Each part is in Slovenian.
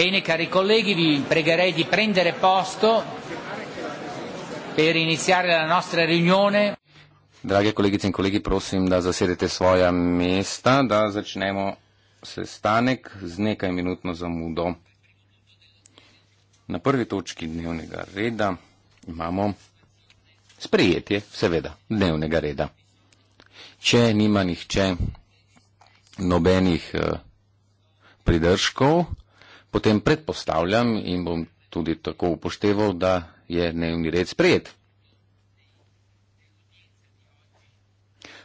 Bene, cari colleghi, vi pregherei di prendere posto per iniziare la nostra riunione. Drage kolegice in kolegi, prosim, da zasedete svoja mesta, da začnemo sestanek z nekaj minutno zamudo. Na prvi točki dnevnega reda imamo sprejetje, seveda, dnevnega reda. Če nima nihče nobenih eh, pridržkov, potem predpostavljam in bom tudi tako upošteval, da je dnevni red sprejet.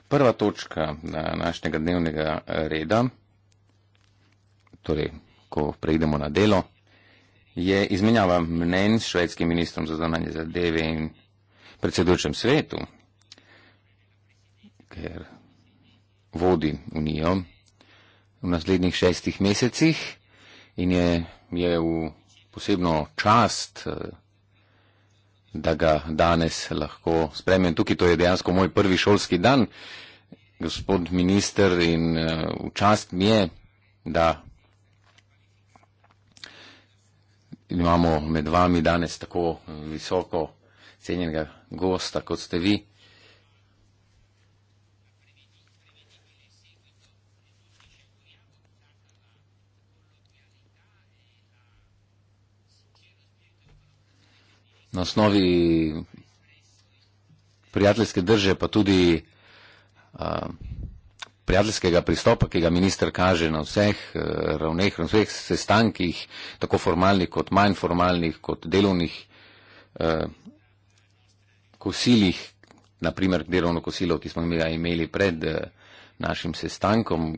Prva točka na eh, našega dnevnega eh, reda, torej, ko preidemo na delo, je izmenjava mnen s švedskim ministrom za zdanje zadeve in predsedujočem svetu, ker vodi Unijo v naslednjih šestih mesecih in je, je v posebno čast, eh, da ga danes lahko spremem. Tukaj to je dejansko moj prvi šolski dan, gospod minister, in eh, v čast mi je, da imamo med vami danes tako visoko cenjenega gosta, kot ste vi. na osnovi prijateljske drže, pa tudi a, prijateljskega pristopa, ki ga minister kaže na vseh e, ravneh, na vseh sestankih, tako formalnih kot manj formalnih, kot delovnih a, e, kosilih, naprimer delovno kosilo, ki smo ga imeli pred a, e, našim sestankom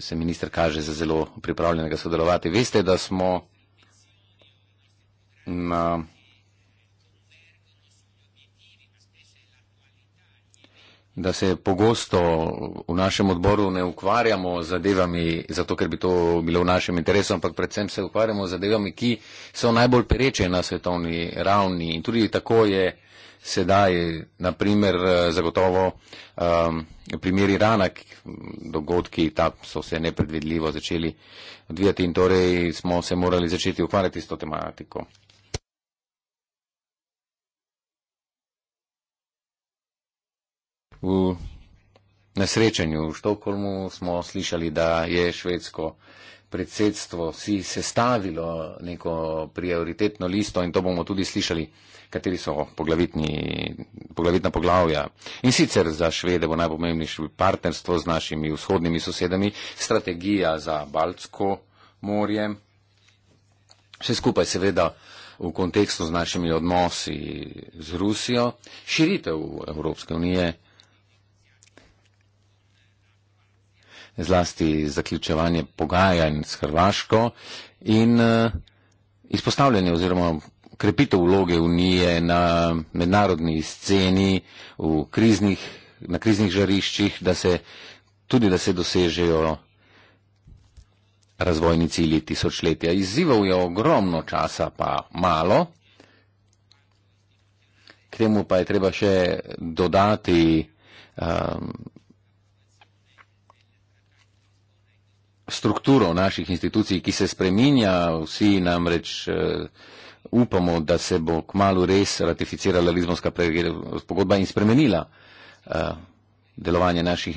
se minister kaže za zelo pripravljenega sodelovati. Veste, da smo in da se pogosto v našem odboru ne ukvarjamo z zadevami, zato ker bi to bilo v našem interesu, ampak predvsem se ukvarjamo z zadevami, ki so najbolj pereče na svetovni ravni. In tudi tako je sedaj, naprimer, eh, zagotovo um, ehm, primer Irana, dogodki tam so se nepredvidljivo začeli odvijati in torej smo se morali začeti ukvarjati s to tematiko. V nesrečenju v Štokholmu smo slišali, da je švedsko predsedstvo si sestavilo neko prioritetno listo in to bomo tudi slišali, kateri so poglavitna poglavja. In sicer za Švede bo najpomembnejše partnerstvo z našimi vzhodnimi sosedami, strategija za Baltsko morje, vse skupaj seveda v kontekstu z našimi odnosi z Rusijo, širitev Evropske unije, zlasti zaključevanje pogajanj s Hrvaško in eh, izpostavljanje oziroma krepitev vloge Unije na mednarodni sceni, v kriznih, na kriznih žariščih, da se, tudi da se dosežejo razvojni cilji tisočletja. Izzival je ogromno časa, pa malo. K temu pa je treba še dodati um, strukturo naših institucij, ki se spreminja, vsi namreč eh, upamo, da se bo kmalo res ratificirala Lizbonska pogodba in spremenila eh, delovanje naših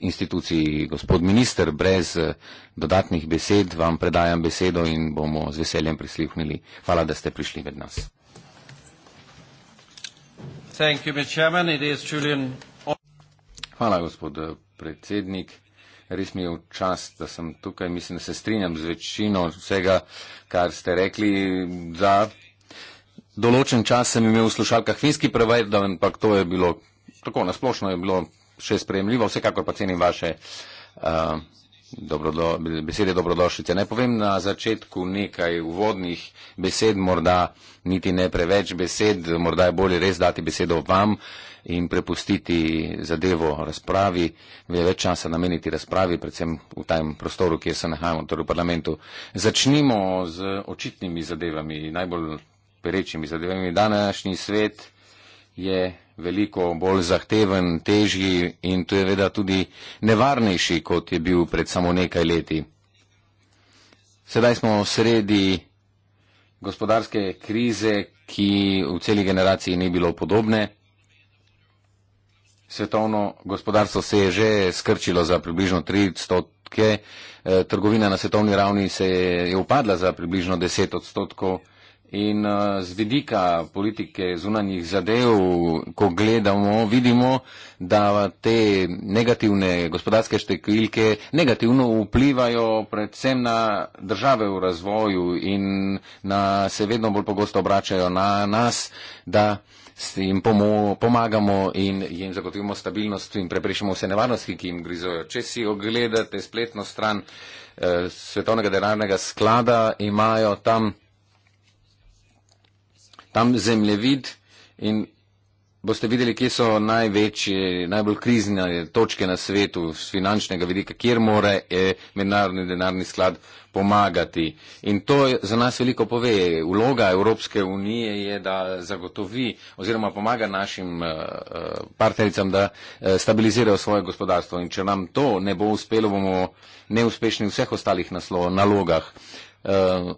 institucij. Gospod minister, brez eh, dodatnih besed vam predajam besedo in bomo z veseljem prisluhnili. Hvala, da ste prišli med nas. Hvala, gospod predsednik res mi je v čast, da sem tukaj. Mislim, da se strinjam z večino vsega, kar ste rekli. Za določen čas sem imel v slušalkah finski prevajal, ampak to je bilo tako nasplošno, je bilo še sprejemljivo. Vsekakor pa cenim vaše uh, dobrodo, besede dobrodošlice. Naj povem na začetku nekaj uvodnih besed, morda niti ne preveč besed, morda je bolje res dati besedo vam. Uh, in prepustiti zadevo razpravi, več časa nameniti razpravi, predvsem v tajem prostoru, kjer se nahajamo, torej v parlamentu. Začnimo z očitnimi zadevami, najbolj perečimi zadevami. Današnji svet je veliko bolj zahteven, težji in to je veda tudi nevarnejši, kot je bil pred samo nekaj leti. Sedaj smo sredi gospodarske krize, ki v celi generaciji ni bilo podobne svetovno gospodarstvo se je že skrčilo za približno 300. Ke, eh, trgovina na svetovni ravni se je, je upadla za približno 10 odstotkov in eh, z vidika politike zunanjih zadev, ko gledamo, vidimo, da te negativne gospodarske številke negativno vplivajo predvsem na države v razvoju in na, se vedno bolj pogosto obračajo na nas, da eh, jim pomagamo in jim zagotovimo stabilnost in preprečimo vse nevarnosti, ki jim grizojo. Če si ogledate spletno stran eh, Svetovnega denarnega sklada, imajo tam, tam zemljevid in boste videli, kje so največje, najbolj krizne točke na svetu z finančnega vidika, kjer more eh, mednarodni denarni sklad eh, pomagati. In to za nas veliko pove. Vloga Evropske unije je, da zagotovi oziroma pomaga našim eh, eh, partnericam, da eh, stabilizirajo svoje gospodarstvo. In če nam to ne bo uspelo, bomo neuspešni v vseh ostalih naslov, nalogah.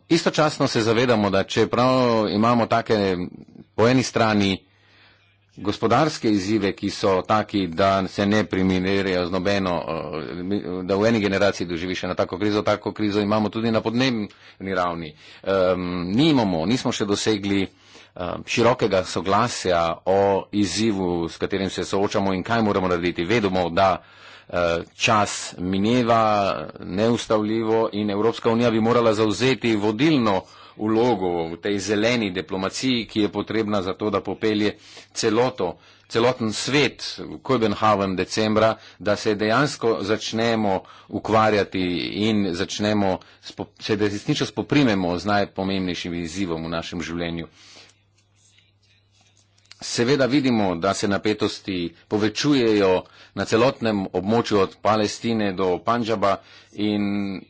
Istočasno se zavedamo, da čeprav imamo take po eni strani gospodarske izzive, ki so taki, da se ne primirjajo z nobeno, eh, da v eni generaciji doživiš eno tako krizo, tako krizo imamo tudi na podnebni ravni. Um, nimamo, nismo še dosegli um, širokega soglasja o izzivu, s katerim se soočamo in kaj moramo narediti. Vedemo, da eh, čas mineva neustavljivo in Evropska unija bi morala zauzeti vodilno vlogo v tej zeleni diplomaciji, ki je potrebna za to, da popelje celoto, celoten svet v Kopenhagen decembra, da se dejansko začnemo ukvarjati in začnemo, se resnično spoprimemo z najpomembnejšim izzivom v našem življenju. Seveda vidimo, da se napetosti povečujejo na celotnem območju od Palestine do Panžaba in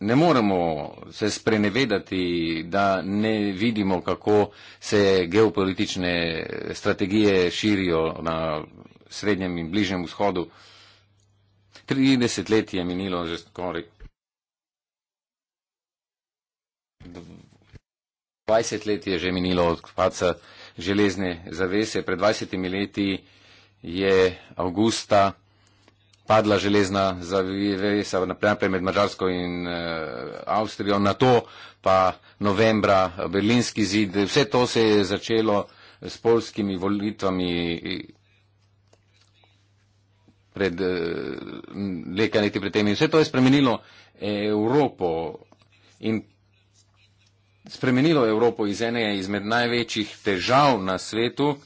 ne moremo se sprenevedati, da ne vidimo, kako se geopolitične strategije širijo na srednjem in bližnjem vzhodu. 30 let je minilo že skoraj. 20 let je že minilo od kvaca železne zavese. Pred 20 leti je avgusta padla železna zavesa naprej med Mačarsko in uh, Avstrijo, na to pa novembra Berlinski zid. Vse to se je začelo s polskimi volitvami eh, pred eh, nekaj uh, leti pred tem in vse to je spremenilo Evropo in spremenilo Evropo iz ene izmed največjih težav na svetu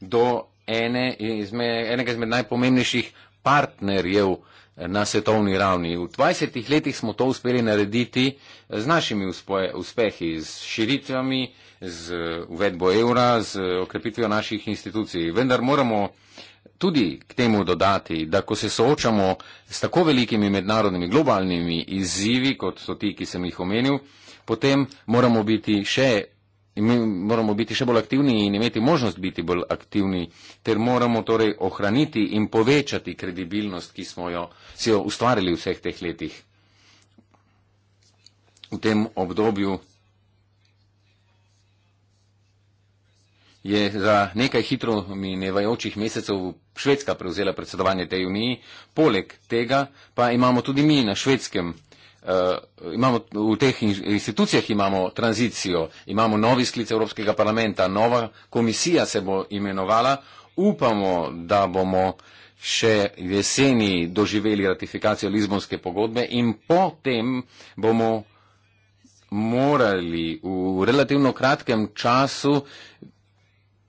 do ene izme, enega izmed najpomembnejših partnerjev na svetovni ravni. V 20 letih smo to uspeli narediti eh, z našimi uspehi, z širitvami, z eh, uvedbo evra, z okrepitvijo naših institucij. Vendar moramo tudi k temu dodati, da ko se soočamo s tako velikimi mednarodnimi globalnimi izzivi, kot so ti, ki sem jih omenil, potem moramo biti še In mi moramo biti še bolj aktivni in imeti možnost biti bolj aktivni, ter moramo torej ohraniti in povečati kredibilnost, ki smo jo, si jo ustvarili v vseh teh letih. V tem obdobju je za nekaj hitro minevajočih mesecev Švedska prevzela predsedovanje tej uniji, poleg tega pa imamo tudi mi na švedskem. Uh, imamo, v teh institucijah imamo tranzicijo, imamo novi sklic Evropskega parlamenta, nova komisija se bo imenovala. Upamo, da bomo še jeseni doživeli ratifikacijo Lizbonske pogodbe in potem bomo morali v relativno kratkem času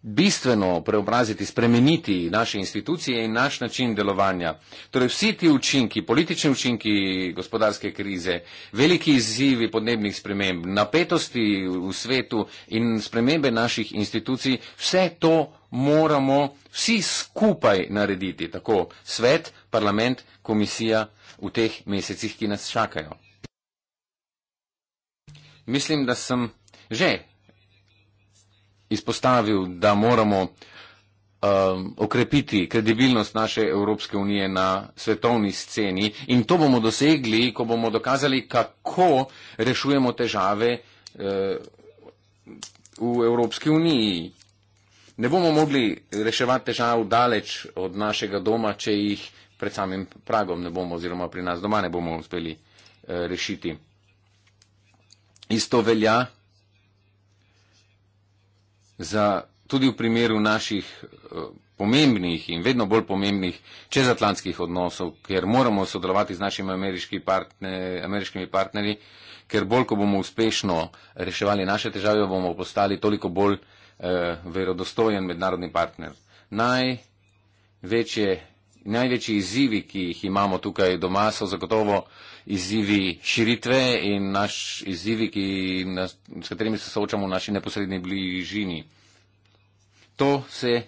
bistveno preobraziti, spremeniti naše institucije in naš način delovanja. Torej vsi ti učinki, politični učinki gospodarske krize, veliki izzivi podnebnih sprememb, napetosti v svetu in spremembe naših institucij, vse to moramo vsi skupaj narediti, tako svet, parlament, komisija v teh mesecih, ki nas čakajo. Mislim, da sem že izpostavil, da moramo um, okrepiti kredibilnost naše Evropske unije na svetovni sceni in to bomo dosegli, ko bomo dokazali, kako rešujemo težave uh, v Evropski uniji. Ne bomo mogli reševati težav daleč od našega doma, če jih pred samim pragom ne bomo oziroma pri nas doma ne bomo uspeli uh, rešiti. Isto velja za tudi v primeru naših eh, pomembnih in vedno bolj pomembnih čezatlantskih odnosov, ker moramo sodelovati z našimi ameriški partner, ameriškimi partnerji, ker bolj, ko bomo uspešno reševali naše težave, bomo postali toliko bolj eh, verodostojen mednarodni partner. Največje, največji izzivi, ki jih imamo tukaj doma, so zagotovo eh, izzivi širitve in naš izzivi, nas, s katerimi se soočamo v naši neposrednji bližini. To se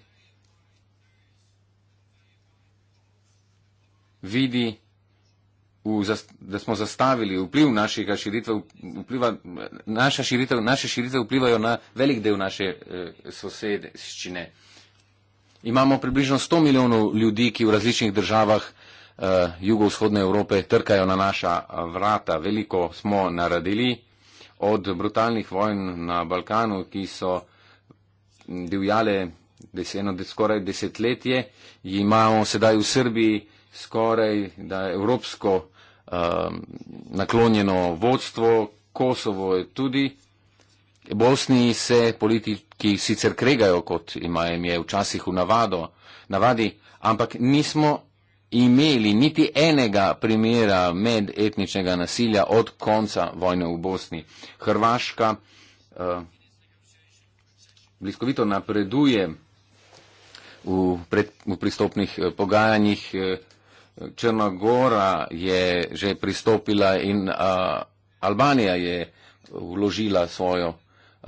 vidi, v, da smo zastavili vpliv našega širitve, vpliva, naša širitev, naše širitve vplivajo na velik del naše eh, sosedščine. Imamo približno 100 milijonov ljudi, ki v različnih državah Eh, jugovzhodne Evrope trkajo na naša vrata. Veliko smo naredili od brutalnih vojn na Balkanu, ki so divjale deseno, skoraj desetletje. Imamo sedaj v Srbiji skoraj da, evropsko um, naklonjeno vodstvo, Kosovo je tudi. Bosni se politiki sicer kregajo, kot ima jim je včasih v navado, navadi, ampak nismo imeli niti enega primera medetničnega nasilja od konca vojne v Bosni. Hrvaška uh, bliskovito napreduje v, pred, v pristopnih uh, pogajanjih. Uh, Črnagora je že pristopila in uh, Albanija je vložila svojo uh,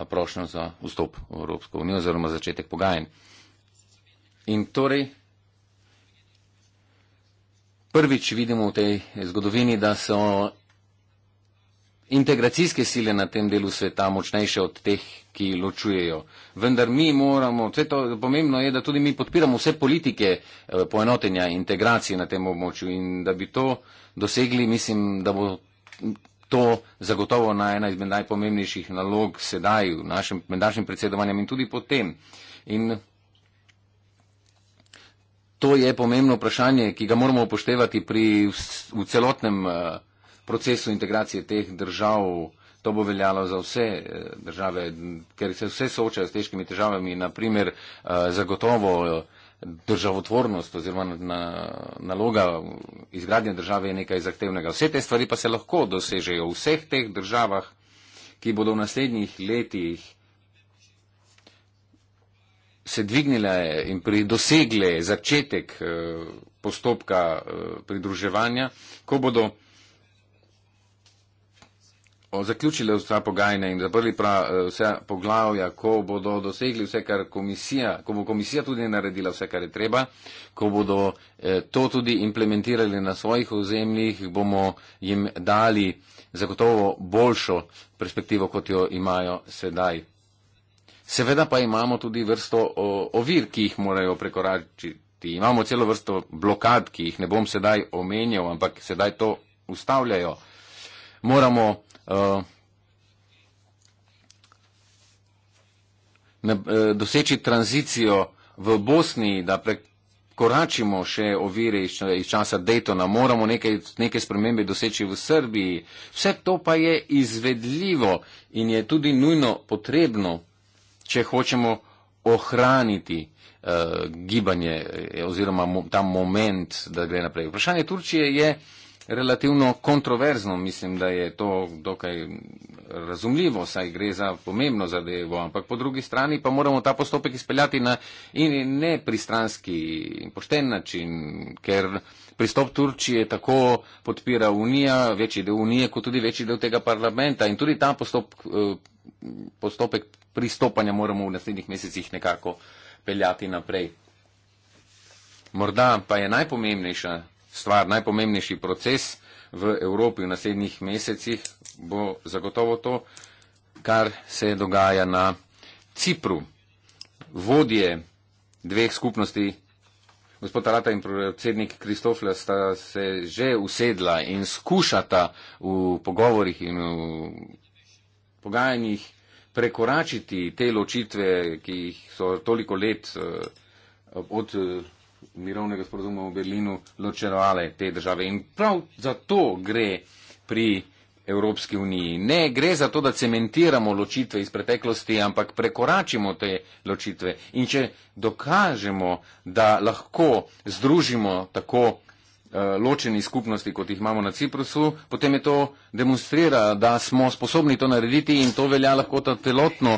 prošnjo za vstop v Evropsko unijo oziroma začetek pogajanj. In torej, prvič vidimo v tej zgodovini, da so integracijske sile na tem delu sveta močnejše od teh, ki ločujejo. Vendar mi moramo, vse to pomembno je, da tudi mi podpiramo vse politike eh, poenotenja integracije na tem območju in da bi to dosegli, mislim, da bo to zagotovo na ena izmed najpomembnejših nalog sedaj v našem, med našim predsedovanjem in tudi potem. In To je pomembno vprašanje, ki ga moramo upoštevati pri v celotnem eh, procesu integracije teh držav. To bo veljalo za vse eh, države, ker se vse soočajo s težkimi težavami, naprimer eh, zagotovo državotvornost oziroma naloga izgradnje države je nekaj zahtevnega. Vse te stvari pa se lahko dosežejo v vseh teh državah, ki bodo v naslednjih letih se dvignile in dosegle začetek eh, postopka eh, pridruževanja, ko bodo zaključile vsa pogajanja in zaprli eh, vse poglavja, ko bodo dosegli vse, kar komisija, ko bo komisija tudi naredila vse, kar je treba, ko bodo to tudi implementirali na svojih ozemljih, bomo jim dali zagotovo boljšo perspektivo, kot jo imajo sedaj. Seveda pa imamo tudi vrsto ovir, ki jih morajo prekoračiti. Imamo celo vrsto blokad, ki jih ne bom sedaj omenjal, ampak sedaj to ustavljajo. Moramo uh, doseči tranzicijo v Bosni, da prekoračimo še ovire iz, iz časa Daytona. Moramo neke, neke spremembe doseči v Srbiji. Vse to pa je izvedljivo in je tudi nujno potrebno če hočemo ohraniti uh, gibanje eh, oziroma mo, ta moment, da gre naprej. Vprašanje Turčije je relativno kontroverzno, mislim, da je to dokaj razumljivo, saj gre za pomembno zadevo, ampak po drugi strani pa moramo ta postopek izpeljati na in nepristranski in pošten način, ker pristop Turčije tako podpira Unija, večji del Unije, kot tudi večji del tega parlamenta in tudi ta postopek. Uh, postopek pristopanja moramo v naslednjih mesecih nekako peljati naprej. Morda pa je najpomembnejša stvar, najpomembnejši proces v Evropi v naslednjih mesecih bo zagotovo to, kar se dogaja na Cipru. Vodje dveh skupnosti, gospod Arata in predsednik Kristofla, sta se že usedla in skušata v pogovorih in v pogajanjih prekoračiti te ločitve, ki jih so toliko let eh, od eh, mirovnega sporozuma v Berlinu ločevale te države. In prav za to gre pri Evropski uniji. Ne gre za to, da cementiramo ločitve iz preteklosti, ampak prekoračimo te ločitve. In če dokažemo, da lahko združimo tako Eh, ločeni skupnosti, kot jih imamo na Ciprusu, potem je to demonstrira, da smo sposobni to narediti in to velja lahko ta telotno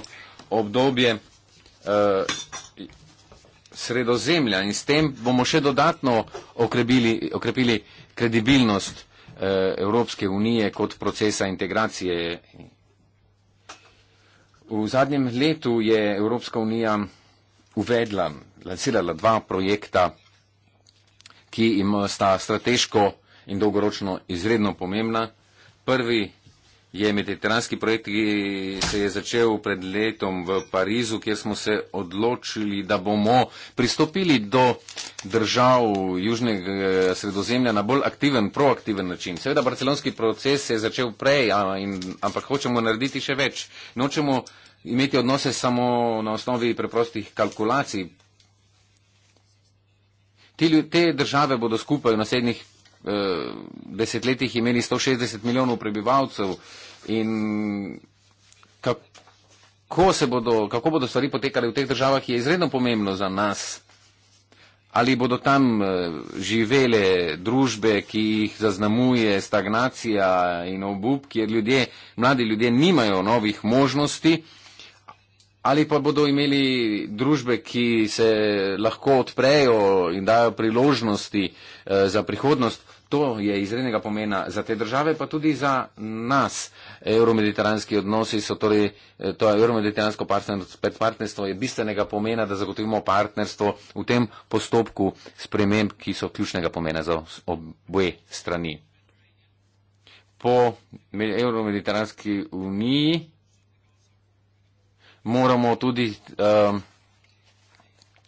obdobje uh, sredozemlja in s tem bomo še dodatno okrepili, okrepili kredibilnost uh, Evropske unije kot procesa integracije. V zadnjem letu je Evropska unija uvedla, lansirala dva projekta, ki ima sta strateško in dolgoročno izredno pomembna. Prvi je mediteranski projekt, ki se je začel pred letom v Parizu, kjer smo se odločili, da bomo pristopili do držav južnega eh, sredozemlja na bolj aktiven, proaktiven način. Seveda, barcelonski proces se je začel prej, a, in, ampak hočemo narediti še več. Nočemo imeti odnose samo na osnovi preprostih kalkulacij, Te, te države bodo skupaj v naslednjih eh, desetletjih imeli 160 milijonov prebivalcev in kako, bodo, kako bodo stvari potekale v teh državah, je izredno pomembno za nas. Ali bodo tam eh, živele družbe, ki jih zaznamuje stagnacija in obup, kjer ljudje, mladi ljudje nimajo novih možnosti, ali pa bodo imeli družbe, ki se lahko odprejo in dajo priložnosti eh, za prihodnost. To je izrednega pomena za te države, pa tudi za nas. Euromediteranski odnosi so torej, eh, to je euromediteransko partnerstvo, je bistvenega pomena, da zagotovimo partnerstvo v tem postopku sprememb, ki so ključnega pomena za obe strani. Po Euromediteranski uniji moramo tudi um,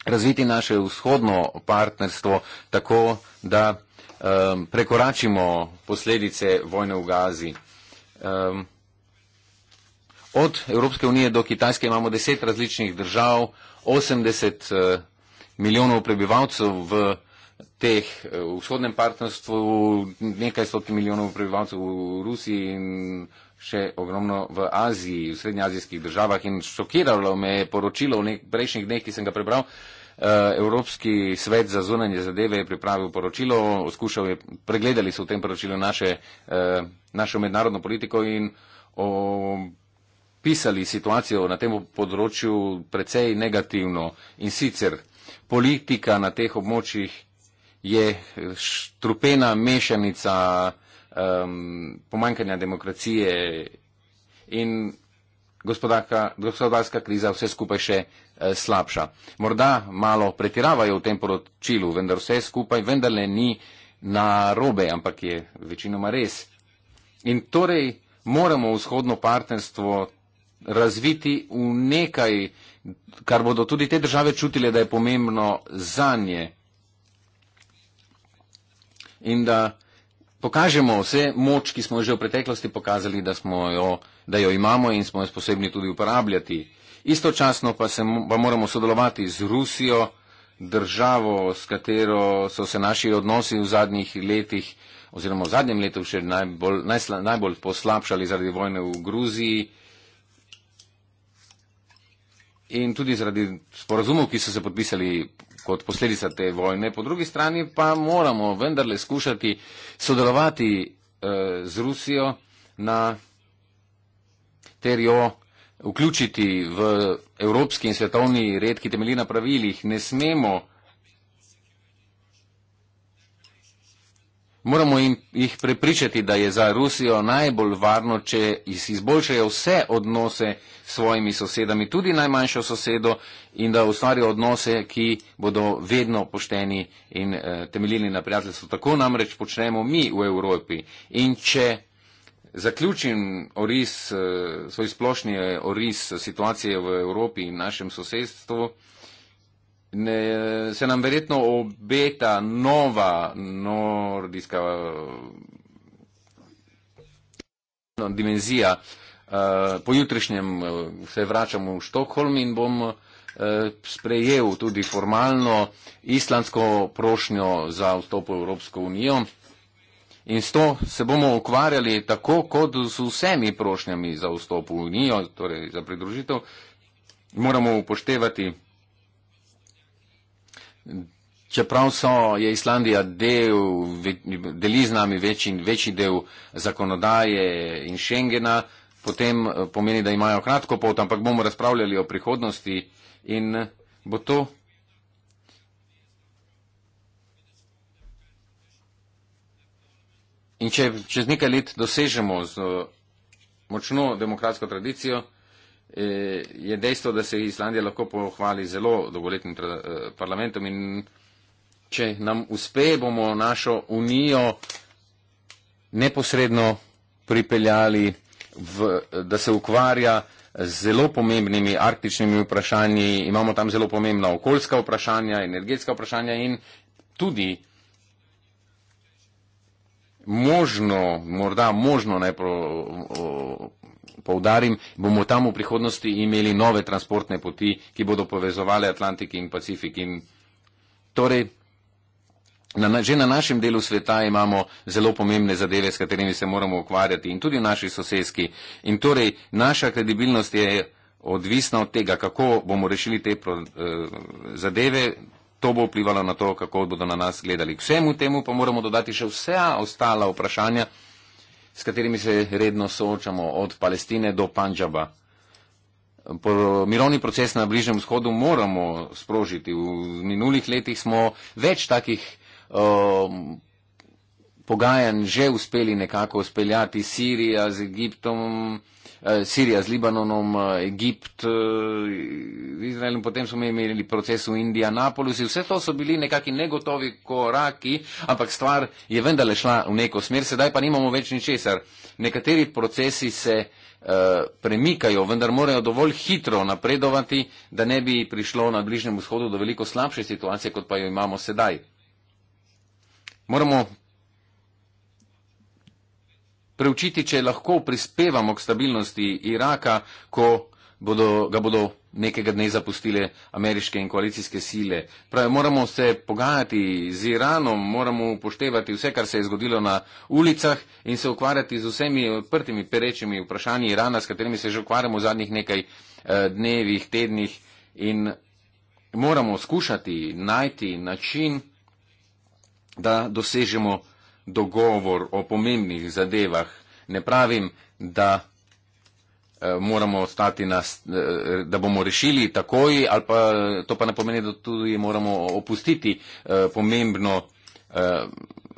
razviti naše vzhodno partnerstvo tako, da um, prekoračimo posledice vojne v Gazi. Um, od Evropske unije do Kitajske imamo deset različnih držav, 80 uh, milijonov prebivalcev v teh v uh, vzhodnem partnerstvu, nekaj stotih milijonov prebivalcev v Rusiji in še ogromno v Aziji, v srednjazijskih državah in šokiralo me je poročilo v prejšnjih dneh, ki sem ga prebral. Eh, Evropski svet za zunanje zadeve je pripravil poročilo, skušal je, pregledali so v tem poročilu naše, eh, našo mednarodno politiko in o, pisali situacijo na tem področju precej negativno. In sicer politika na teh območjih je strupena mešanica um, pomankanja demokracije in gospodarska kriza vse skupaj še uh, slabša. Morda malo pretiravajo v tem poročilu, vendar vse skupaj vendarle ni na robe, ampak je večinoma res. In torej moramo vzhodno partnerstvo razviti v nekaj, kar bodo tudi te države čutile, da je pomembno za nje. In da pokažemo vse moč, ki smo jo že v preteklosti pokazali, da, jo, da jo imamo in smo jo sposobni tudi uporabljati. Istočasno pa, se, pa moramo sodelovati z Rusijo, državo, s katero so se naši odnosi v zadnjih letih oziroma v zadnjem letu še najbolj, najsla, najbolj poslabšali zaradi vojne v Gruziji in tudi zaradi sporazumov, ki so se podpisali kot posledica te vojne. Po drugi strani pa moramo vendarle skušati sodelovati eh, z Rusijo na ter jo vključiti v evropski in svetovni red, ki temelji na pravilih. Ne smemo vključiti Moramo jih prepričati, da je za Rusijo najbolj varno, če izboljšajo vse odnose s svojimi sosedami, tudi najmanjšo sosedo, in da ustvarijo odnose, ki bodo vedno pošteni in eh, temeljili na prijateljstvu. Tako namreč počnemo mi v Evropi. In če zaključim oris, eh, svoj splošni eh, oris eh, situacije v Evropi in našem sosedstvu, eh, Ne, se nam verjetno obeta nova nordijska no, dimenzija. Eh, po jutrišnjem eh, se vračam v Štokholm in bom eh, sprejel tudi formalno islandsko prošnjo za vstop v Evropsko unijo. In s to se bomo ukvarjali tako kot z vsemi prošnjami za vstop v unijo, torej za pridružitev. Moramo upoštevati Čeprav so, je Islandija del, deli z nami večji, večji del zakonodaje in Schengena, potem eh, pomeni, da imajo kratko pot, ampak bomo razpravljali o prihodnosti in eh, bo to. In če čez nekaj let dosežemo z eh, močno demokratsko tradicijo, Eh, je dejstvo, da se Islandija lahko pohvali zelo dolgoletnim eh, parlamentom in če nam uspe, bomo našo unijo neposredno pripeljali, v, da se ukvarja z zelo pomembnimi arktičnimi vprašanji, imamo tam zelo pomembna okoljska vprašanja, energetska vprašanja in tudi možno, morda možno najprej poudarim, bomo tam v prihodnosti imeli nove transportne poti, ki bodo povezovali Atlantik in Pacifik. In torej, na, že na našem delu sveta imamo zelo pomembne zadeve, s katerimi se moramo ukvarjati in tudi naši sosedski. In torej, naša kredibilnost je odvisna od tega, kako bomo rešili te pro, eh, zadeve. To bo vplivalo na to, kako bodo na nas gledali. K vsemu temu pa moramo dodati še vsa ostala vprašanja, s katerimi se redno soočamo, od Palestine do Panžaba. Po mirovni proces na Bližnjem vzhodu moramo sprožiti. V minulih letih smo več takih um, pogajanj že uspeli nekako speljati. Sirija z Egiptom, uh, Eh, Sirija z Libanonom, eh, Egipt, eh, Izraelom, potem smo imeli proces v Indianapolisu, vse to so bili nekakšni negotovi koraki, ampak stvar je vendarle šla v neko smer, sedaj pa nimamo več ničesar. Nekateri procesi se premikajo, vendar morajo dovolj hitro napredovati, da ne bi prišlo na Bližnjem vzhodu do veliko slabše situacije, kot pa jo imamo sedaj. Moramo preučiti, če lahko prispevamo k stabilnosti Iraka, ko bodo, ga bodo nekega dne zapustile ameriške in koalicijske sile. Pravi, moramo se pogajati z Iranom, moramo upoštevati vse, kar se je zgodilo na ulicah in se ukvarjati z vsemi odprtimi, perečimi vprašanji Irana, s katerimi se že ukvarjamo v zadnjih nekaj eh, dnevih, tednih in moramo skušati najti način, da dosežemo dogovor o pomembnih zadevah. Ne pravim, da eh, moramo ostati na, eh, da bomo rešili takoj, ali pa to pa ne pomeni, da tudi moramo opustiti eh, pomembno eh,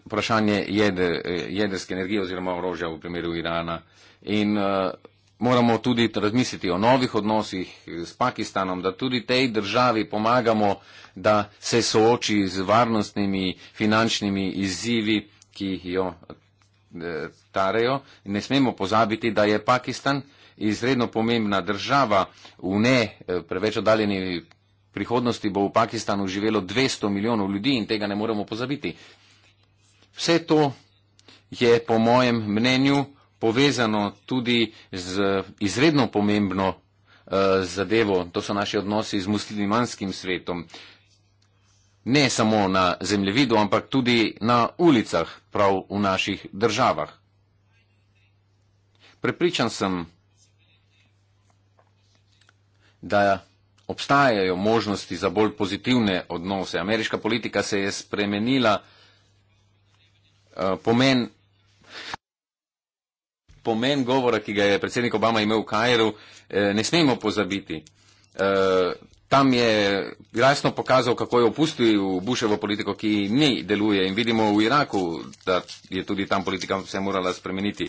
vprašanje jedr, eh, jedrske energije oziroma orožja v primeru Irana. In eh, moramo tudi razmisliti o novih odnosih s Pakistanom, da tudi tej državi pomagamo, da se sooči z varnostnimi, finančnimi izzivi ki jih jo e, tarejo. Ne smemo pozabiti, da je Pakistan izredno pomembna država v ne e, preveč oddaljeni prihodnosti bo v Pakistanu živelo 200 milijonov ljudi in tega ne moremo pozabiti. Vse to je po mojem mnenju povezano tudi z izredno pomembno uh, zadevo, to so naši odnosi z muslimanskim svetom. Uh, ne samo na zemljevidu, ampak tudi na ulicah prav v naših državah. Prepričan sem, da obstajajo možnosti za bolj pozitivne odnose. Ameriška politika se je spremenila eh, pomen, pomen govora, ki ga je predsednik Obama imel v Kajru, eh, ne smemo pozabiti. Eh, tam je jasno pokazal, kako je opustil Bushovo politiko, ki ne deluje. In vidimo v Iraku, da je tudi tam politika vse morala spremeniti.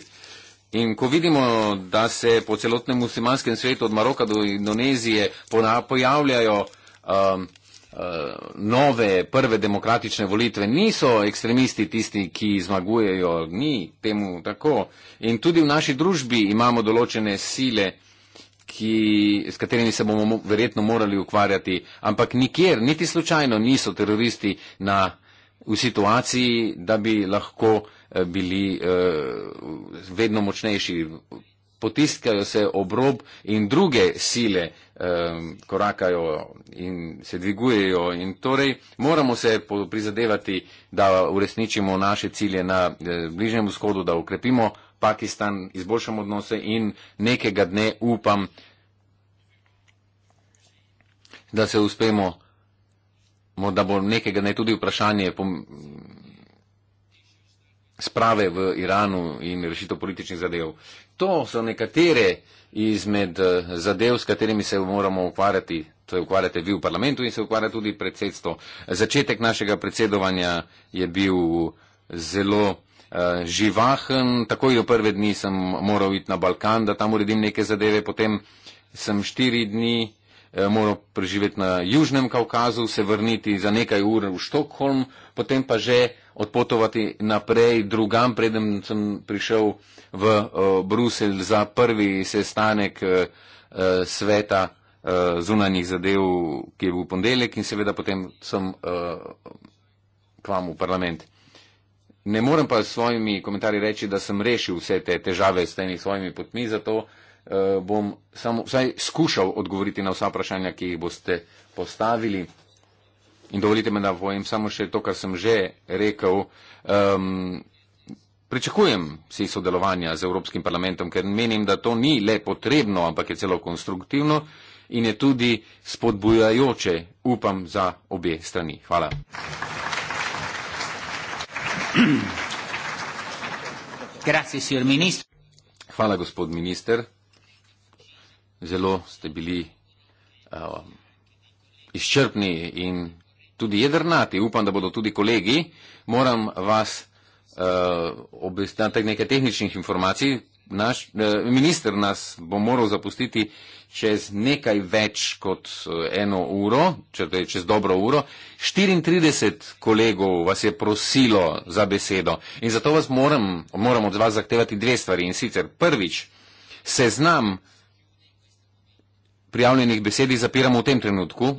In ko vidimo, da se po celotnem muslimanskem svetu, od Maroka do Indonezije, pojavljajo um, uh, nove, prve demokratične volitve, niso ekstremisti tisti, ki zmagujejo, ni temu tako. In tudi v naši družbi imamo določene sile, uh, ki, s katerimi se bomo verjetno morali ukvarjati, ampak nikjer, niti slučajno niso teroristi na, v situaciji, da bi lahko eh, bili uh, vedno močnejši. Potiskajo se obrob in druge sile um, korakajo in se dvigujejo. In torej moramo se prizadevati, da uresničimo naše cilje na eh, Bližnjem vzhodu, da ukrepimo Pakistan, izboljšam odnose in nekega dne upam, da se uspemo, da bo nekega dne tudi vprašanje sprave v Iranu in rešitev političnih zadev. To so nekatere izmed eh, zadev, s katerimi se moramo ukvarjati. To je ukvarjate vi v parlamentu in se ukvarja tudi predsedstvo. Začetek našega predsedovanja je bil zelo. Eh, živahen, takoj do prve dni sem moral iti na Balkan, da tam uredim neke zadeve, potem sem štiri dni eh, moral preživeti na Južnem Kaukazu, se vrniti za nekaj ur v Štokholm, potem pa že odpotovati naprej drugam, predem sem prišel v eh, Bruselj za prvi sestanek sveta zunanjih zadev, ki je bil v ponedeljek in seveda potem sem k vam v parlament. Ne morem pa s svojimi komentarji reči, da sem rešil vse te težave s temi svojimi potmi, zato uh, bom samo vsaj skušal odgovoriti na vsa vprašanja, ki jih boste postavili. In dovolite me, da povem samo še to, kar sem že rekel. Um, pričakujem si sodelovanja z Evropskim parlamentom, ker menim, da to ni le potrebno, ampak je celo konstruktivno in je tudi spodbujajoče, upam, za obe strani. Hvala. Hvala, gospod minister. Zelo ste bili um, izčrpni in tudi jedrnati. Upam, da bodo tudi kolegi. Moram vas uh, obvestiti na nekaj tehničnih informacij naš eh, minister nas bo moral zapustiti čez nekaj več kot eh, eno uro, čez dobro uro. 34 kolegov vas je prosilo za besedo in zato vas moram, moram od vas zahtevati dve stvari in sicer prvič seznam prijavljenih besedi zapiramo v tem trenutku,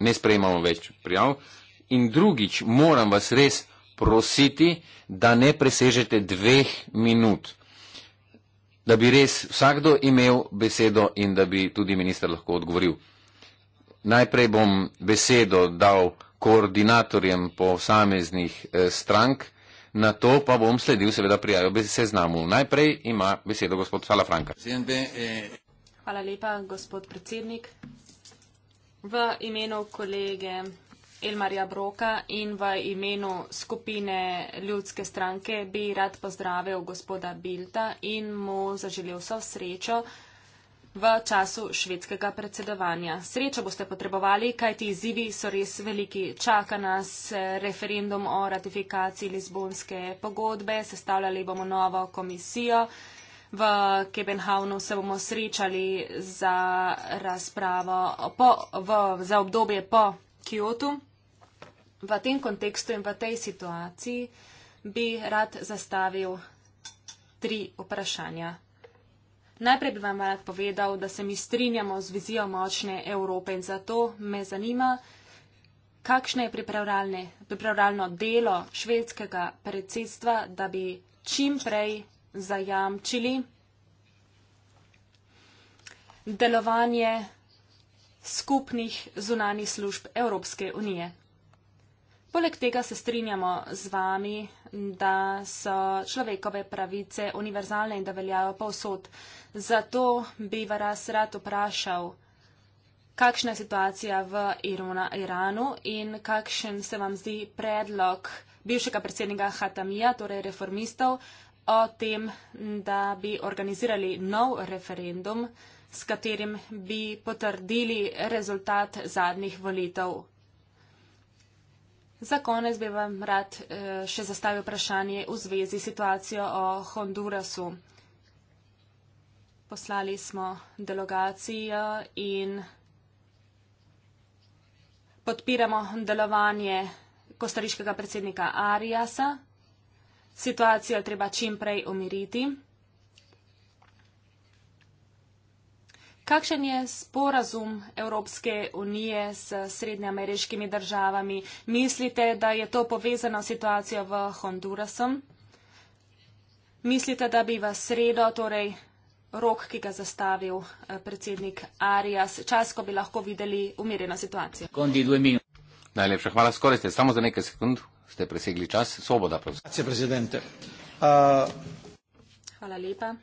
ne sprejemamo več prijav in drugič moram vas res prositi, da ne presežete dveh minut da bi res vsakdo imel besedo in da bi tudi minister lahko odgovoril. Najprej bom besedo dal koordinatorjem po samiznih eh, strank, na to pa bom sledil seveda prijavo seznamu. Najprej ima besedo gospod Sala Franka. Hvala lepa, gospod predsednik. V imenu kolege Elmarja Broka in v imenu skupine ljudske stranke bi rad pozdravil gospoda Bilta in mu zaželil vso srečo v času švedskega predsedovanja. Srečo boste potrebovali, kaj ti izzivi so res veliki. Čaka nas referendum o ratifikaciji Lizbonske pogodbe, sestavljali bomo novo komisijo. V Kebenhavnu se bomo srečali za razpravo po, v, za obdobje po Kyoto v tem kontekstu in v tej situaciji bi rad zastavil tri vprašanja. Najprej bi vam rad povedal, da se mi strinjamo z vizijo močne Evrope in zato me zanima, kakšno je pripravljalno delo švedskega predsedstva, da bi čim prej zajamčili delovanje skupnih zunanih služb Evropske unije. Poleg tega se strinjamo z vami, da so človekove pravice univerzalne in da veljajo povsod. Zato bi vas rad vprašal, kakšna je situacija v Iruna, Iranu in kakšen se vam zdi predlog bivšega predsednika Hatamija, torej reformistov, o tem, da bi organizirali nov referendum, s katerim bi potrdili rezultat zadnjih volitev Za konec bi vam rad eh, še zastavil vprašanje v zvezi s situacijo o Hondurasu. Poslali smo delegacijo in podpiramo delovanje kostariškega predsednika Arijasa. Situacijo treba čimprej umiriti. Kakšen je sporazum Evropske unije s srednjeameriškimi državami? Mislite, da je to povezano s situacijo v Hondurasom? Mislite, da bi v sredo, torej rok, ki ga zastavil eh, predsednik Arias, čas, ko bi lahko videli umirjeno situacijo? Najlepša hvala. Skoraj ste samo za nekaj sekund, ste presegli čas. Svoboda, prosim. Hvala lepa.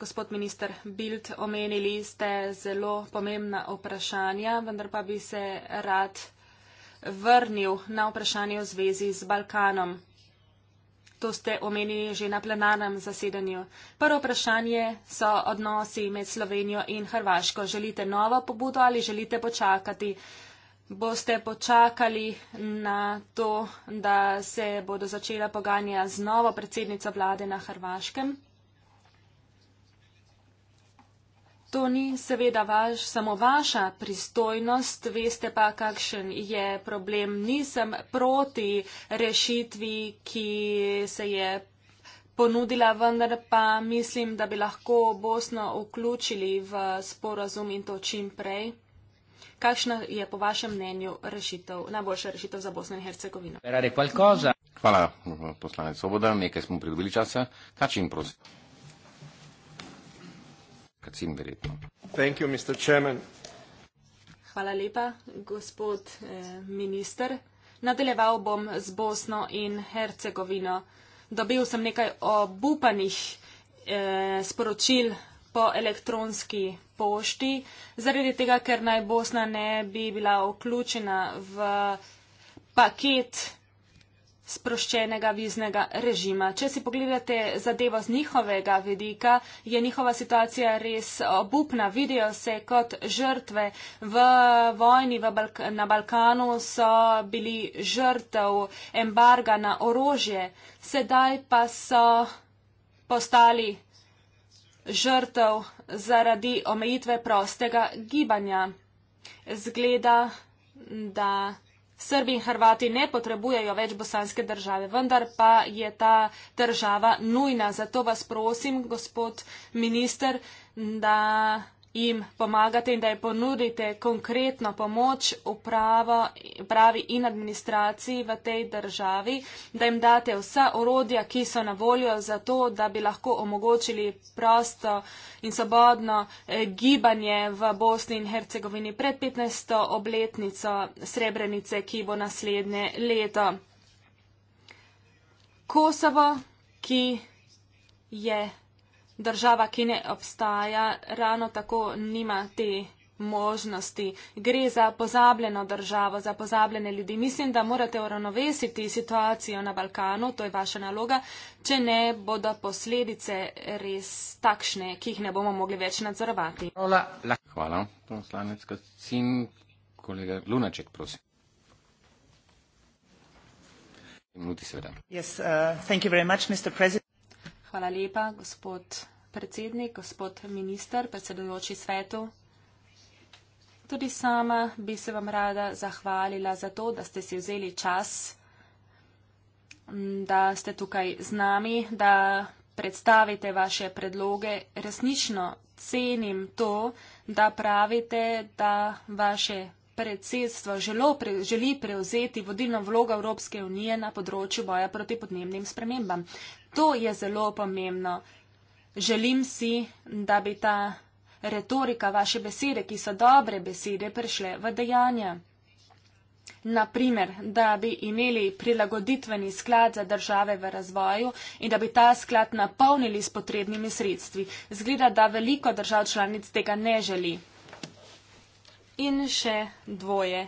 gospod minister Bild, omenili ste zelo pomembna vprašanja, vendar pa bi se rad vrnil na vprašanje v zvezi z Balkanom. To ste omenili že na plenarnem zasedanju. Prvo vprašanje so odnosi med Slovenijo in Hrvaško. Želite novo pobudo ali želite počakati? Boste počakali na to, da se bodo začela pogajanja z novo predsednico vlade na Hrvaškem? To ni seveda vaš, samo vaša pristojnost, veste pa, kakšen je problem. Nisem proti rešitvi, ki se je ponudila, vendar pa mislim, da bi lahko Bosno vključili v sporazum in to čim prej. Kakšna je po vašem mnenju rešitev, najboljša rešitev za Bosno in Hercegovino? Hvala, poslanec Svoboda, nekaj smo pridobili časa. Kaj čim prosim? Kacin verjetno. Thank you, Mr. Chairman. Hvala lepa, gospod eh, minister. Nadaljeval bom z Bosno in Hercegovino. Dobil sem nekaj obupanih eh, sporočil po elektronski pošti, zaradi tega, ker naj Bosna ne bi bila vključena v paket sproščenega viznega režima. Če si pogledate zadevo z njihovega vidika, je njihova situacija res obupna. Vidijo se kot žrtve v vojni v Balk na Balkanu, so bili žrtev embarga na orožje, sedaj pa so postali žrtev zaradi omejitve prostega gibanja. Zgleda, da Srbi in Hrvati ne potrebujejo več bosanske države, vendar pa je ta država nujna. Zato vas prosim, gospod minister, da jim pomagate in da jim ponudite konkretno pomoč upravi in administraciji v tej državi, da jim date vsa orodja, ki so na voljo za to, da bi lahko omogočili prosto in svobodno eh, gibanje v Bosni in Hercegovini pred 15. obletnico Srebrenice, ki bo naslednje leto. Kosovo, ki je država, ki ne obstaja, ravno tako nima te možnosti. Gre za pozabljeno državo, za pozabljene ljudi. Mislim, da morate uravnovesiti situacijo na Balkanu, to je vaša naloga, če ne bodo posledice res takšne, ki jih ne bomo mogli več nadzorovati. Hvala, poslanec Kacin. Kolega Lunaček, prosim. Minuti seveda. Yes, uh, Hvala lepa, gospod predsednik, gospod minister, predsedujoči svetu. Tudi sama bi se vam rada zahvalila za to, da ste si vzeli čas, da ste tukaj z nami, da predstavite vaše predloge. Resnično cenim to, da pravite, da vaše predsedstvo želo, pre, želi prevzeti vodilno vlogo Evropske unije na področju boja proti podnebnim spremembam. To je zelo pomembno. Želim si, da bi ta retorika, vaše besede, ki so dobre besede, prišle v dejanja. Naprimer, da bi imeli prilagoditveni sklad za države v razvoju in da bi ta sklad napolnili s potrebnimi sredstvi. Zgleda, da veliko držav članic tega ne želi. In še dvoje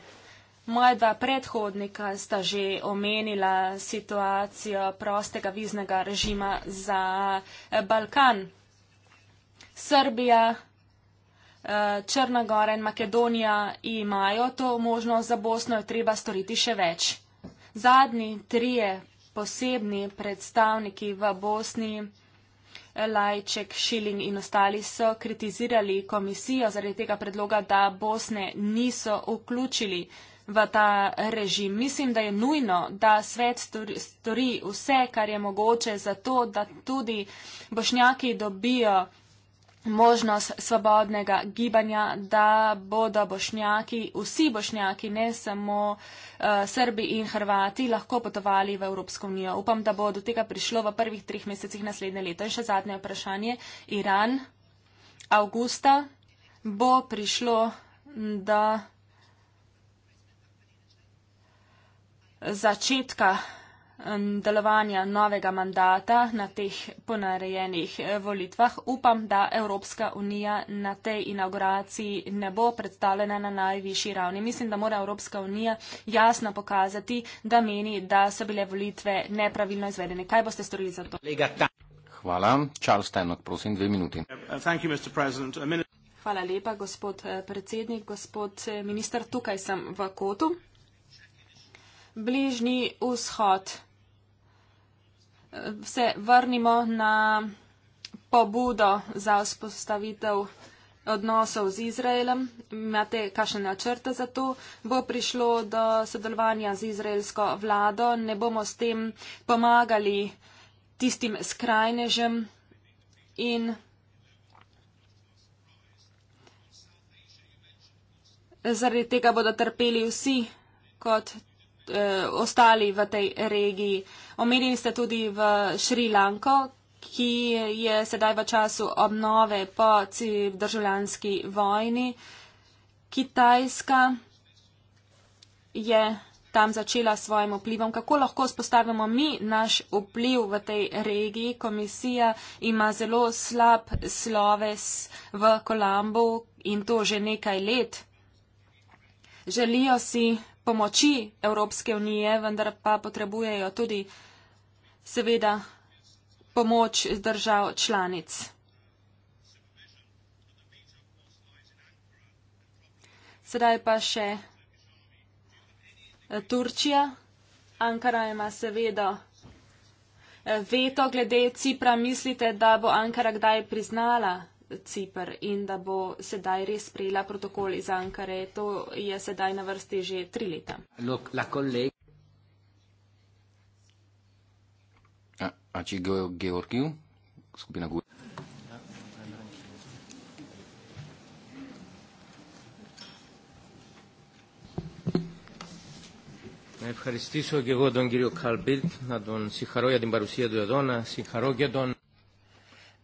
Moja dva predhodnika sta že omenila situacijo prostega viznega režima za eh, Balkan. Srbija, eh, Črnagora in Makedonija imajo to možnost, za Bosno je treba storiti še več. Zadnji trije posebni predstavniki v Bosni, eh, Lajček, Šiling in ostali so kritizirali komisijo zaradi tega predloga, da Bosne niso vključili v ta režim. Mislim, da je nujno, da svet stori, stori vse, kar je mogoče, zato da tudi bošnjaki dobijo možnost svobodnega gibanja, da bodo bošnjaki, vsi bošnjaki, ne samo uh, Srbi in Hrvati, lahko potovali v Evropsko unijo. Upam, da bo do tega prišlo v prvih trih mesecih naslednje leto. In še zadnje vprašanje. Iran, avgusta bo prišlo, da. Do... začetka delovanja novega mandata na teh ponarejenih eh, volitvah. Upam, da Evropska unija na tej inauguraciji ne bo predstavljena na najvišji ravni. Mislim, da mora Evropska unija jasno pokazati, da meni, da so bile volitve nepravilno izvedene. Kaj boste storili za to? Hvala. Charles Tenok, prosim, dve minuti. Hvala lepa, gospod eh, predsednik, gospod eh, minister. Tukaj sem v kotu bližnji vzhod. Se vrnimo na pobudo za vzpostavitev odnosov z Izraelem. Imate kakšne načrte za to? Bo prišlo do sodelovanja z izraelsko vlado? Ne bomo s tem pomagali tistim skrajnežem in zaradi tega bodo trpeli vsi kot eh, ostali v tej regiji. Omenili ste tudi v Šrilanko, ki je sedaj v času obnove po državljanski vojni. Kitajska je tam začela s svojim vplivom. Kako lahko spostavimo mi naš vpliv v tej regiji? Komisija ima zelo slab sloves v Kolambu in to že nekaj let. Želijo si pomoči Evropske unije, vendar pa potrebujejo tudi seveda pomoč iz držav članic. Sedaj pa še eh, Turčija. Ankara ima seveda eh, veto glede Cipra. Mislite, da bo Ankara kdaj priznala Cipr in da bo sedaj res sprejela protokol iz Ankare. To je sedaj na vrsti že tri leta. Ευχαριστήσω και εγώ τον κύριο Καλμπίρτ να τον συγχαρώ για την παρουσία του εδώ, να συγχαρώ και τον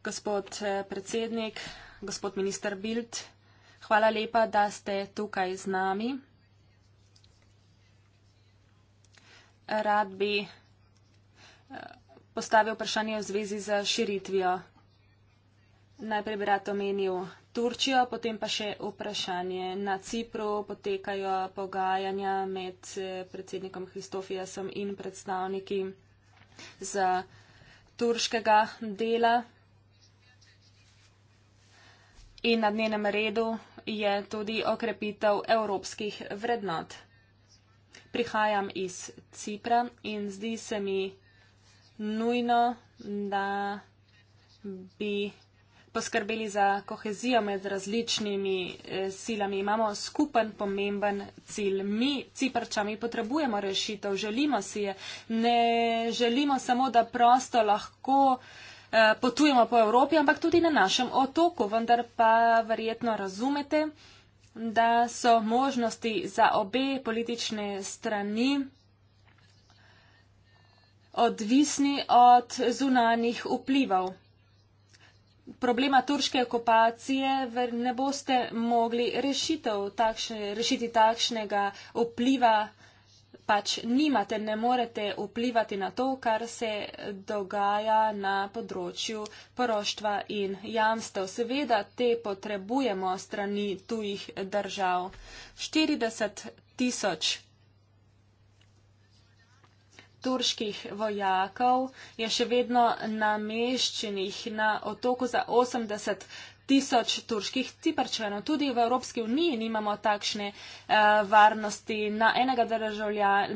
gospod eh, predsednik, gospod minister Bild. Hvala lepa, da ste tukaj z nami. Rad bi eh, postavil vprašanje v zvezi z širitvijo. Najprej bi rad omenil Turčijo, potem pa še vprašanje. Na Cipru potekajo pogajanja med eh, predsednikom Kristofijasom in predstavniki z turškega dela in na dnevnem redu je tudi okrepitev evropskih vrednot. Prihajam iz Cipra in zdi se mi nujno, da bi poskrbeli za kohezijo med različnimi eh, silami. Imamo skupen pomemben cilj. Mi, Ciprčami, potrebujemo rešitev, želimo si je. Ne želimo samo, da prosto lahko Eh, potujemo po Evropi, ampak tudi na našem otoku, vendar pa verjetno razumete, da so možnosti za obe politične strani odvisni od zunanjih vplivov. Problema turške okupacije ne boste mogli rešitev, takšne, rešiti takšnega vpliva pač nimate, ne morete vplivati na to, kar se dogaja na področju poroštva in jamstev. Seveda te potrebujemo strani tujih držav. 40 tisoč turških vojakov je še vedno nameščenih na otoku za 80 tisoč tisoč turških ciparčanov. Tudi v Evropski uniji nimamo takšne uh, varnosti. Na,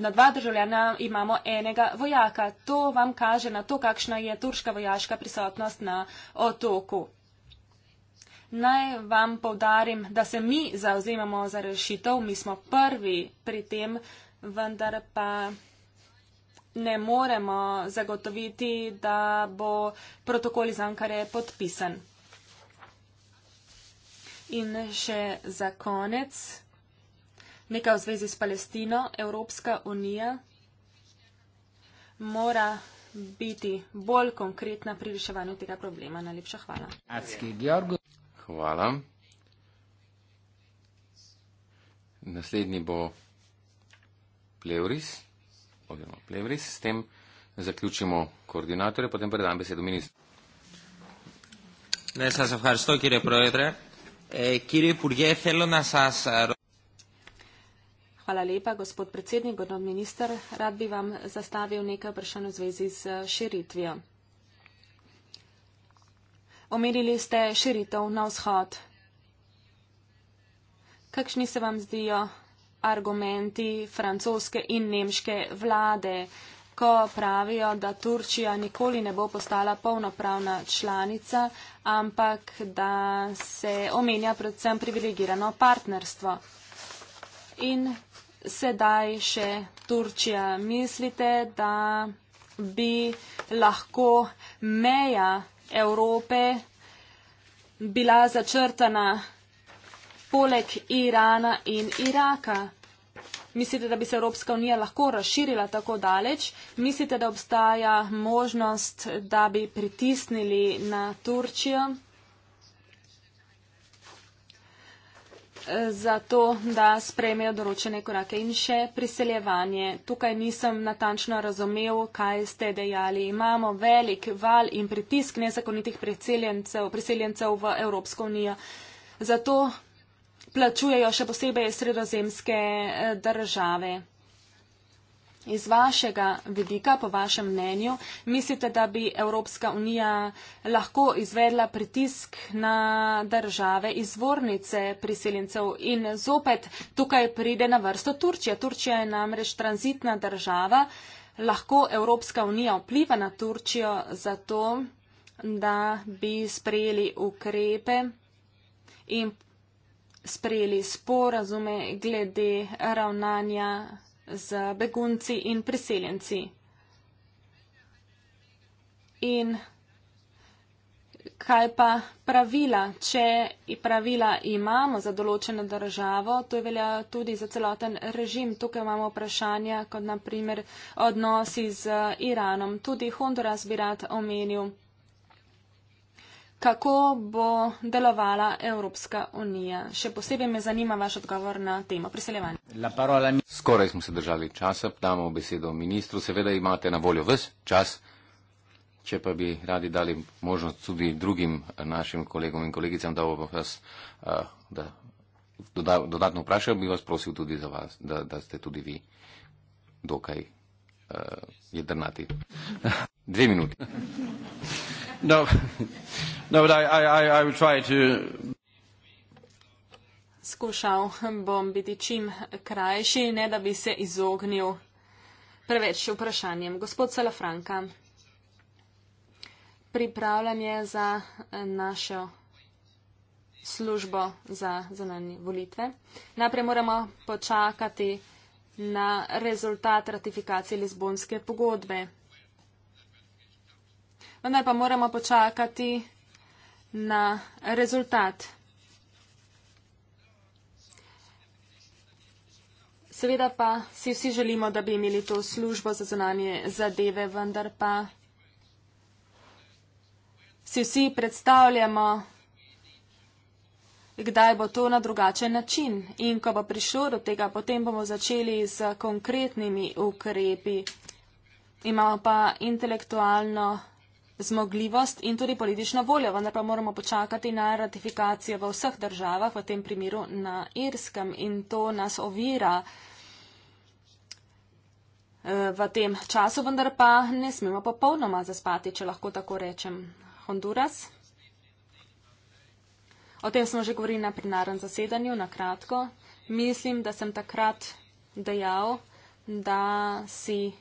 na dva državljana imamo enega vojaka. To vam kaže na to, kakšna je turška vojaška prisotnost na otoku. Naj vam povdarim, da se mi zauzemamo za rešitev, mi smo prvi pri tem, vendar pa ne moremo zagotoviti, da bo protokol iz Ankare podpisan. In še za konec, nekaj v zvezi s Palestino. Evropska unija mora biti bolj konkretna pri reševanju tega problema. Najlepša hvala. Hvala. Naslednji bo Plevris, oziroma Plevris, s tem zaključimo koordinatorje, potem predam besedo ministru. Ne, sem se vhar stokire projedre. Κύριε Υπουργέ, θέλω να σας Hvala lepa, gospod predsednik, gospod minister. Rad bi vam zastavil nekaj vprašanj v zvezi z eh, širitvijo. Omerili ste širitev na vzhod. Kakšni se vam zdijo argumenti francoske in nemške vlade tako pravijo, da Turčija nikoli ne bo postala polnopravna članica, ampak da se omenja predvsem privilegirano partnerstvo. In sedaj še Turčija, mislite, da bi lahko meja Evrope bila začrtana poleg Irana in Iraka? Mislite, da bi se Evropska unija lahko razširila tako daleč? Mislite, da obstaja možnost, da bi pritisnili na Turčijo? zato, da spremejo določene korake in še priseljevanje. Tukaj nisem natančno razumev, kaj ste dejali. Imamo velik val in pritisk nezakonitih priseljencev, priseljencev v Evropsko unijo. Zato plačujejo še posebej sredozemske eh, države. Iz vašega vidika, po vašem mnenju, mislite, da bi Evropska unija lahko izvedla pritisk na države izvornice priseljencev in zopet tukaj pride na vrsto Turčija. Turčija je namreč tranzitna država, lahko Evropska unija vpliva na Turčijo zato, da bi sprejeli ukrepe in sprejeli sporazume glede ravnanja z begunci in priseljenci. In kaj pa pravila? Če pravila imamo za določeno državo, to je velja tudi za celoten režim. Tukaj imamo vprašanja, kot naprimer odnosi z Iranom. Tudi Honduras bi rad omenil kako bo delovala Evropska unija. Še posebej me zanima vaš odgovor na temo priseljevanja. Skoraj smo se držali časa, damo besedo ministru. Seveda imate na voljo vse čas. Če pa bi radi dali možnost tudi drugim eh, našim kolegom in kolegicam, da bo vas. Eh, da Dodatno vprašanje bi vas prosil tudi za vas, da, da ste tudi vi dokaj uh, jedrnati. Dve minuti. No, no, but I, I, I, I would try to. Skušal bom biti čim krajši, ne da bi se izognil preveč vprašanjem. Gospod Salafranka, pripravljanje za našo službo za zanani volitve. Najprej moramo počakati na rezultat ratifikacije Lizbonske pogodbe vendar pa moramo počakati na rezultat. Seveda pa si vsi želimo, da bi imeli to službo za zunanje zadeve, vendar pa si vsi predstavljamo, kdaj bo to na drugačen način. In ko bo prišlo do tega, potem bomo začeli z konkretnimi ukrepi. Imamo pa intelektualno zmogljivost in tudi politično voljo, vendar pa moramo počakati na ratifikacijo v vseh državah, v tem primeru na Irskem in to nas ovira eh, v tem času, vendar pa ne smemo popolnoma zaspati, če lahko tako rečem. Honduras. O tem smo že govorili na plenarnem zasedanju, na kratko. Mislim, da sem takrat dejal, da si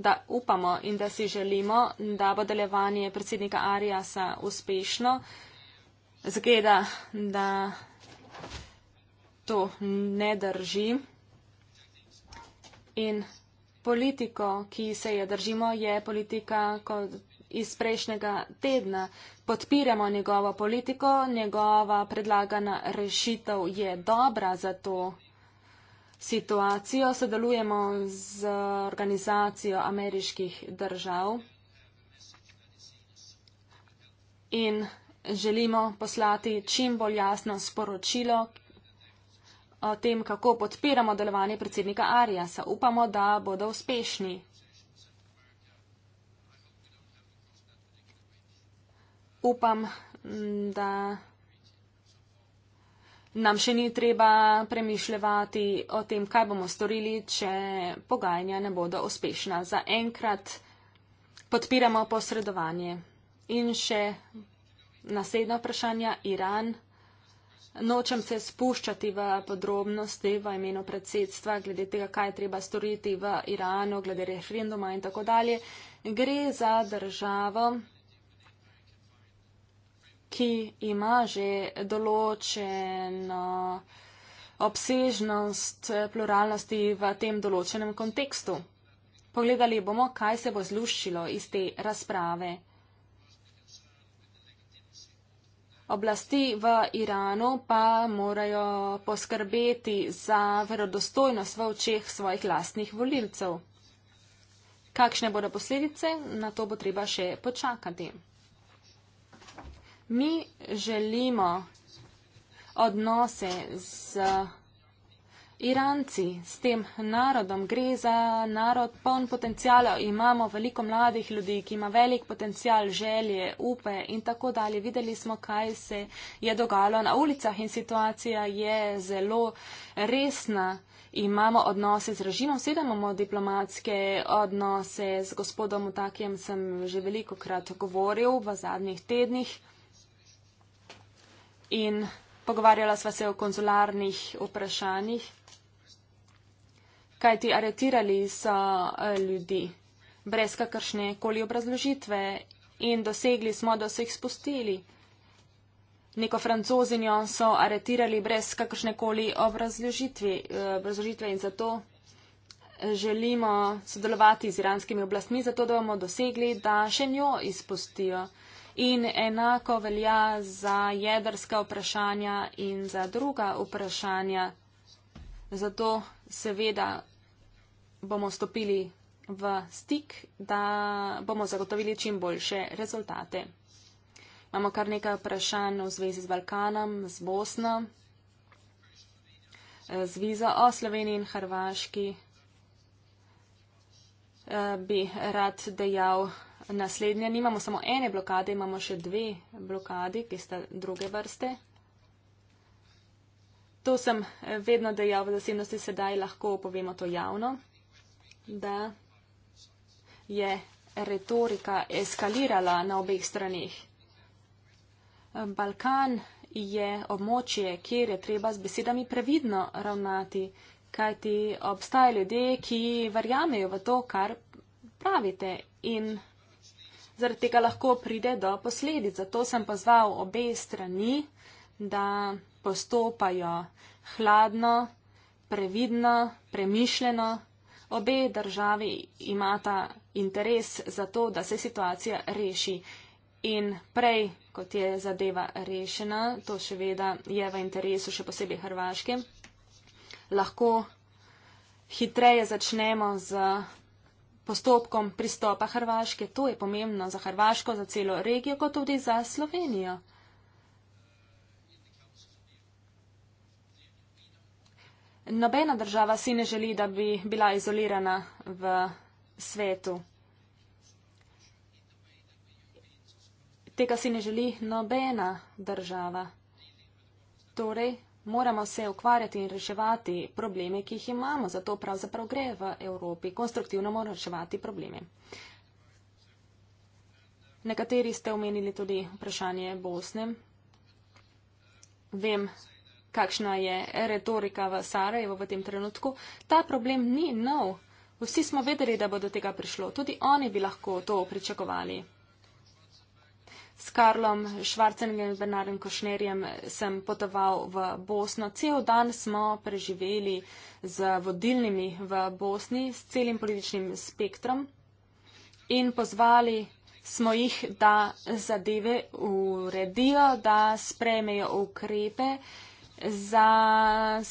da upamo in da si želimo, da bo delovanje predsednika Arijasa uspešno. Zgleda, da to ne drži. In politiko, ki se je držimo, je politika iz prejšnjega tedna. Podpiramo njegovo politiko, njegova predlagana rešitev je dobra za to, situacijo. Sodelujemo z organizacijo ameriških držav in želimo poslati čim bolj jasno sporočilo o tem, kako podpiramo delovanje predsednika Arijasa. Upamo, da bodo uspešni. Upam, da nam še ni treba premišljati o tem, kaj bomo storili, če pogajanja ne bodo uspešna. Za enkrat podpiramo posredovanje. In še naslednja vprašanja, Iran. Nočem se spuščati v podrobnosti v imenu predsedstva glede tega, kaj je treba storiti v Iranu, glede referenduma in tako dalje. Gre za državo, ki ima že določeno obsežnost pluralnosti v tem določenem kontekstu. Pogledali bomo, kaj se bo zluščilo iz te razprave. Oblasti v Iranu pa morajo poskrbeti za verodostojnost v očeh svojih lastnih volilcev. Kakšne bodo posledice, na to bo treba še počakati mi želimo odnose z Iranci, s tem narodom. Gre za narod poln potencijala. Imamo veliko mladih ljudi, ki ima velik potencijal, želje, upe in tako dalje. Videli smo, kaj se je dogajalo na ulicah in situacija je zelo resna. Imamo odnose z režimom, sedaj imamo diplomatske odnose z gospodom Utakijem, sem že veliko krat govoril v zadnjih tednih in pogovarjala sva se o konzularnih vprašanjih, kaj ti aretirali so eh, ljudi brez kakršne koli obrazložitve in dosegli smo, da so jih spustili. Neko francozinjo so aretirali brez kakršne koli obrazložitve, eh, obrazložitve in zato želimo sodelovati z iranskimi oblastmi, zato da bomo dosegli, da še njo izpustijo in enako velja za jedrska vprašanja in za druga vprašanja. Zato seveda bomo stopili v stik, da bomo zagotovili čim boljše rezultate. Imamo kar nekaj vprašanj v zvezi z Balkanom, z Bosno, z vizo o Sloveniji in Hrvaški. Eh, bi rad dejal, Naslednje, nimamo samo ene blokade, imamo še dve blokadi, ki sta druge vrste. To sem eh, vedno dejal v zasebnosti, sedaj lahko povemo to javno, da je retorika eskalirala na obeh stranih. Balkan je območje, kjer je treba z besedami previdno ravnati, kajti obstajajo ljudje, ki verjamejo v to, kar pravite in zaradi tega lahko pride do posledic. Zato sem pozval obe strani, da postopajo hladno, previdno, premišljeno. Obe državi imata interes za to, da se situacija reši. In prej, kot je zadeva rešena, to še veda je v interesu še posebej Hrvaške, lahko hitreje začnemo z postopkom pristopa Hrvaške. To je pomembno za Hrvaško, za celo regijo, kot tudi za Slovenijo. Nobena država si ne želi, da bi bila izolirana v svetu. Tega si ne želi nobena država. Torej, moramo se ukvarjati in reševati probleme, ki jih imamo. Zato pravzaprav gre v Evropi konstruktivno moramo reševati probleme. Nekateri ste omenili tudi vprašanje Bosne. Vem, kakšna je retorika v Sarajevo v tem trenutku. Ta problem ni nov. Vsi smo vedeli, da bo do tega prišlo. Tudi oni bi lahko to pričakovali. S Karlom Švarcengem in Bernardem Košnerjem sem potoval v Bosno. Cel dan smo preživeli z vodilnimi v Bosni, s celim političnim spektrom in pozvali smo jih, da zadeve uredijo, da sprejmejo ukrepe za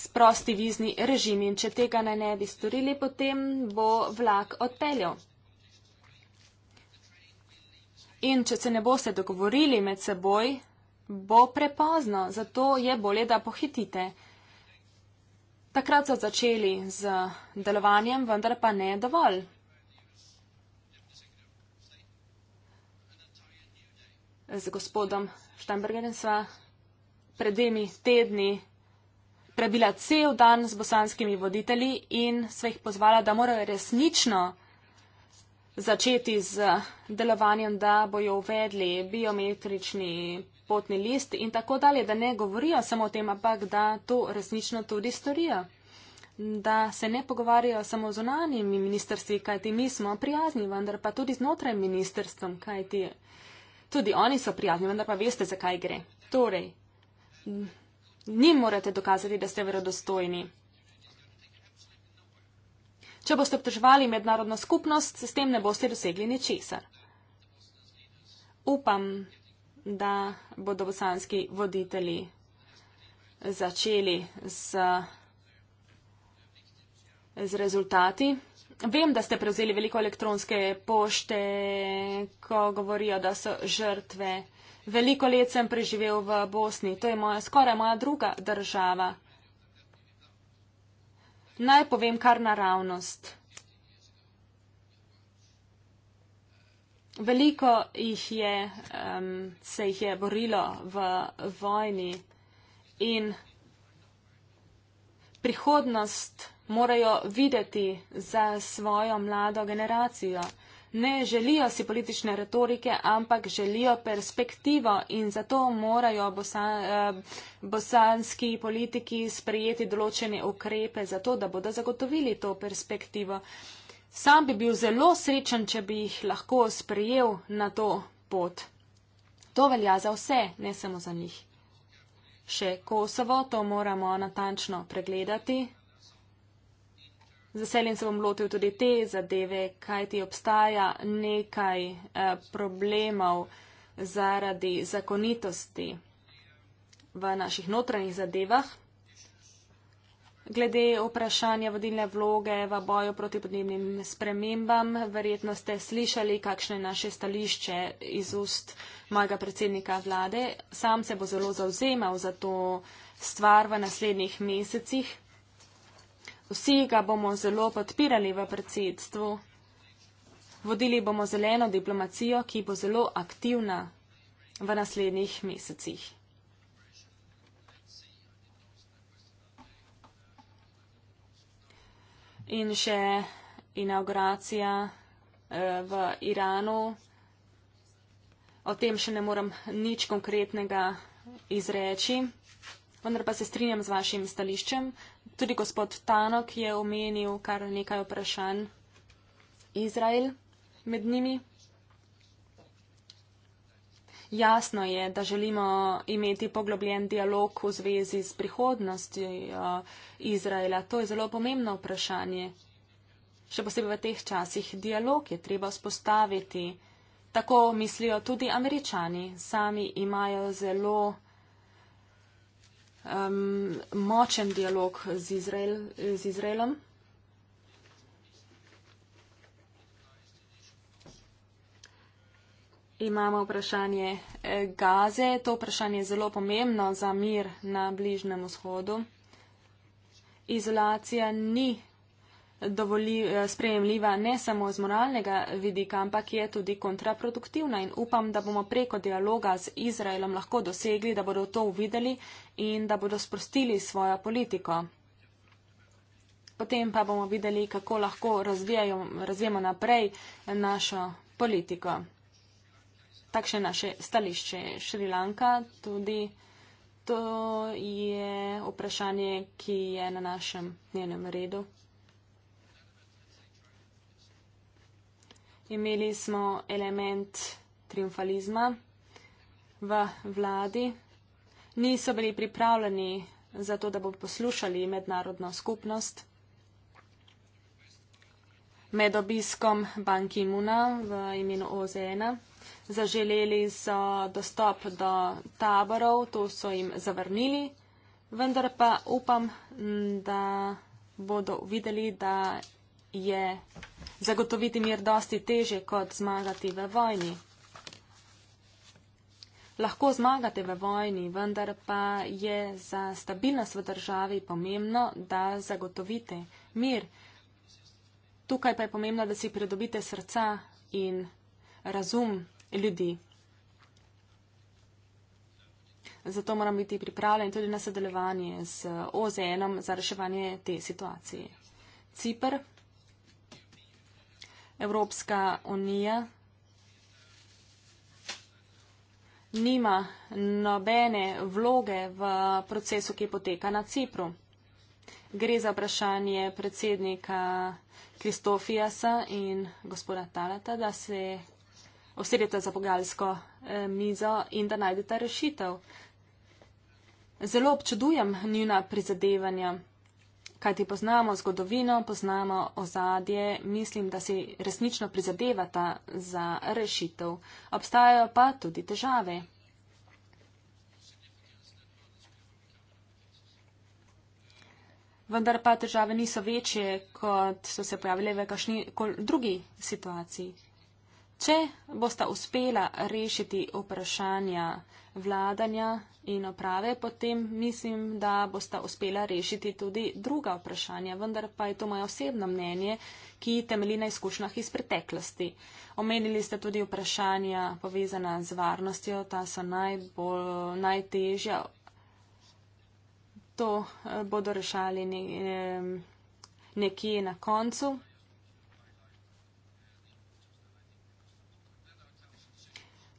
sprosti vizni režim in če tega ne bi storili, potem bo vlak odpeljal. In če se ne boste dogovorili med seboj, bo prepozno, zato je bolje, da pohitite. Takrat so začeli z delovanjem, vendar pa ne dovolj. Z gospodom Štambergenem sva pred dvemi tedni prebila cel dan z bosanskimi voditelji in sva jih pozvala, da morajo resnično začeti z delovanjem, da bojo uvedli biometrični potni list in tako dalje, da ne govorijo samo o tem, ampak da to resnično tudi storijo. Da se ne pogovarjajo samo z onanjimi ministrstvi, kajti mi smo prijazni, vendar pa tudi znotraj ministrstvom, kajti tudi oni so prijazni, vendar pa veste, zakaj gre. Torej, njim morate dokazati, da ste verodostojni. Če boste obtoževali mednarodno skupnost, se s tem ne boste dosegli ničesar. Upam, da bodo bosanski voditelji začeli z, z rezultati. Vem, da ste prevzeli veliko elektronske pošte, ko govorijo, da so žrtve. Veliko let sem preživel v Bosni, to je moja, skoraj moja druga država. Naj povem kar naravnost. Veliko jih je, um, se jih je borilo v vojni in prihodnost morajo videti za svojo mlado generacijo ne želijo si politične retorike, ampak želijo perspektivo in zato morajo eh, bosanski politiki sprejeti določene ukrepe za to, da bodo zagotovili to perspektivo. Sam bi bil zelo srečen, če bi jih lahko sprejel na to pot. To velja za vse, ne samo za njih. Še Kosovo, to moramo natančno pregledati. Z veseljem se bom lotil tudi te zadeve, kaj ti obstaja nekaj eh, problemov zaradi zakonitosti v naših notranjih zadevah. Glede vprašanja vodilne vloge v boju proti podnebnim spremembam, verjetno ste slišali, kakšno je naše stališče iz ust mojega predsednika vlade. Sam se bo zelo zauzemal za to stvar v naslednjih mesecih. Vsi ga bomo zelo podpirali v predsedstvu. Vodili bomo zeleno diplomacijo, ki bo zelo aktivna v naslednjih mesecih. In še inauguracija eh, v Iranu. O tem še ne moram nič konkretnega izreči vendar pa se strinjam z vašim stališčem. Tudi gospod Tanok je omenil kar nekaj vprašanj. Izrael med njimi. Jasno je, da želimo imeti poglobljen dialog v zvezi s prihodnosti eh, Izraela. To je zelo pomembno vprašanje. Še posebej v teh časih dialog je treba spostaviti. Tako mislijo tudi američani. Sami imajo zelo um, močen dialog z, Izrael, z Izraelom. Imamo vprašanje eh, Gaze. To vprašanje je zelo pomembno za mir na Bližnem vzhodu. Izolacija ni dovoli, eh, sprejemljiva ne samo z moralnega vidika, ampak je tudi kontraproduktivna in upam, da bomo preko dialoga z Izraelom lahko dosegli, da bodo to uvideli in da bodo sprostili svojo politiko. Potem pa bomo videli, kako lahko razvijemo naprej našo politiko. Takšne naše stališče. Šrilanka tudi to je vprašanje, ki je na našem njenem redu. imeli smo element triumfalizma v vladi. Niso bili pripravljeni za to, da bo poslušali mednarodno skupnost. Med obiskom banki Muna v imenu OZN zaželeli so dostop do taborov, to so jim zavrnili, vendar pa upam, da bodo videli, da je zagotoviti mir dosti teže, kot zmagati v vojni. Lahko zmagate v vojni, vendar pa je za stabilnost v državi pomembno, da zagotovite mir. Tukaj pa je pomembno, da si pridobite srca in razum ljudi. Zato moram biti pripravljen tudi na sodelovanje z OZN-om za reševanje te situacije. Cipr. Evropska unija nima nobene vloge v procesu, ki poteka na Cipru. Gre za vprašanje predsednika Kristofijasa in gospoda Talata, da se osredete za pogalsko eh, mizo in da najdete rešitev. Zelo občudujem njuna prizadevanja kajti poznamo zgodovino, poznamo ozadje, mislim, da si resnično prizadevata za rešitev. Obstajajo pa tudi težave. Vendar pa težave niso večje, kot so se pojavile v kakšni drugi situaciji. Če bosta uspela rešiti vprašanja vladanja in oprave, potem mislim, da bosta uspela rešiti tudi druga vprašanja, vendar pa je to moje osebno mnenje, ki temeli na izkušnjah iz preteklosti. Omenili ste tudi vprašanja povezana z varnostjo, ta so najbolj najtežja. To eh, bodo rešali nekje na koncu.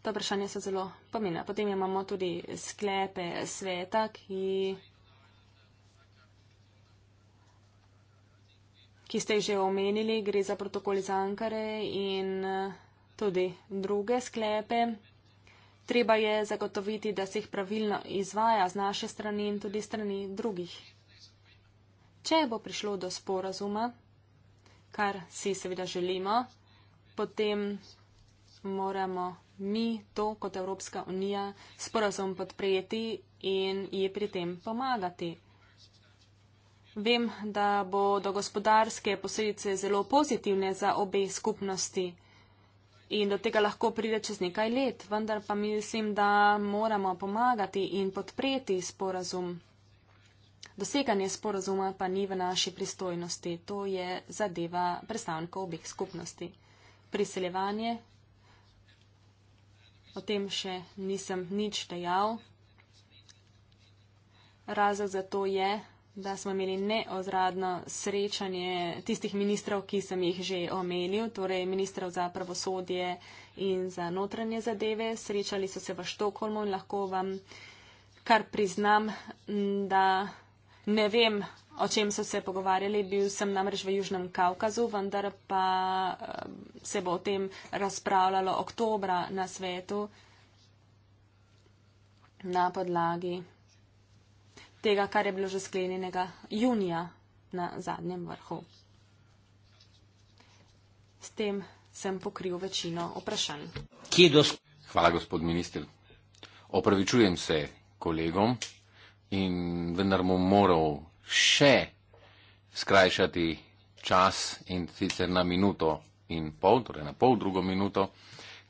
ta vprašanja so zelo pomembna. Potem imamo tudi sklepe sveta, ki, ki ste jih že omenili, gre za protokol iz Ankare in tudi druge sklepe. Treba je zagotoviti, da se jih pravilno izvaja z naše strani in tudi strani drugih. Če bo prišlo do sporazuma, kar si seveda želimo, potem moramo mi to kot Evropska unija sporazum podprijeti in ji pri tem pomagati. Vem, da bodo gospodarske posledice zelo pozitivne za obe skupnosti in do tega lahko pride čez nekaj let, vendar pa mislim, da moramo pomagati in podpreti sporazum. Doseganje sporazuma pa ni v naši pristojnosti, to je zadeva predstavnikov obeh skupnosti. Priseljevanje o tem še nisem nič dejal. Razlog za to je, da smo imeli neozradno srečanje tistih ministrov, ki sem jih že omenil, torej ministrov za pravosodje in za notranje zadeve. Srečali so se v Štokholmu in lahko vam kar priznam, da ne vem, o čem so se pogovarjali. Bil sem namreč v Južnem Kaukazu, vendar pa eh, se bo o tem razpravljalo oktobra na svetu na podlagi tega, kar je bilo že sklenjenega junija na zadnjem vrhu. S tem sem pokril večino vprašanj. Hvala, gospod minister. Opravičujem se kolegom in vendar bom moral še skrajšati čas in sicer na minuto in pol, torej na pol drugo minuto,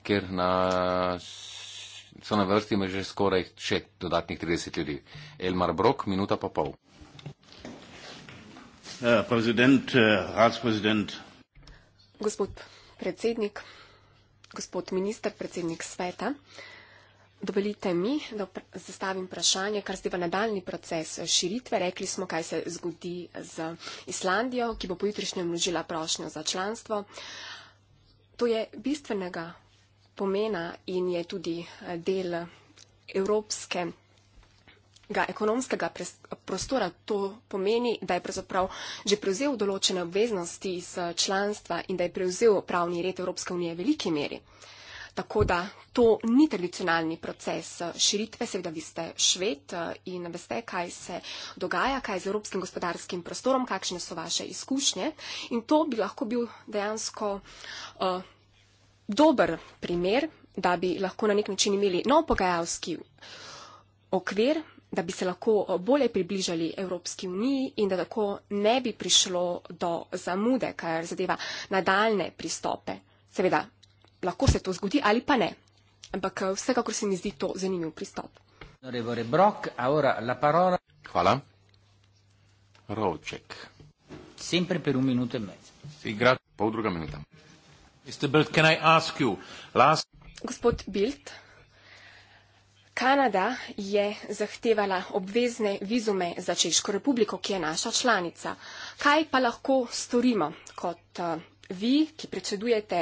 ker na, so na vrsti me že skoraj še dodatnih 30 ljudi. Elmar Brok, minuta pa pol. Prezident, äh, razprezident. Gospod predsednik, gospod minister, predsednik sveta. Dovolite mi, da zastavim vprašanje, kar zdaj v nadaljni proces širitve. Rekli smo, kaj se zgodi z Islandijo, ki bo pojutrišnjo mložila prošnjo za članstvo. To je bistvenega pomena in je tudi eh, del evropske ekonomskega prostora. To pomeni, da je pravzaprav že prevzel določene obveznosti iz eh, članstva in da je prevzel pravni red Evropske unije v veliki meri. Tako da to ni tradicionalni proces eh, širitve, seveda vi ste šved eh, in veste, kaj se dogaja, kaj je z evropskim gospodarskim prostorom, kakšne so vaše izkušnje. In to bi lahko bil dejansko uh, dober primer, da bi lahko na nek način imeli nov pogajalski okvir da bi se lahko bolje približali Evropski uniji in da tako ne bi prišlo do zamude, kar zadeva nadaljne pristope. Seveda, lahko se to zgodi ali pa ne. Ampak eh, vsekakor se mi zdi to zanimiv pristop. Hvala. Rovček. Sempre per un minuto e mezzo. Si, grazie. Pol druga minuta. Mr. Bilt, can I ask you last... Gospod Bilt, Kanada je zahtevala obvezne vizume za Češko republiko, ki je naša članica. Kaj pa lahko storimo kot uh, vi, ki predsedujete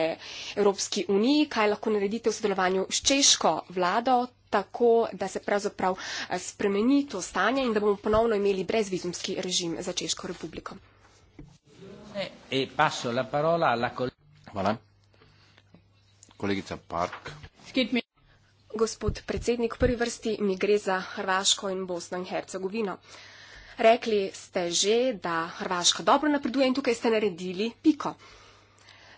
Evropski uniji, kaj lahko naredite v sodelovanju s češko vlado, tako da se pravzaprav eh, spremeni to stanje in da bomo ponovno imeli brezvizumski režim za Češko republiko. E, e, Hvala. Kolegica Park. Gospod predsednik, v prvi vrsti mi gre za Hrvaško in Bosno in Hercegovino. Rekli ste že, da Hrvaška dobro napreduje in tukaj ste naredili piko.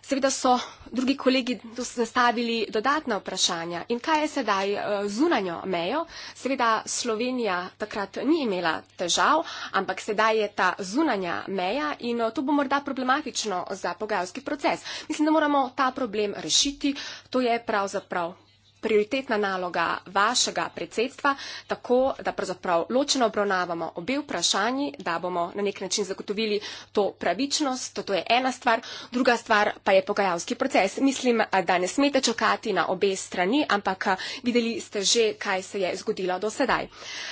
Seveda so drugi kolegi zastavili dodatna vprašanja in kaj je sedaj eh, zunanjo mejo. Seveda Slovenija takrat ni imela težav, ampak sedaj je ta zunanja meja in eh, to bo morda problematično za pogajalski proces. Mislim, da moramo ta problem rešiti, to je pravzaprav prioritetna naloga vašega predsedstva, tako da pravzaprav ločeno obravnavamo obe vprašanji, da bomo na nek način zagotovili to pravičnost, to, to je ena stvar, druga stvar pa je pogajalski proces. Mislim, da ne smete čakati na obe strani, ampak videli ste že, kaj se je zgodilo do sedaj.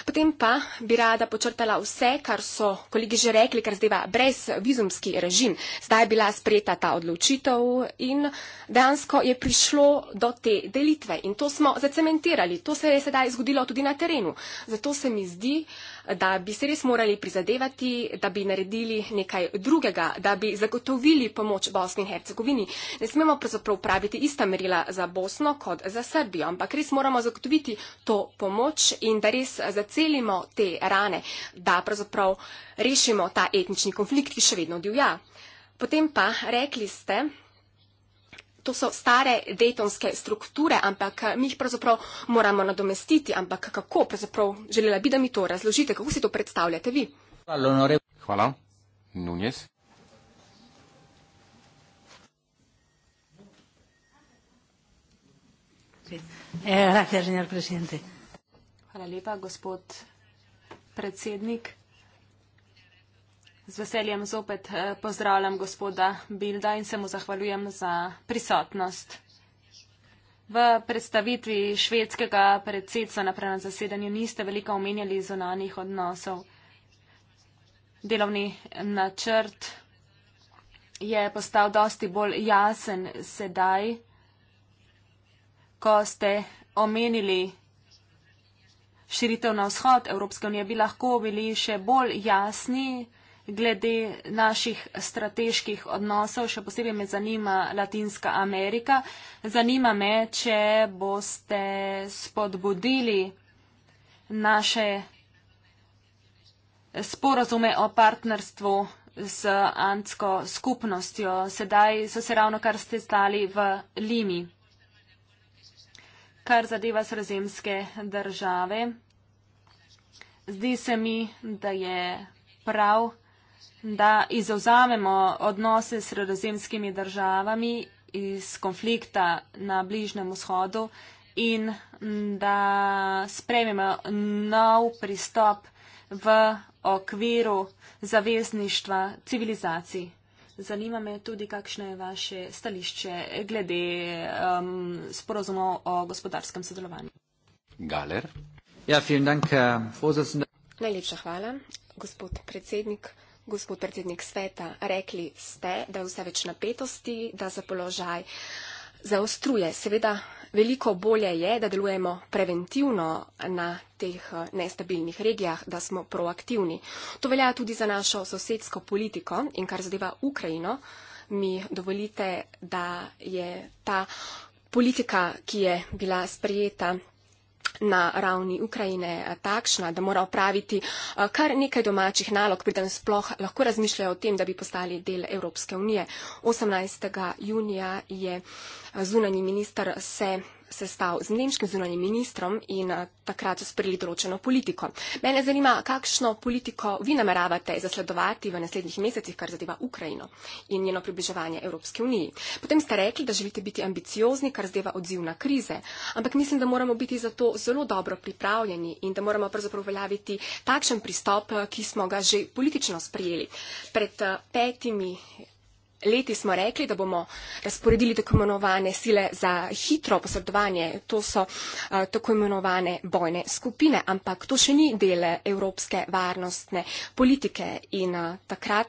Potem pa bi rada počrtala vse, kar so kolegi že rekli, kar zdeva brez vizumski režim. Zdaj je bila sprejeta ta odločitev in dejansko je prišlo do te delitve. In to smo zacementirali. To se je sedaj zgodilo tudi na terenu. Zato se mi zdi, da bi se res morali prizadevati, da bi naredili nekaj drugega, da bi zagotovili pomoč Bosni in Hercegovini. Ne smemo pravzaprav praviti ista merila za Bosno kot za Srbijo, ampak res moramo zagotoviti to pomoč in da res zacelimo te rane, da pravzaprav rešimo ta etnični konflikt, ki še vedno divja. Potem pa rekli ste, to so stare dejtonske strukture, ampak eh, mi jih pravzaprav moramo nadomestiti. Ampak kako, pravzaprav želela bi, da mi to razložite, kako si to predstavljate vi? Hvala. Nunes. Eh, Hvala lepa, gospod predsednik. Z veseljem zopet eh, pozdravljam gospoda Bilda in se mu zahvaljujem za prisotnost. V predstavitvi švedskega predsedstva na prenos zasedanju niste veliko omenjali zonanih odnosov. Delovni načrt je postal dosti bolj jasen sedaj, ko ste omenili širitev na vzhod Evropske unije. Bi lahko bili še bolj jasni, glede naših strateških odnosov, še posebej me zanima Latinska Amerika. Zanima me, če boste spodbudili naše sporozume o partnerstvu z antsko skupnostjo. Sedaj so se ravno kar ste stali v Limi, kar zadeva sredzemske države. Zdi se mi, da je prav, da je prav, da izuzamemo odnose s sredozemskimi državami iz konflikta na Bližnem vzhodu in da sprememo nov pristop v okviru zavezništva civilizacij. Zanima me tudi, kakšno je vaše stališče glede um, sporozumov o gospodarskem sodelovanju. Galer. Ja, vielen Dank, Vorsitzende. Najlepša hvala, gospod predsednik gospod predsednik sveta, rekli ste, da je vse več napetosti, da se položaj zaostruje. Seveda veliko bolje je, da delujemo preventivno na teh eh, nestabilnih regijah, da smo proaktivni. To velja tudi za našo sosedsko politiko in kar zadeva Ukrajino, mi dovolite, da je ta politika, ki je bila sprejeta na ravni Ukrajine takšna, da mora opraviti eh, kar nekaj domačih nalog, preden sploh lahko razmišljajo o tem, da bi postali del Evropske unije. 18. junija je eh, zunani minister se sestal z nemškim zunanjim ministrom in eh, takrat so sprejeli določeno politiko. Mene zanima, kakšno politiko vi nameravate zasledovati v naslednjih mesecih, kar zadeva Ukrajino in njeno približevanje Evropske unije. Potem ste rekli, da želite biti ambiciozni, kar zadeva odziv na krize, ampak mislim, da moramo biti za to zelo dobro pripravljeni in da moramo pravzaprav uveljaviti takšen pristop, eh, ki smo ga že politično sprejeli. Pred eh, petimi leti smo rekli, da bomo razporedili tako imenovane sile za hitro posredovanje. To so eh, tako imenovane bojne skupine, ampak to še ni del eh, evropske varnostne politike. In eh, takrat,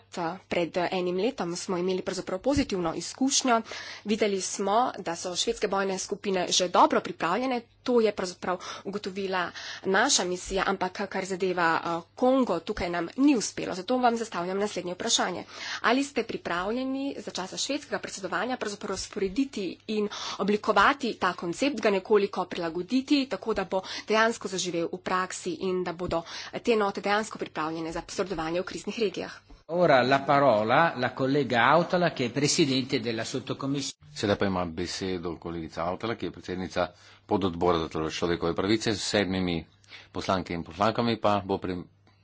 pred enim letom, smo imeli pravzaprav pozitivno izkušnjo. Videli smo, da so švedske bojne skupine že dobro pripravljene to je pravzaprav ugotovila naša misija, ampak kar zadeva eh, Kongo, tukaj nam ni uspelo. Zato vam zastavljam naslednje vprašanje. Ali ste pripravljeni za časa švedskega predsedovanja pravzaprav sporediti in oblikovati ta koncept, ga nekoliko prilagoditi, tako da bo dejansko zaživel v praksi in da bodo te note dejansko pripravljene za posredovanje v kriznih regijah? Ora la parola la collega Autala che è presidente della sottocommissione. Sada pa ima besedo kolegica Autala, ki je predsednica pododbora za človekove pravice s sedmimi poslanke in poslankami, pa bo, pri,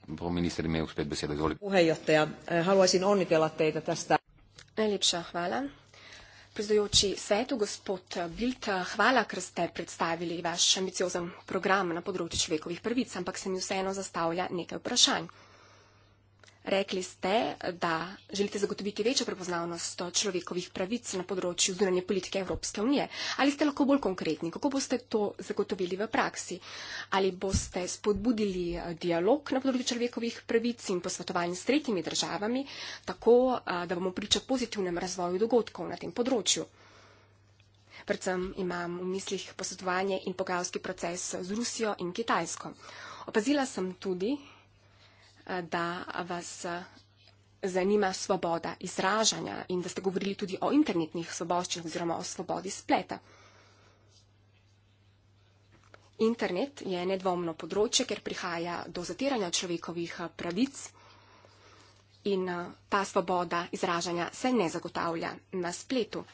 bo minister imel spet besedo. Izvoli. Puhejoteja, eh, halvasin oni delate, da ta sta. Najlepša hvala. Predsedujoči svetu, gospod Bilt, hvala, ker ste predstavili vaš ambiciozen program na področju človekovih pravic, ampak se mi vseeno zastavlja nekaj vprašanj. Rekli ste, da želite zagotoviti večjo prepoznavnost človekovih pravic na področju zunanje politike Evropske unije. Ali ste lahko bolj konkretni? Kako boste to zagotovili v praksi? Ali boste spodbudili eh, dialog na področju človekovih pravic in posvetovanje s tretjimi državami, tako eh, da bomo priča pozitivnem razvoju dogodkov na tem področju? Predvsem imam v mislih posvetovanje in pogajalski proces z Rusijo in Kitajsko. Opazila sem tudi, da vas eh, zanima svoboda izražanja in da ste govorili tudi o internetnih svoboščinah oziroma o svobodi spleta. Internet je nedvomno področje, ker prihaja do zatiranja človekovih eh, pravic in eh, ta svoboda izražanja se ne zagotavlja na spletu.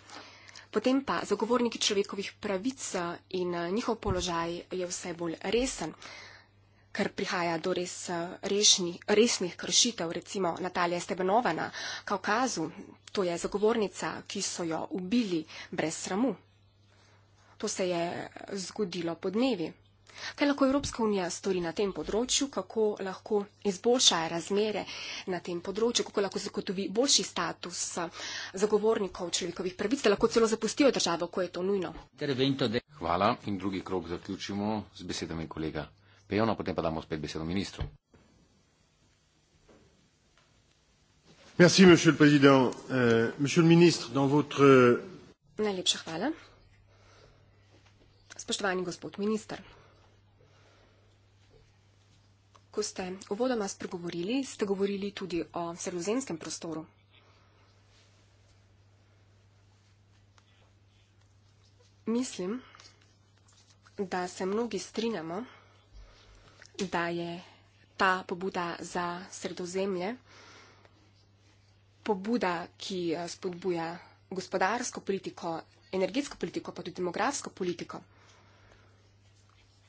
Potem pa zagovorniki človekovih pravic in njihov položaj je vse bolj resen ker prihaja do res eh, rešni, resnih kršitev, recimo Natalija Stebenova na Kaukazu, to je zagovornica, ki so jo ubili brez sramu. To se je eh, zgodilo po dnevi. Kaj lahko Evropska unija stori na tem področju, kako lahko izboljša razmere na tem področju, kako lahko zagotovi boljši status eh, zagovornikov človekovih pravic, da lahko celo zapustijo državo, ko je to nujno. Hvala in drugi krok zaključimo z besedami kolega. Pero no potem pa damo spet besedo ministru. Merci, monsieur le président. Euh, monsieur le ministre, dans votre... Najlepša hvala. Spoštovani gospod minister. Ko ste uvodoma spregovorili, ste govorili tudi o sredozemskem prostoru. Mislim, da se mnogi strinjamo, da je ta pobuda za sredozemlje pobuda, ki eh, spodbuja gospodarsko politiko, energetsko politiko, pa tudi demografsko politiko.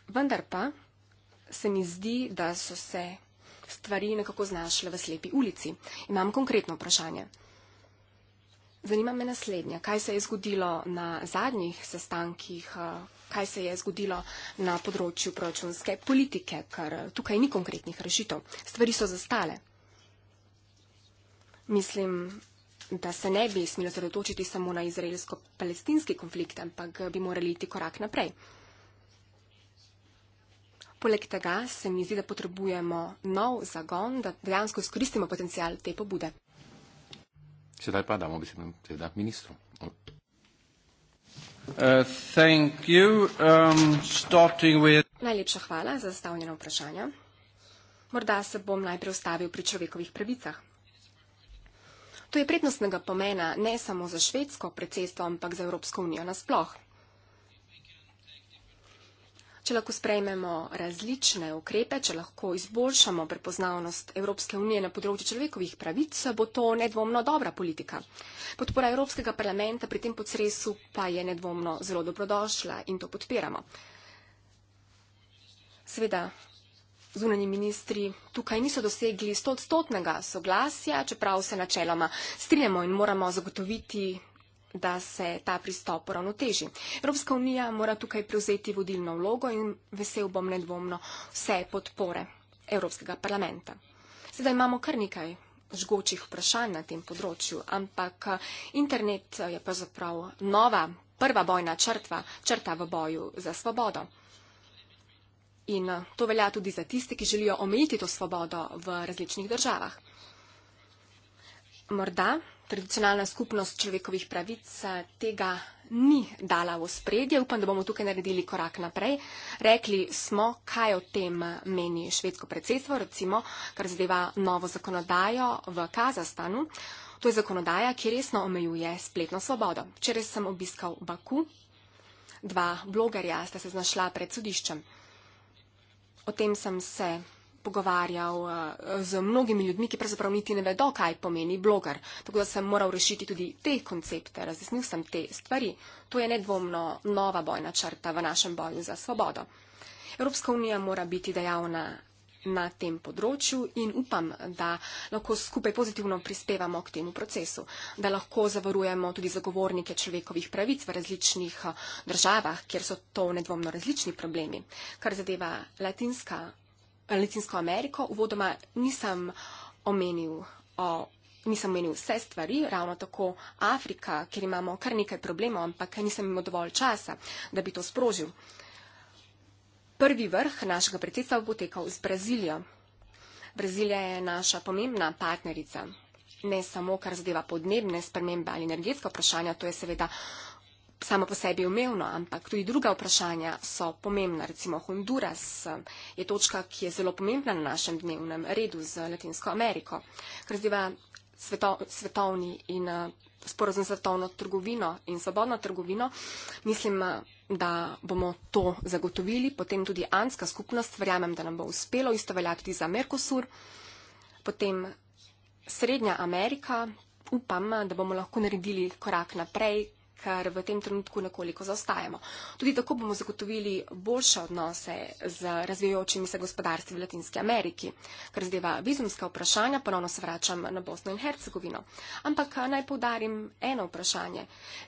Vendar pa se mi zdi, da so se stvari nekako znašle v slepi ulici. Imam konkretno vprašanje. Zanima me naslednje. Kaj se je zgodilo na zadnjih sestankih eh, kaj se je zgodilo na področju proračunske politike, ker tukaj ni konkretnih rešitev. Stvari so zastale. Mislim, da se ne bi smelo sredotočiti samo na izraelsko-palestinski konflikt, ampak bi morali iti korak naprej. Poleg tega se mi zdi, da potrebujemo nov zagon, da dejansko izkoristimo potencial te pobude. Sedaj pa damo besedo ministru. Uh, thank you. Um, starting with... Najlepša hvala za zastavljeno vprašanje. Morda se bom najprej ustavil pri človekovih pravicah. To je prednostnega pomena ne samo za švedsko predsedstvo, ampak za Evropsko unijo nasploh če lahko sprejmemo različne ukrepe, če lahko izboljšamo prepoznavnost Evropske unije na področju človekovih pravic, bo to nedvomno dobra politika. Podpora Evropskega parlamenta pri tem podsresu pa je nedvomno zelo dobrodošla in to podpiramo. Seveda, zunani ministri tukaj niso dosegli stotstotnega soglasja, čeprav se načeloma strinjamo in moramo zagotoviti da se ta pristop ravnoteži. Evropska unija mora tukaj prevzeti vodilno vlogo in vesel bom nedvomno vse podpore Evropskega parlamenta. Sedaj imamo kar nekaj žgočih vprašanj na tem področju, ampak eh, internet eh, je pravzaprav nova, prva bojna črtva, črta v boju za svobodo. In eh, to velja tudi za tiste, ki želijo omejiti to svobodo v različnih državah. Morda tradicionalna skupnost človekovih pravic eh, tega ni dala v spredje. Upam, da bomo tukaj naredili korak naprej. Rekli smo, kaj o tem meni švedsko predsedstvo, recimo, kar zadeva novo zakonodajo v Kazastanu. To je zakonodaja, ki resno omejuje spletno svobodo. Včeraj sem obiskal Baku, dva blogerja sta se znašla pred sodiščem. O tem sem se pogovarjal eh, z mnogimi ljudmi, ki pravzaprav niti ne vedo, kaj pomeni bloger. Tako da sem moral rešiti tudi te koncepte, razjasnil sem te stvari. To je nedvomno nova bojna črta v našem boju za svobodo. Evropska unija mora biti dejavna na tem področju in upam, da lahko skupaj pozitivno prispevamo k temu procesu, da lahko zavarujemo tudi zagovornike človekovih pravic v različnih eh, državah, kjer so to nedvomno različni problemi. Kar zadeva Latinska Latinsko Ameriko, uvodoma nisem omenil, o, nisem omenil vse stvari, ravno tako Afrika, ker imamo kar nekaj problemov, ampak nisem imel dovolj časa, da bi to sprožil. Prvi vrh našega predsedstva bo tekal z Brazilijo. Brazilija je naša pomembna partnerica, ne samo kar zadeva podnebne spremembe ali energetska vprašanja, to je seveda samo po sebi umevno, ampak tudi druga vprašanja so pomembna. Recimo Honduras je točka, ki je zelo pomembna na našem dnevnem redu z Latinsko Ameriko, ker zdiva sveto, svetovni in eh, sporozum svetovno trgovino in svobodno trgovino. Mislim, eh, da bomo to zagotovili, potem tudi Anska skupnost, verjamem, da nam bo uspelo, isto velja tudi za Merkosur, potem Srednja Amerika. Upam, eh, da bomo lahko naredili korak naprej, ker v tem trenutku nekoliko zaostajamo. Tudi tako bomo zagotovili boljše odnose z razvijajočimi se gospodarstvi v Latinski Ameriki. Kar zdeva vizumska vprašanja, ponovno se vračam na Bosno in Hercegovino. Ampak naj povdarim eno vprašanje.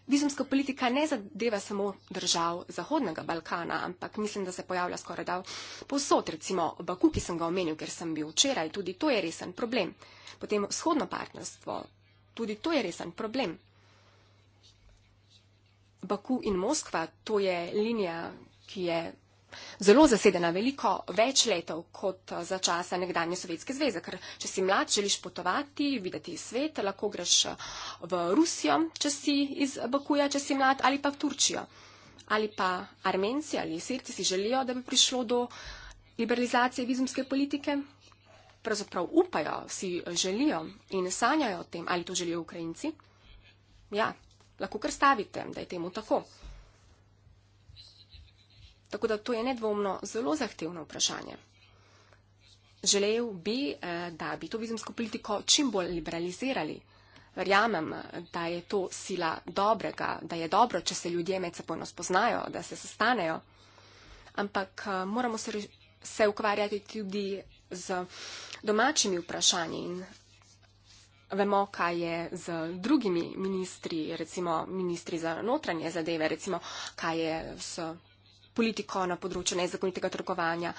Vizumska politika ne zadeva samo držav Zahodnega Balkana, ampak mislim, da se pojavlja skoraj da povsod, recimo Baku, ki sem ga omenil, ker sem bil včeraj, tudi to je resen problem. Potem vzhodno partnerstvo, tudi to je resen problem. Baku in Moskva, to je linija, ki je zelo zasedena, veliko več letov kot eh, za časa nekdanje Sovjetske zveze, ker če si mlad, želiš potovati, videti svet, lahko greš eh, v Rusijo, če si iz Bakuja, če si mlad, ali pa v Turčijo. Ali pa Armenci ali Sirci si želijo, da bi prišlo do liberalizacije vizumske politike. Pravzaprav upajo, si želijo in sanjajo o tem, ali to želijo Ukrajinci. Ja, lahko kar stavite, da je temu tako. Tako da to je nedvomno zelo zahtevno vprašanje. Želel bi, eh, da bi to vizumsko politiko čim bolj liberalizirali. Verjamem, da je to sila dobrega, da je dobro, če se ljudje med seboj spoznajo, da se sestanejo. Ampak eh, moramo se, se ukvarjati tudi z domačimi vprašanji in vemo, kaj je z drugimi ministri, recimo ministri za notranje zadeve, recimo kaj je s politiko na področju nezakonitega trgovanja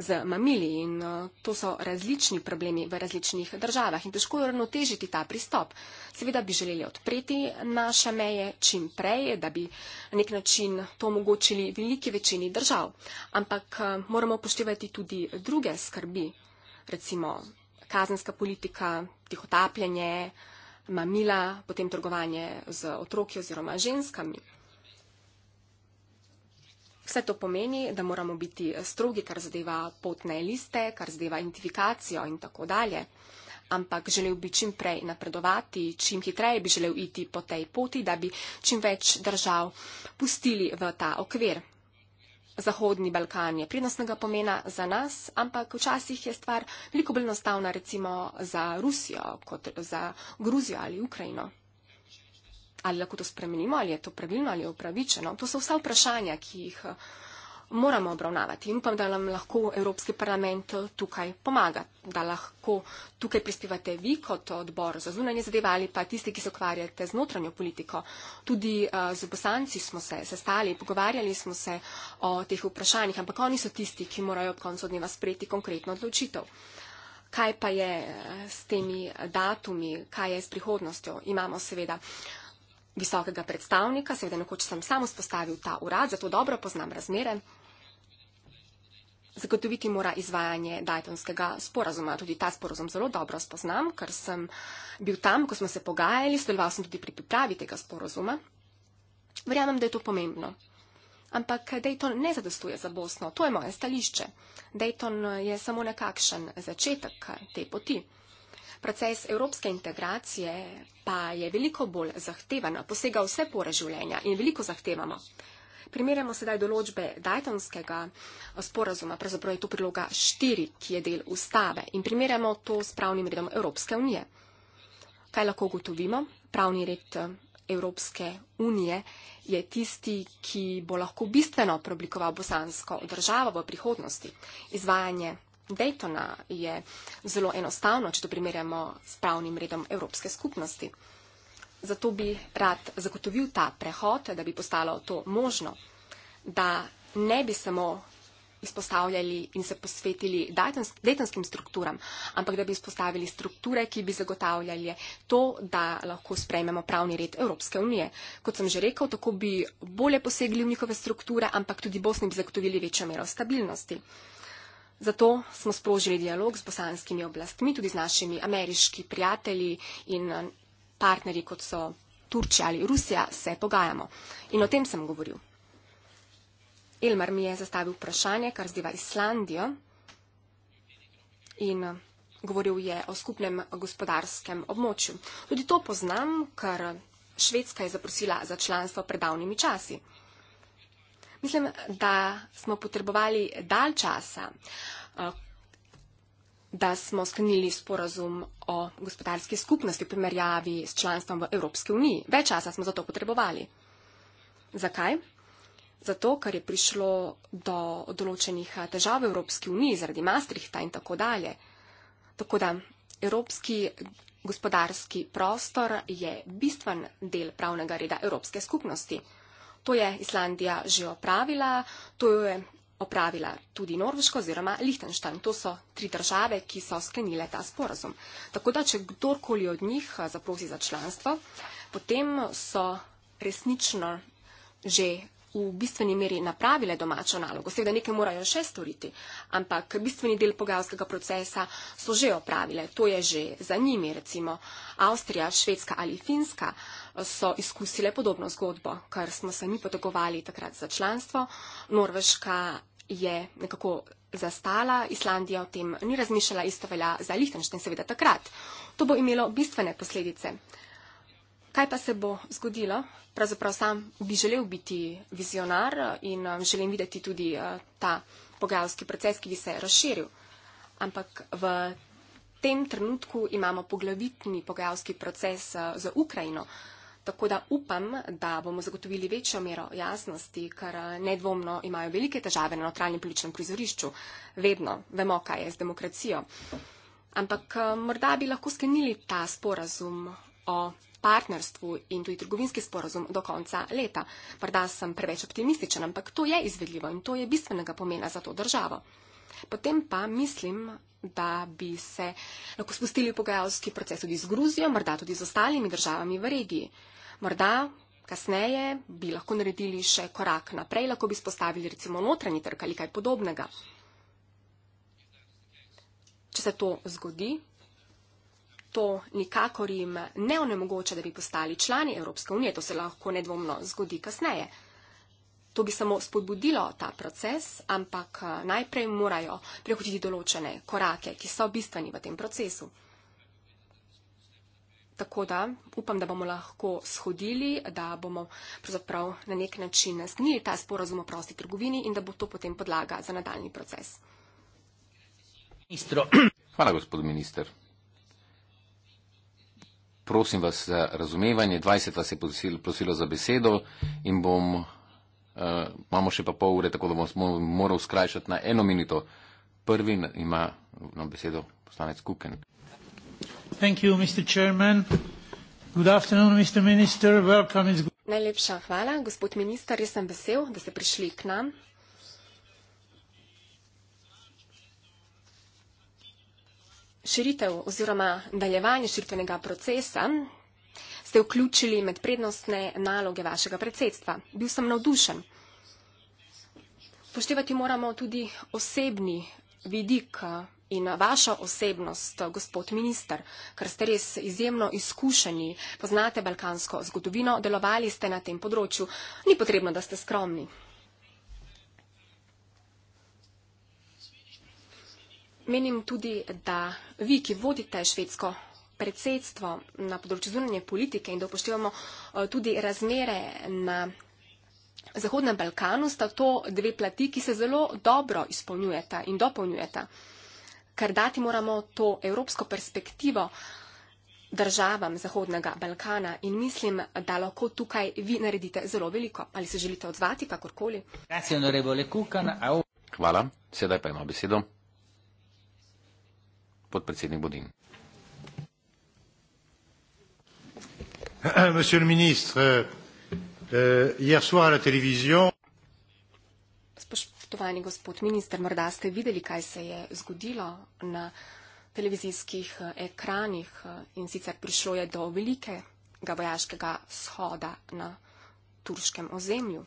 z mamili. In eh, to so različni problemi v različnih državah in težko je ravnotežiti ta pristop. Seveda bi želeli odpreti naše meje čim prej, da bi na nek način to omogočili veliki večini držav. Ampak eh, moramo upoštevati tudi druge skrbi, recimo kazenska politika, tihotapljanje, mamila, potem trgovanje z otroki oziroma ženskami. Vse to pomeni, da moramo biti strogi, kar zadeva potne liste, kar zadeva identifikacijo in tako dalje. Ampak želel bi čim prej napredovati, čim hitreje bi želel iti po tej poti, da bi čim več držav pustili v ta okvir. Zahodni Balkan je prinosnega pomena za nas, ampak včasih je stvar veliko bolj enostavna recimo za Rusijo kot za Gruzijo ali Ukrajino. Ali lahko to spremenimo, ali je to pravilno ali je upravičeno? To so vsa vprašanja, ki jih moramo obravnavati in upam, da nam lahko Evropski parlament eh, tukaj pomaga, da lahko tukaj prispevate vi kot odbor za zunanje zadeve ali pa tisti, ki se ukvarjate z notranjo politiko. Tudi eh, z bosanci smo se sestali, pogovarjali smo se o teh vprašanjih, ampak oni so tisti, ki morajo ob koncu dneva sprejeti konkretno odločitev. Kaj pa je eh, s temi datumi, kaj je s prihodnostjo? Imamo seveda visokega predstavnika, seveda nekoč sem sam spostavil ta urad, zato dobro poznam razmere. Zagotoviti mora izvajanje Daytonskega sporazuma. Tudi ta sporazum zelo dobro spoznam, ker sem bil tam, ko smo se pogajali, sodeloval sem tudi pri pripravi tega sporazuma. Verjamem, da je to pomembno. Ampak Dayton ne zadostuje za Bosno, to je moje stališče. Dayton je samo nekakšen začetek te poti. Proces evropske integracije pa je veliko bolj zahtevan, posega vse pore življenja in veliko zahtevamo. Primerjamo sedaj določbe Daytonskega eh, sporazuma, pravzaprav je to priloga 4, ki je del ustave in primerjamo to s pravnim redom Evropske unije. Kaj lahko ugotovimo? Pravni red eh, Evropske unije je tisti, ki bo lahko bistveno preoblikoval bosansko državo v prihodnosti. Izvajanje Daytona je zelo enostavno, če to primerjamo s pravnim redom Evropske skupnosti. Zato bi rad zagotovil ta prehod, da bi postalo to možno, da ne bi samo izpostavljali in se posvetili dejtonskim strukturam, ampak da bi izpostavili strukture, ki bi zagotavljali to, da lahko sprejmemo pravni red Evropske unije. Kot sem že rekel, tako bi bolje posegli v njihove strukture, ampak tudi Bosni bi zagotovili večjo mero stabilnosti. Zato smo sprožili dialog s bosanskimi oblastmi, tudi z našimi ameriški prijatelji in partnerji, kot so Turčija ali Rusija, se pogajamo. In o tem sem govoril. Elmar mi je zastavil vprašanje, kar zdiva Islandijo in eh, govoril je o skupnem gospodarskem območju. Tudi to poznam, ker Švedska je zaprosila za članstvo pred davnimi časi. Mislim, da smo potrebovali dal časa, eh, da smo sklenili sporazum o gospodarski skupnosti v primerjavi s članstvom v Evropski uniji. Več časa smo za to potrebovali. Zakaj? Zato, ker je prišlo do določenih težav v Evropski uniji zaradi Maastrichta in tako dalje. Tako da Evropski gospodarski prostor je bistven del pravnega reda Evropske skupnosti. To je Islandija že opravila, to je opravila tudi Norveško oziroma Lihtenštan. To so tri države, ki so sklenile ta sporazum. Tako da, če kdorkoli od njih eh, zaprosi za članstvo, potem so resnično že v bistveni meri napravile domačo nalogo. Seveda nekaj morajo še storiti, ampak bistveni del pogajalskega procesa so že opravile. To je že za njimi, recimo Avstrija, Švedska ali Finska eh, so izkusile podobno zgodbo, kar smo se mi potegovali takrat za članstvo. Norveška je nekako zastala, Islandija o tem ni razmišljala, isto velja za Lihtenštejn, seveda takrat. To bo imelo bistvene posledice. Kaj pa se bo zgodilo? Pravzaprav sam bi želel biti vizionar in um, želim videti tudi uh, ta pogajalski proces, ki bi se razširil. Ampak v tem trenutku imamo poglavitni pogajalski proces uh, z Ukrajino. Tako da upam, da bomo zagotovili večjo mero jasnosti, kar eh, nedvomno imajo velike težave na notranjem političnem prizorišču. Vedno vemo, kaj je z demokracijo. Ampak eh, morda bi lahko sklenili ta sporazum o partnerstvu in tudi trgovinski sporazum do konca leta. Morda sem preveč optimističen, ampak to je izvedljivo in to je bistvenega pomena za to državo. Potem pa mislim, da bi se lahko spustili v pogajalski proces tudi z Gruzijo, morda tudi z ostalimi državami v regiji. Morda kasneje bi lahko naredili še korak naprej, lahko bi spostavili recimo notranji trg ali kaj podobnega. Če se to zgodi, to nikakor jim ne onemogoče, da bi postali člani Evropske unije, to se lahko nedvomno zgodi kasneje. To bi samo spodbudilo ta proces, ampak eh, najprej morajo prehoditi določene korake, ki so bistveni v tem procesu. Tako da upam, da bomo lahko shodili, da bomo pravzaprav na nek način sknili ta sporazum o prosti trgovini in da bo to potem podlaga za nadaljni proces. Hvala, gospod minister. Prosim vas za razumevanje. 20 vas je prosilo za besedo in bom, uh, imamo še pa pol ure, tako da bom moral skrajšati na eno minuto. Prvi ima besedo poslanec Kuken. Najlepša hvala, gospod minister, jaz sem vesel, da ste prišli k nam. Širitev oziroma daljevanje širitvenega procesa ste vključili med prednostne naloge vašega predsedstva. Bil sem navdušen. Poštevati moramo tudi osebni vidik in vaša osebnost, gospod minister, ker ste res izjemno izkušeni, poznate balkansko zgodovino, delovali ste na tem področju, ni potrebno, da ste skromni. Menim tudi, da vi, ki vodite švedsko predsedstvo na področju zunanje politike in da upoštevamo eh, tudi razmere na Zahodnem Balkanu, sta to dve plati, ki se zelo dobro izpolnjujeta in dopolnjujeta ker dati moramo to evropsko perspektivo državam Zahodnega Balkana in mislim, da lahko tukaj vi naredite zelo veliko. Ali se želite odzvati kakorkoli? Hvala, sedaj pa ima besedo. Podpredsednik Bodin. Monsieur le ministre, euh, hier soir à la télévision. Spoštovani gospod minister, morda ste videli, kaj se je zgodilo na televizijskih eh, ekranih eh, in sicer prišlo je do velikega vojaškega shoda na turškem ozemlju.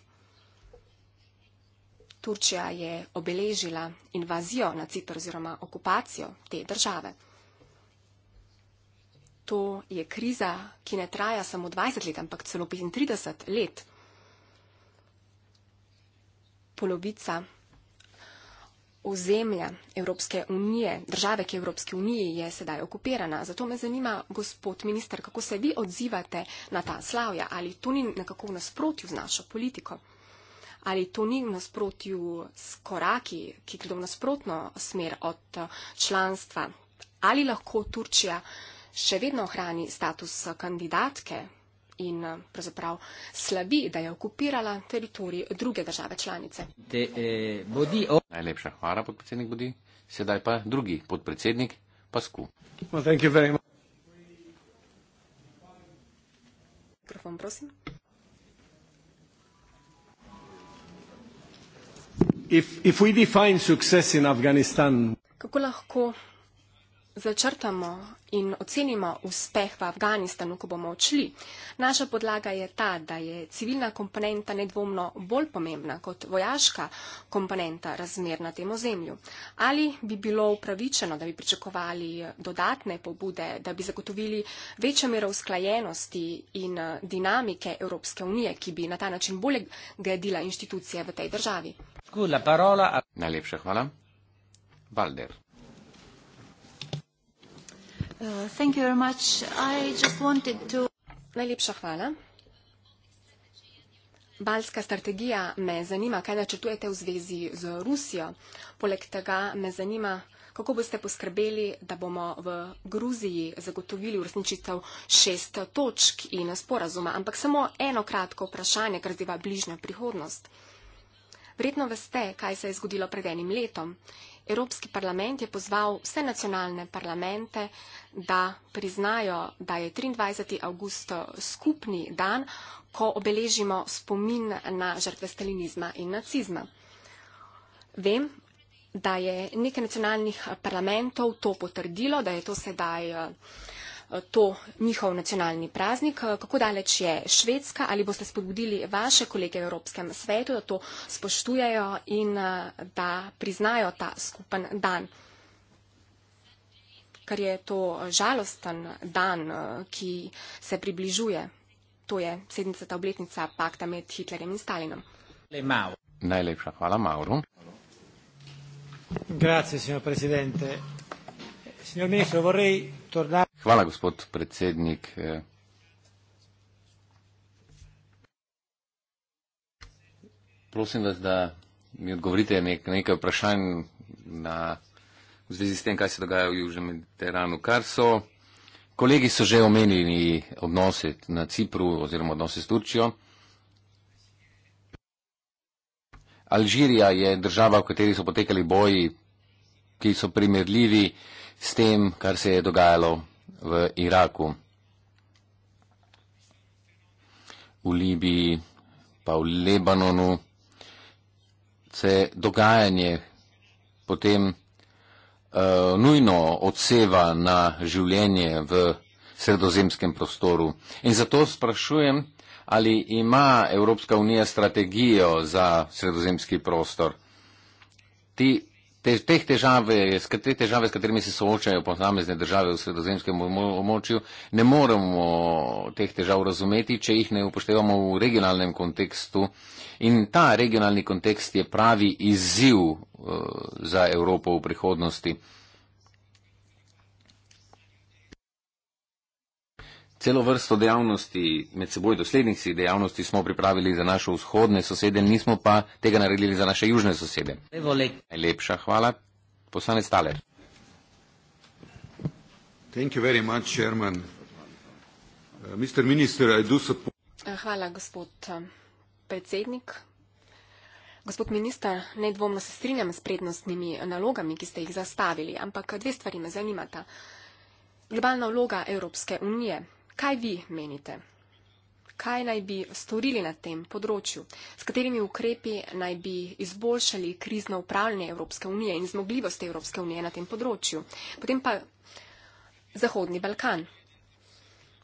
Turčija je obeležila invazijo na Cipr oziroma okupacijo te države. To je kriza, ki ne traja samo 20 let, ampak celo 35 let polovica ozemlja Evropske unije, države, ki je Evropske unije, je sedaj okupirana. Zato me zanima, gospod minister, kako se vi odzivate na ta slavja? Ali to ni nekako v nasprotju z našo politiko? Ali to ni v nasprotju s koraki, ki gledo v nasprotno smer od eh, članstva? Ali lahko Turčija še vedno ohrani status kandidatke in eh, pravzaprav slavi, da je okupirala teritorij druge države članice. De, eh, bodi, oh. Najlepša hvala, podpredsednik Bodi. Sedaj pa drugi podpredsednik Pasku. Well, Mikrofon, prosim. If, if kako lahko začrtamo in ocenimo uspeh v Afganistanu, ko bomo odšli, naša podlaga je ta, da je civilna komponenta nedvomno bolj pomembna kot vojaška komponenta razmer na tem ozemlju. Ali bi bilo upravičeno, da bi pričakovali dodatne pobude, da bi zagotovili večjo mero usklajenosti in eh, dinamike Evropske unije, ki bi na ta način bolje gledila institucije v tej državi? Najlepša hvala. Balder. Uh, Najlepša hvala. Balska strategija me zanima, kaj načrtujete v zvezi z Rusijo. Poleg tega me zanima, kako boste poskrbeli, da bomo v Gruziji zagotovili uresničitev šest točk in sporazuma. Ampak samo eno kratko vprašanje, kar zdiva bližnjo prihodnost. Vredno veste, kaj se je zgodilo pred enim letom Evropski parlament je pozval vse nacionalne parlamente, da priznajo, da je 23. august skupni dan, ko obeležimo spomin na žrtve stalinizma in nacizma. Vem, da je nekaj nacionalnih parlamentov to potrdilo, da je to sedaj uh, to njihov nacionalni praznik. Kako daleč je Švedska? Ali boste spodbudili vaše kolege v Evropskem svetu, da to spoštujejo in eh, da priznajo ta skupen dan? Ker je to žalosten dan, eh, ki se približuje. To je 70. obletnica pakta med Hitlerjem in Stalinom. Najlepša hvala, Mauro. Grazie, signor Presidente. Signor Ministro, vorrei Hvala, gospod predsednik. Prosim vas, da mi odgovorite nek, nekaj vprašanj na, v zvezi s tem, kaj se dogaja v Južnem Mediteranu. Kar so kolegi so že omenili odnose na Cipru oziroma odnose s Turčijo. Alžirija je država, v kateri so potekali boji, ki so primerljivi s tem, kar se je dogajalo v Iraku, v Libiji, pa v Lebanonu, se dogajanje potem uh, nujno odseva na življenje v sredozemskem prostoru. In zato sprašujem, ali ima Evropska unija strategijo za sredozemski prostor. Ti te, te težave, s te težave, s katerimi se soočajo posamezne države v sredozemskem območju, ne moremo teh težav razumeti, če jih ne upoštevamo v regionalnem kontekstu. In ta regionalni kontekst je pravi izziv uh, za Evropo v prihodnosti. celo vrsto dejavnosti, med seboj doslednih si dejavnosti smo pripravili za naše vzhodne sosede, nismo pa tega naredili za naše južne sosede. Najlepša hvala. Poslanec Taler. Uh, eh, hvala, gospod eh, predsednik. Gospod minister, nedvomno se strinjam s prednostnimi nalogami, ki ste jih zastavili, ampak dve stvari me zanimata. Globalna vloga Evropske unije Kaj vi menite? Kaj naj bi storili na tem področju? S katerimi ukrepi naj bi izboljšali krizno upravljanje Evropske unije in zmogljivost Evropske unije na tem področju? Potem pa Zahodni Balkan.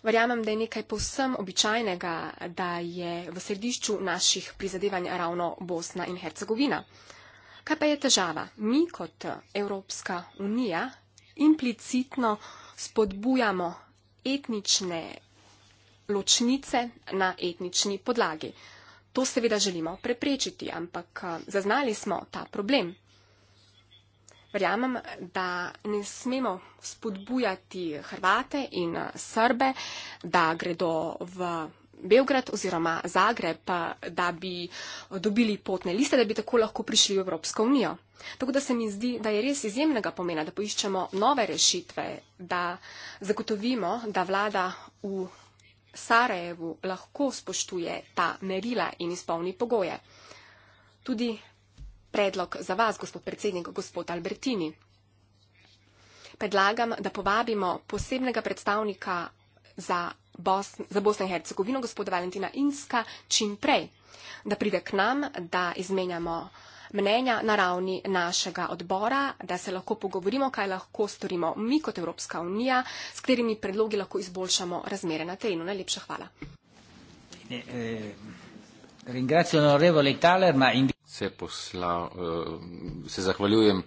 Verjamem, da je nekaj povsem običajnega, da je v središču naših prizadevanj ravno Bosna in Hercegovina. Kaj pa je težava? Mi kot Evropska unija implicitno spodbujamo etnične ločnice na etnični podlagi. To seveda želimo preprečiti, ampak zaznali smo ta problem. Verjamem, da ne smemo spodbujati Hrvate in Srbe, da gredo v Beograd oziroma Zagreb, da bi dobili potne liste, da bi tako lahko prišli v Evropsko unijo. Tako da se mi zdi, da je res izjemnega pomena, da poiščemo nove rešitve, da zagotovimo, da vlada v Sarajevu lahko spoštuje ta merila in izpolni pogoje. Tudi predlog za vas, gospod predsednik, gospod Albertini. Predlagam, da povabimo posebnega predstavnika za Bosn, za Bosno in Hercegovino, gospoda Valentina Inska, čim prej, da pride k nam, da izmenjamo mnenja na ravni našega odbora, da se lahko pogovorimo, kaj lahko storimo mi kot Evropska unija, s katerimi predlogi lahko izboljšamo razmere na terenu. Najlepša hvala. Eh, se, poslal, eh, se zahvaljujem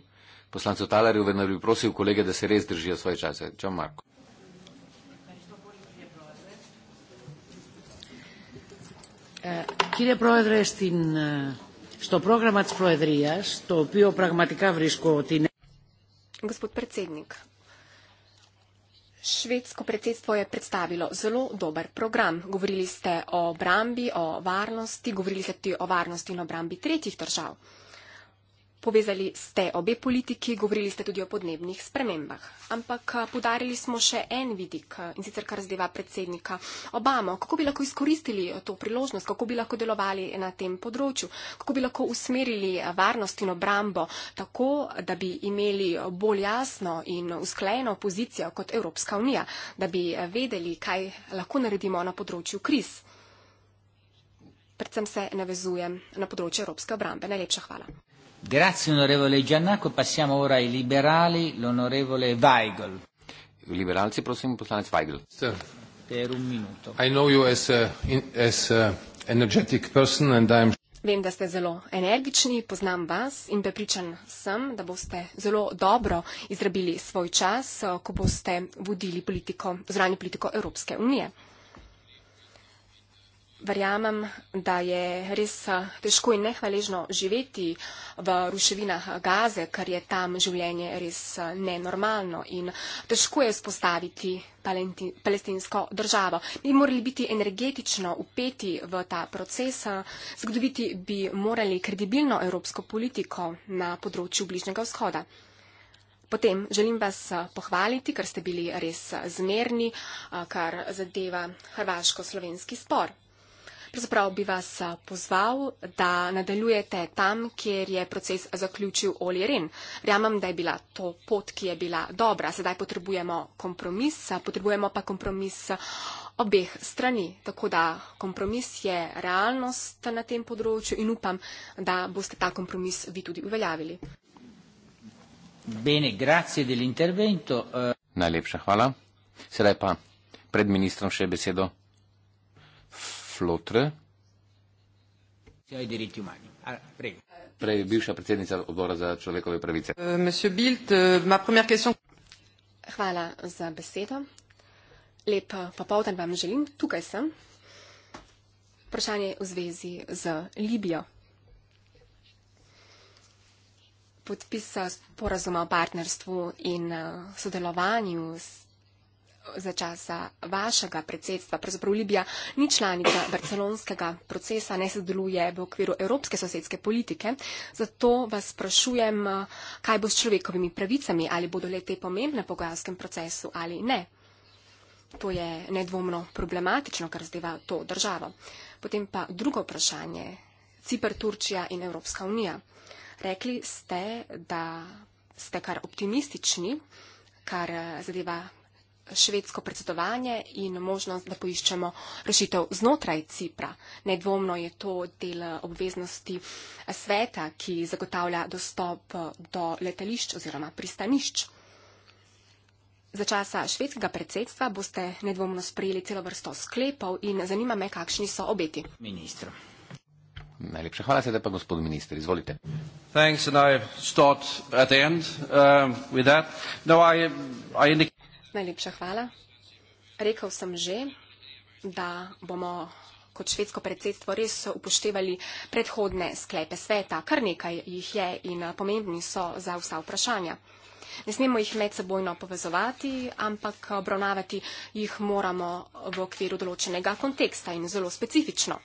poslancu Talerju, vendar bi prosil kolege, da se res držijo svoje čase. Čau, Marko. Κύριε Πρόεδρε, στην, στο πρόγραμμα της Προεδρίας, το οποίο πραγματικά βρίσκω ότι είναι... Господ председник, Švedsko predsedstvo je predstavilo zelo dober program. Govorili ste o obrambi, o varnosti, govorili ste o varnosti in obrambi tretjih držav. Povezali ste obe politiki, govorili ste tudi o podnebnih spremembah. Ampak podarili smo še en vidik in sicer kar zdeva predsednika Obama. Kako bi lahko izkoristili to priložnost, kako bi lahko delovali na tem področju, kako bi lahko usmerili varnost in obrambo tako, da bi imeli bolj jasno in usklejeno pozicijo kot Evropska unija, da bi vedeli, kaj lahko naredimo na področju kriz. Predvsem se navezujem na področju Evropske obrambe. Najlepša hvala. Grazie onorevole Giannacco, passiamo ora ai liberali, l'onorevole Weigel. Liberalci, prossimo poslanec Weigel. Sir, per un minuto. I know you as a, as a energetic person and I'm Vem, da ste zelo energični, poznam vas in prepričan sem, da boste zelo dobro izrabili svoj čas, ko boste vodili politiko, zranje politiko Evropske unije verjamem, da je res eh, težko in nehvaležno živeti v ruševinah Gaze, ker je tam življenje res eh, nenormalno in težko je spostaviti palestinsko državo. Bi morali biti energetično upeti v ta proces, eh, zgodoviti bi morali kredibilno evropsko politiko na področju Bližnjega vzhoda. Potem želim vas pohvaliti, ker ste bili res zmerni, kar zadeva hrvaško-slovenski spor. Pravzaprav bi vas pozval, da nadaljujete tam, kjer je proces zaključil Oli Ren. Verjamem, da je bila to pot, ki je bila dobra. Sedaj potrebujemo kompromis, potrebujemo pa kompromis obeh strani. Tako da kompromis je realnost na tem področju in upam, da boste ta kompromis vi tudi uveljavili. Bene, grazie dell'intervento. Eh. Najlepša hvala. Sedaj pa pred ministrom še besedo. Šlotre. Ah, Prej je bivša predsednica odbora za človekove pravice. Eh, eh, Hvala za besedo. Lep eh, popoldan vam želim. Tukaj sem. Vprašanje v zvezi z Libijo. Podpisa sporazuma o partnerstvu in sodelovanju s za časa vašega predsedstva, pravzaprav Libija ni članica barcelonskega procesa, ne sodeluje v okviru evropske sosedske politike. Zato vas sprašujem, kaj bo s človekovimi pravicami, ali bodo le te pomembne pogajalskem procesu ali ne. To je nedvomno problematično, kar zdaj va to državo. Potem pa drugo vprašanje. Cipr, Turčija in Evropska unija. Rekli ste, da ste kar optimistični, kar zadeva švedsko predsedovanje in možnost, da poiščemo rešitev znotraj Cipra. Nedvomno je to del eh, obveznosti eh, sveta, ki zagotavlja dostop eh, do letališč oziroma pristanišč. Za časa švedskega predsedstva boste nedvomno sprejeli celo vrsto sklepov in zanima me, kakšni so obeti. Ministr. Najlepša hvala, sedaj pa gospod minister, izvolite. Thanks and I start at the end uh, with that. No, I, I indicate... Najlepša hvala. Rekel sem že, da bomo kot švedsko predsedstvo res upoštevali predhodne sklepe sveta. Kar nekaj jih je in pomembni so za vsa vprašanja. Ne smemo jih medsebojno povezovati, ampak obravnavati jih moramo v okviru določenega konteksta in zelo specifično.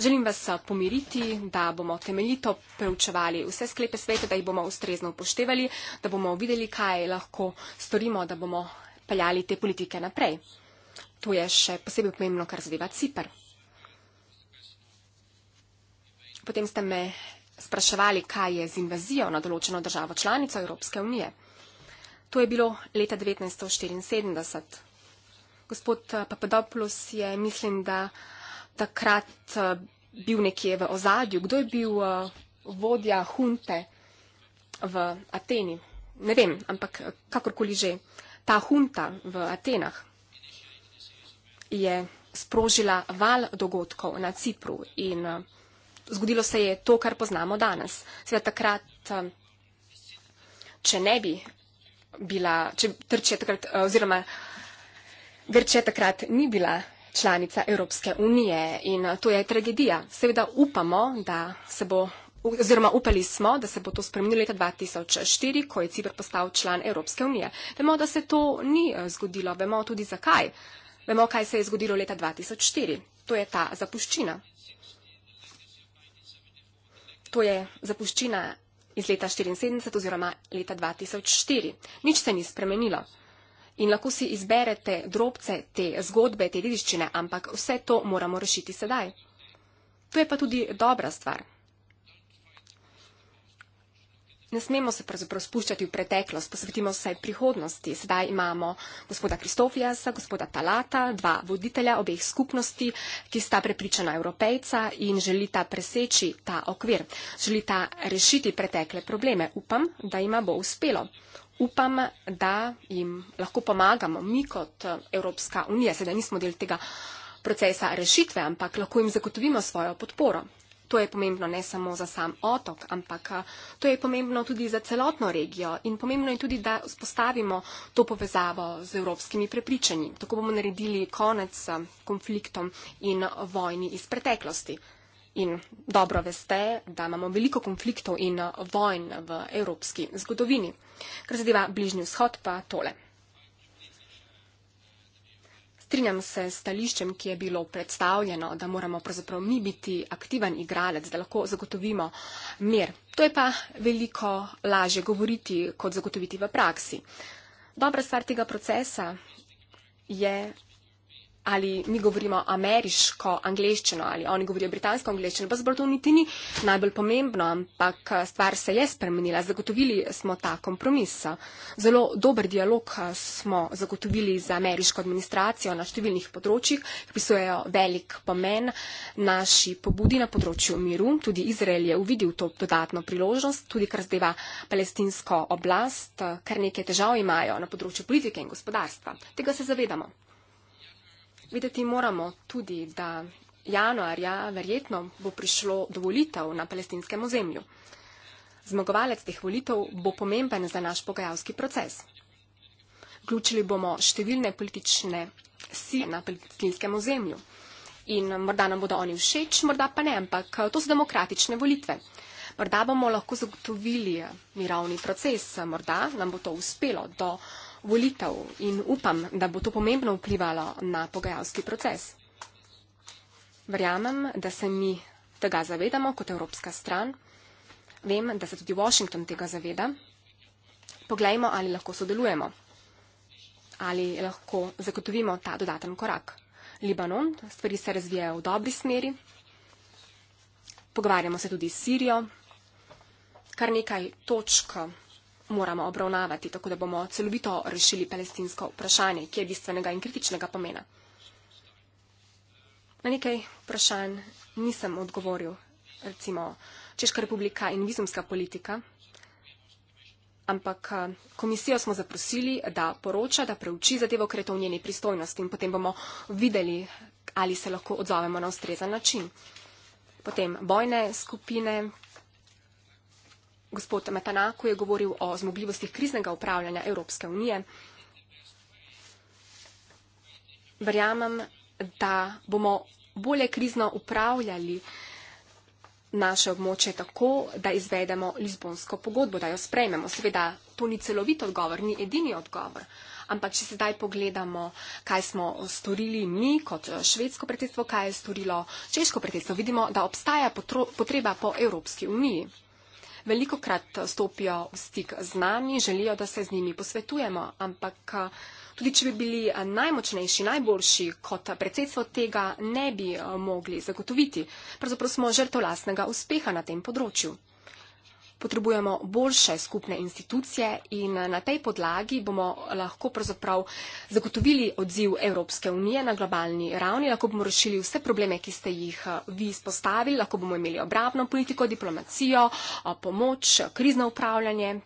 Želim vas pomiriti, da bomo temeljito preučevali vse sklepe sveta, da jih bomo ustrezno upoštevali, da bomo videli, kaj lahko storimo, da bomo peljali te politike naprej. To je še posebej pomembno, kar zadeva Cipr. Potem ste me spraševali, kaj je z invazijo na določeno državo članico Evropske unije. To je bilo leta 1974. Gospod eh, Papadopoulos je, mislim, da takrat eh, bil nekje v ozadju. Kdo je bil eh, vodja hunte v Ateni? Ne vem, ampak kakorkoli že ta hunta v Atenah je sprožila val dogodkov na Cipru in eh, zgodilo se je to, kar poznamo danes. Sveda takrat, eh, če ne bi bila, če Trčija takrat, eh, oziroma Grčija takrat ni bila članica Evropske unije in to je tragedija. Seveda upamo, da se bo oziroma upali smo, da se bo to spremenilo leta 2004, ko je Cipr postal član Evropske unije. Vemo, da se to ni eh, zgodilo, vemo tudi zakaj. Vemo, kaj se je zgodilo leta 2004. To je ta zapuščina. To je zapuščina iz leta 1974 oziroma leta 2004. Nič se ni spremenilo. In lahko si izberete drobce te zgodbe, te dediščine, ampak vse to moramo rešiti sedaj. To je pa tudi dobra stvar. Ne smemo se pravzaprav spuščati v preteklost, posvetimo se prihodnosti. Sedaj imamo gospoda Kristofijasa, gospoda Talata, dva voditelja obeh skupnosti, ki sta prepričana evropejca in želita preseči ta okvir. Želita rešiti pretekle probleme. Upam, da jima bo uspelo. Upam, da jim lahko pomagamo mi kot eh, Evropska unija. Sedaj nismo del tega procesa rešitve, ampak lahko jim zagotovimo svojo podporo. To je pomembno ne samo za sam otok, ampak to je pomembno tudi za celotno regijo in pomembno je tudi, da spostavimo to povezavo z evropskimi prepričanji. Tako bomo naredili konec konfliktom in vojni iz preteklosti. In dobro veste, da imamo veliko konfliktov in vojn v evropski zgodovini. Kar zadeva bližnji vzhod, pa tole strinjam se s stališčem, ki je bilo predstavljeno, da moramo pravzaprav mi biti aktiven igralec, da lahko zagotovimo mir. To je pa veliko lažje govoriti, kot zagotoviti v praksi. Dobra stvar tega procesa je ali mi govorimo ameriško angliščino ali oni govorijo britansko angliščino, pa zbral to niti ni najbolj pomembno, ampak eh, stvar se je spremenila. Zagotovili smo ta kompromis. Zelo dober dialog eh, smo zagotovili z ameriško administracijo na številnih področjih, ki pisujejo velik pomen naši pobudi na področju miru. Tudi Izrael je uvidil to dodatno priložnost, tudi kar zdajva palestinsko oblast, eh, ker neke težave imajo na področju politike in gospodarstva. Tega se zavedamo. Videti moramo tudi, da januarja verjetno bo prišlo do volitev na palestinskem ozemlju. Zmagovalec teh volitev bo pomemben za naš pogajalski proces. Vključili bomo številne politične sile na palestinskem ozemlju. In morda nam bodo oni všeč, morda pa ne, ampak to so demokratične volitve. Morda bomo lahko zagotovili mirovni proces, morda nam bo to uspelo do volitev in upam, da bo to pomembno vplivalo na pogajalski proces. Verjamem, da se mi tega zavedamo kot evropska stran. Vem, da se tudi Washington tega zaveda. Poglejmo, ali lahko sodelujemo. Ali lahko zagotovimo ta dodaten korak. Libanon, stvari se razvijajo v dobri smeri. Pogovarjamo se tudi s Sirijo. Kar nekaj točk moramo obravnavati, tako da bomo celovito rešili palestinsko vprašanje, ki je bistvenega in kritičnega pomena. Na nekaj vprašanj nisem odgovoril, recimo Češka republika in vizumska politika, ampak komisijo smo zaprosili, da poroča, da preuči zadevo, ker je to v njeni pristojnosti in potem bomo videli, ali se lahko odzovemo na ustrezan način. Potem bojne skupine, Gospod Metanako je govoril o zmogljivostih kriznega upravljanja Evropske unije. Verjamem, da bomo bolje krizno upravljali naše območje tako, da izvedemo Lizbonsko pogodbo, da jo sprejmemo. Seveda, to ni celovit odgovor, ni edini odgovor. Ampak, če sedaj pogledamo, kaj smo storili mi kot eh, švedsko predsedstvo, kaj je storilo češko predsedstvo, vidimo, da obstaja potreba po Evropski uniji veliko krat stopijo v stik z nami, želijo, da se z njimi posvetujemo, ampak tudi, če bi bili najmočnejši, najboljši, kot predsedstvo tega ne bi mogli zagotoviti. Pravzaprav smo žrtev lasnega uspeha na tem področju potrebujemo boljše skupne institucije in eh, na tej podlagi bomo lahko pravzaprav zagotovili odziv Evropske unije na globalni ravni, lahko bomo rešili vse probleme, ki ste jih eh, vi izpostavili, lahko bomo imeli obravno politiko, diplomacijo, eh, pomoč, krizno upravljanje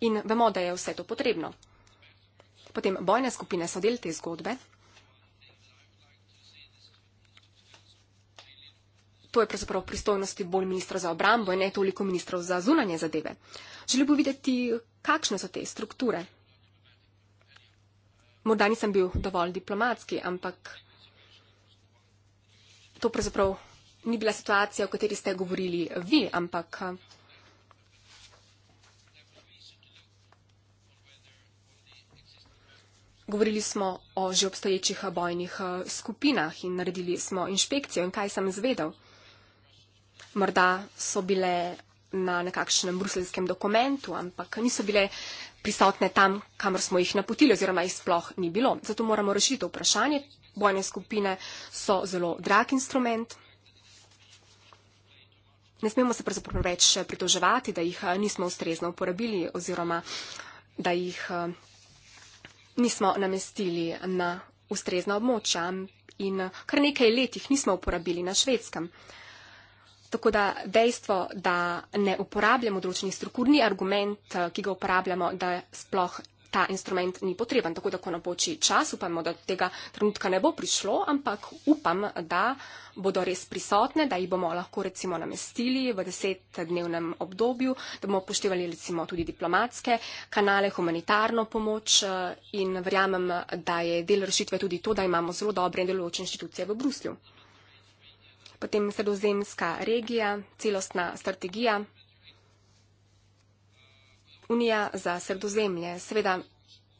in vemo, da je vse to potrebno. Potem bojne skupine so del te zgodbe. to je pravzaprav pristojnosti bolj ministra za obrambo in ne toliko ministrov za zunanje zadeve. Želim bi videti, kakšne so te strukture. Morda nisem bil dovolj diplomatski, ampak to pravzaprav ni bila situacija, o kateri ste govorili vi, ampak. Eh, govorili smo o že obstoječih bojnih eh, skupinah in naredili smo inšpekcijo in kaj sem izvedel morda so bile na nekakšnem bruselskem dokumentu, ampak niso bile prisotne tam, kamor smo jih napotili oziroma jih sploh ni bilo. Zato moramo rešiti to vprašanje. Bojne skupine so zelo drag instrument. Ne smemo se pravzaprav več pritoževati, da jih eh, nismo ustrezno uporabili oziroma da jih eh, nismo namestili na ustrezna območja in eh, kar nekaj letih nismo uporabili na švedskem. Tako da dejstvo, da ne uporabljamo določenih strukur, ni argument, eh, ki ga uporabljamo, da sploh ta instrument ni potreben. Tako da, ko napoči čas, upamo, da tega trenutka ne bo prišlo, ampak upam, da bodo res prisotne, da jih bomo lahko recimo namestili v desetdnevnem obdobju, da bomo poštevali recimo tudi diplomatske kanale, humanitarno pomoč eh, in verjamem, da je del rešitve tudi to, da imamo zelo dobre in delujoče inštitucije v Bruslju potem sredozemska regija, celostna strategija, Unija za sredozemlje. Seveda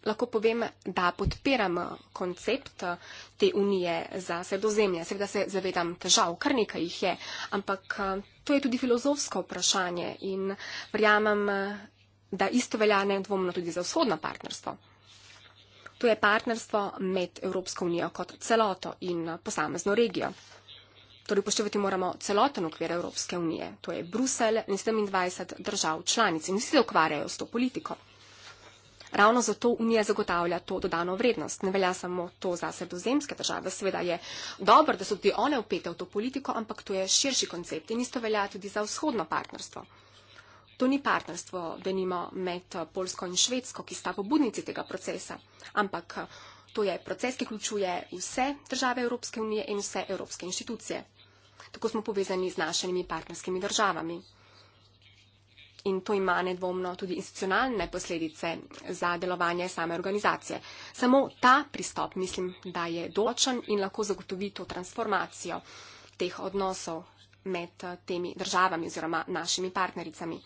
lahko povem, da podpiram koncept te Unije za sredozemlje. Seveda se zavedam težav, kar nekaj jih je, ampak to je tudi filozofsko vprašanje in verjamem, da isto velja nedvomno tudi za vzhodno partnerstvo. To je partnerstvo med Evropsko unijo kot celoto in posamezno regijo. Torej upoštevati moramo celoten okvir Evropske unije, to je Brusel in 27 držav članic in vsi se ukvarjajo s to politiko. Ravno zato Unija zagotavlja to dodano vrednost. Ne velja samo to za sredozemske države. Seveda je dobro, da so tudi one upete v to politiko, ampak to je širši koncept in isto velja tudi za vzhodno partnerstvo. To ni partnerstvo, da nimo med Polsko in Švedsko, ki sta pobudnici tega procesa, ampak to je proces, ki vključuje vse države Evropske unije in vse evropske inštitucije. Tako smo povezani z našimi partnerskimi državami. In to ima nedvomno tudi institucionalne posledice za delovanje same organizacije. Samo ta pristop mislim, da je določen in lahko zagotovi to transformacijo teh odnosov med eh, temi državami oziroma našimi partnericami.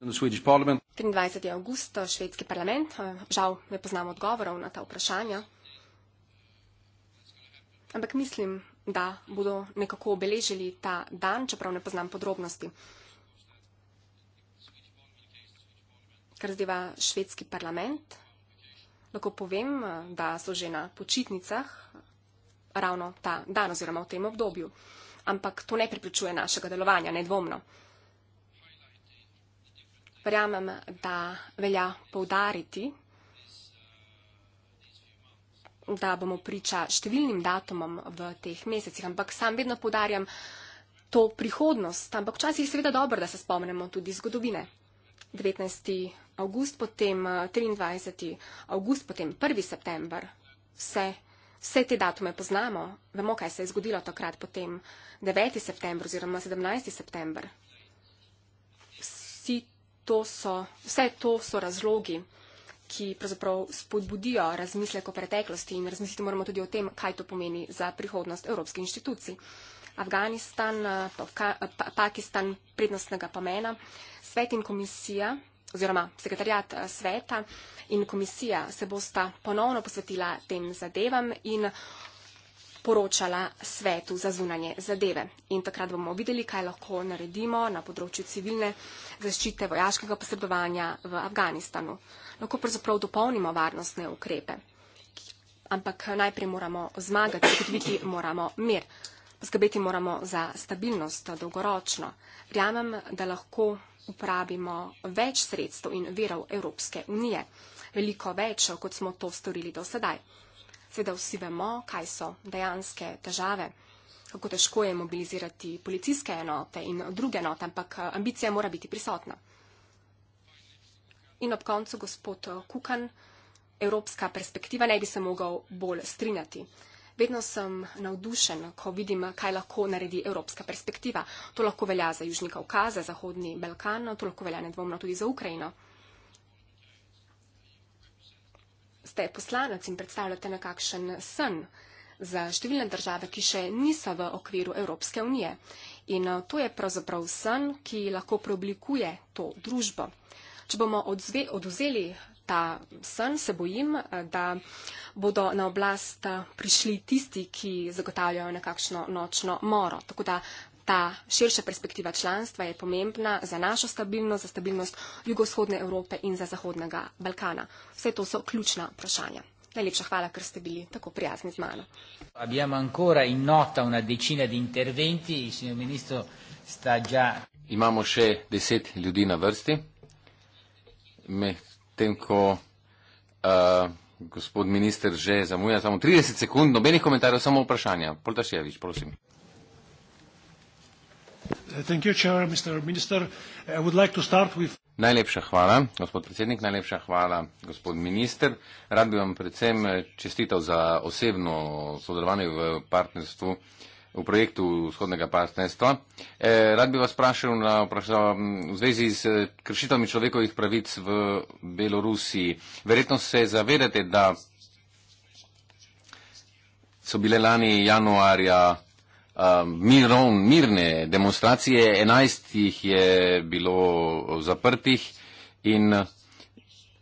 In the Swedish parliament. 23. avgust, eh, švedski parlament. Eh, žal ne poznam odgovorov na ta vprašanja ampak mislim, da bodo nekako obeležili ta dan, čeprav ne poznam podrobnosti. Kar zdeva švedski parlament, lahko povem, da so že na počitnicah ravno ta dan oziroma v tem obdobju. Ampak to ne priprečuje našega delovanja, nedvomno. Verjamem, da velja poudariti, da bomo priča številnim datumom v teh mesecih, ampak sam vedno podarjam to prihodnost, ampak včasih je seveda dobro, da se spomnimo tudi zgodovine. 19. august, potem 23. Eh, august, potem 1. september. Vse, vse te datume poznamo, vemo, kaj se je zgodilo takrat, potem 9. september oziroma 17. september. Vsi to so, vse to so razlogi ki pravzaprav spodbudijo razmislek o preteklosti in razmisliti moramo tudi o tem, kaj to pomeni za prihodnost evropskih inštitucij. Afganistan, eh, pa, pa, Pakistan prednostnega pomena, svet in komisija oziroma sekretarjat eh, sveta in komisija se bosta ponovno posvetila tem zadevam in poročala svetu za zunanje zadeve. In takrat bomo videli, kaj lahko naredimo na področju civilne zaščite vojaškega posredovanja v Afganistanu. Lahko pravzaprav dopolnimo varnostne ukrepe. Ampak najprej moramo zmagati, zagotoviti moramo mir. Poskrbeti moramo za stabilnost dolgoročno. Verjamem, da lahko uporabimo več sredstev in verov Evropske unije. Veliko več, kot smo to storili do sedaj seveda vsi vemo, kaj so dejanske težave, kako težko je mobilizirati policijske enote in druge enote, ampak eh, ambicija mora biti prisotna. In ob koncu gospod eh, Kukan, evropska perspektiva ne bi se mogel bolj strinjati. Vedno sem navdušen, ko vidim, kaj lahko naredi evropska perspektiva. To lahko velja za Južni Kaukaz, za Zahodni Balkan, to lahko velja nedvomno tudi za Ukrajino. ste poslanec in predstavljate nekakšen sen za številne države, ki še niso v okviru Evropske unije. In eh, to je pravzaprav sen, ki lahko preoblikuje to družbo. Če bomo odzve, oduzeli ta sen, se bojim, eh, da bodo na oblast eh, prišli tisti, ki zagotavljajo nekakšno nočno moro. Tako da ta širša perspektiva članstva je pomembna za našo stabilnost, za stabilnost jugovzhodne Evrope in za Zahodnega Balkana. Vse to so ključna vprašanja. Najlepša hvala, ker ste bili tako prijazni z mano. Abbiamo ancora in nota una decina di interventi, il signor ministro sta già. Imamo še deset ljudi na vrsti, medtem ko uh, gospod minister že zamuja samo 30 sekund, nobenih komentarjev, samo vprašanja. Poltaševič, prosim. Najlepša hvala, gospod predsednik, najlepša hvala, gospod minister. Rad bi vam predvsem eh, čestital za osebno sodelovanje v partnerstvu v projektu vzhodnega partnerstva. E, rad bi vas vprašal na vprašanje v zvezi s eh, kršitvami človekovih pravic v Belorusiji. Verjetno se zavedate, da so bile lani januarja Um, mirov, mirne demonstracije, enajst jih je bilo zaprtih in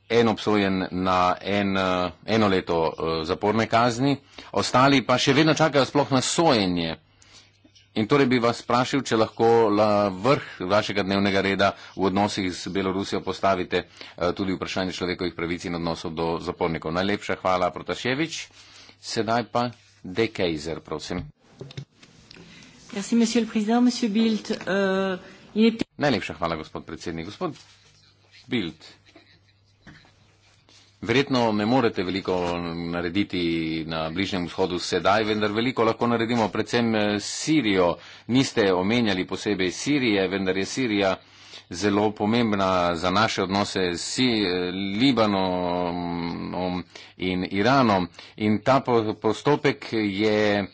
en obsojen na en, uh, eno leto uh, zaporne kazni, ostali pa še vedno čakajo sploh na sojenje. In torej bi vas vprašal, če lahko na vrh vašega dnevnega reda v odnosih z Belorusijo postavite uh, tudi vprašanje človekovih pravic in odnosov do zapornikov. Najlepša hvala, Protaševič. Sedaj pa Dekejzer, prosim. Euh, Najlepša hvala, gospod predsednik. Gospod Bild, verjetno ne morete veliko narediti na Bližnjem vzhodu sedaj, vendar veliko lahko naredimo, predvsem eh, Sirijo. Niste omenjali posebej Sirije, vendar je Sirija zelo pomembna za naše odnose s si, eh, Libanonom in Iranom. In ta postopek je eh,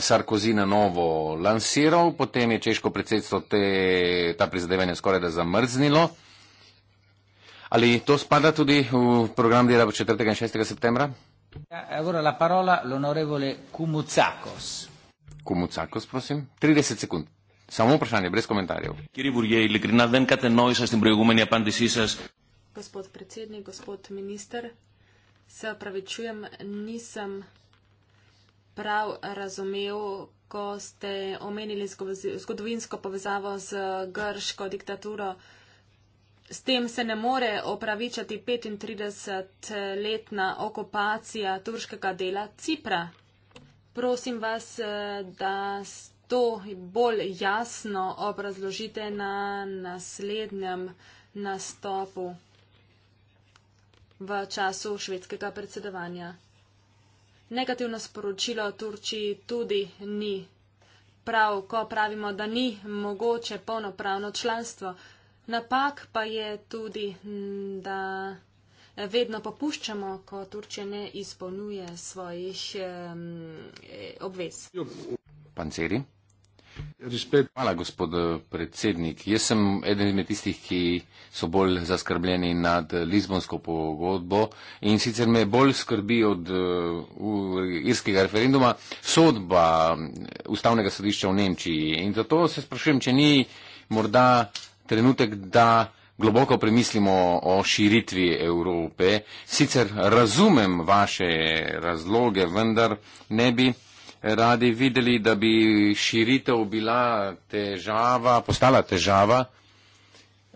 Sarkozy na novo lansiral, potem je češko predsedstvo te, ta prizadevanja skoraj da zamrznilo. Ali to spada tudi v program dela 4. in 6. septembra? Ja, Ora la parola l'onorevole Kumucakos. Kumucakos, prosim. 30 sekund. Samo vprašanje, brez komentarjev. Kjer je Burje, ilikrina, vem, kaj te novi sas, tem pregumeni, a pandi si sas. Gospod predsednik, gospod minister, se opravičujem, nisem prav razumel, ko ste omenili zgodovinsko povezavo z grško diktaturo. S tem se ne more opravičati 35-letna okupacija turškega dela Cipra. Prosim vas, eh, da ste to bolj jasno obrazložite na naslednjem nastopu v času švedskega predsedovanja. Negativno sporočilo Turčiji tudi ni. Prav, ko pravimo, da ni mogoče polnopravno članstvo, napak pa je tudi, da vedno popuščamo, ko Turčija ne izpolnjuje svojih eh, obvez. Panceri. Hvala, gospod eh, predsednik. Jaz sem eden izmed tistih, ki so bolj zaskrbljeni nad eh, Lizbonsko pogodbo in sicer me bolj skrbi od uh, irskega referenduma sodba ustavnega sodišča v Nemčiji. In zato se sprašujem, če ni morda trenutek, da globoko premislimo o širitvi Evrope. Sicer razumem vaše razloge, vendar ne bi radi videli, da bi širitev bila težava, postala težava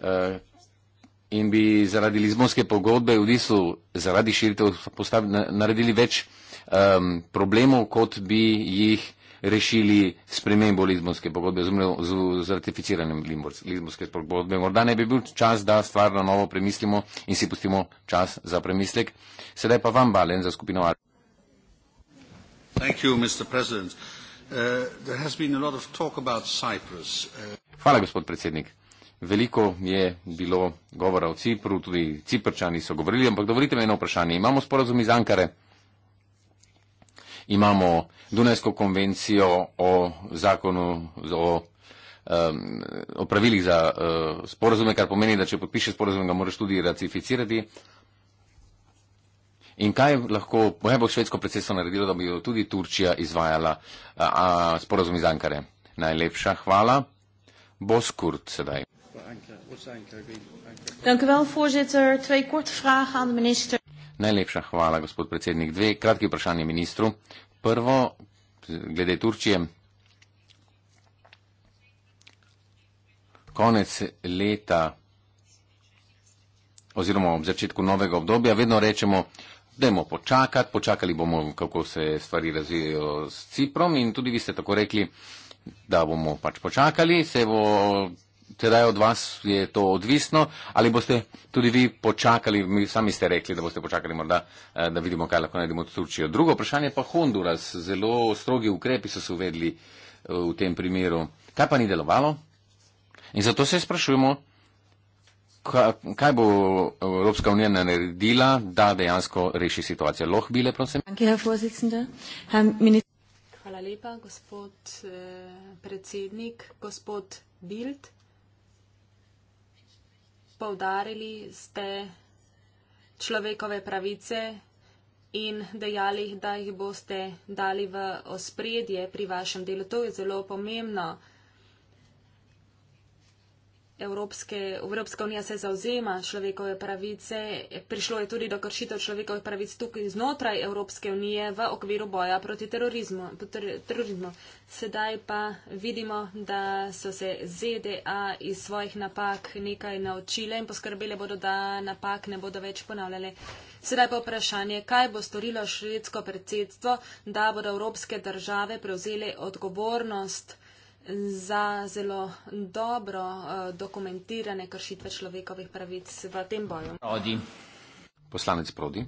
eh, in bi zaradi Lizbonske pogodbe v bistvu zaradi širitev naredili več problemov, kot bi jih rešili spremembo Lizbonske pogodbe z ratificiranjem Lizbonske pogodbe. Morda ne bi bil čas, da stvar na novo premislimo in si pustimo čas za premislek. Sedaj pa vam, Balen, za skupino Arbe. Uh, uh, Hvala, gospod predsednik. Veliko je bilo govora o Cipru, tudi ciprčani so govorili, ampak dovolite mi eno vprašanje. Imamo sporazum iz Ankare, imamo Dunajsko konvencijo o zakonu, o, um, o pravilih za uh, sporazume, kar pomeni, da če podpiše sporazum, ga moraš tudi ratificirati. In kaj lahko, kaj bo švedsko predsedstvo naredilo, da bi jo tudi Turčija izvajala a, a, sporozum iz Ankare? Najlepša hvala. Boskurt sedaj. Najlepša hvala, gospod predsednik. Dve kratki vprašanje ministru. Prvo, glede Turčije. Konec leta oziroma ob začetku novega obdobja vedno rečemo, Dajmo počakati, počakali bomo, kako se stvari razvijajo s Ciprom in tudi vi ste tako rekli, da bomo pač počakali, se bo, tedaj od vas je to odvisno, ali boste tudi vi počakali, mi sami ste rekli, da boste počakali morda, eh, da vidimo, kaj lahko najdemo v Turčijo. Drugo vprašanje pa Honduras, zelo strogi ukrepi so se uvedli eh, v tem primeru. Kaj pa ni delovalo? In zato se sprašujemo, Kaj, kaj bo Evropska unija naredila, da dejansko reši situacijo? Loh bile, prosim. Hvala lepa, gospod eh, predsednik, gospod Bild. Povdarili ste človekove pravice in dejali, da jih boste dali v ospredje pri vašem delu. To je zelo pomembno. Evropske, Evropska unija se zauzema človekove pravice, prišlo je tudi do kršitev človekovih pravic tukaj znotraj Evropske unije v okviru boja proti terorizmu. Ter, terorizmu. Sedaj pa vidimo, da so se ZDA iz svojih napak nekaj naučile in poskrbele bodo, da napak ne bodo več ponavljale. Sedaj pa vprašanje, kaj bo storilo švedsko predsedstvo, da bodo evropske države prevzele odgovornost za zelo dobro uh, dokumentirane kršitve človekovih pravic v tem boju. Prodi. Poslanec Prodi.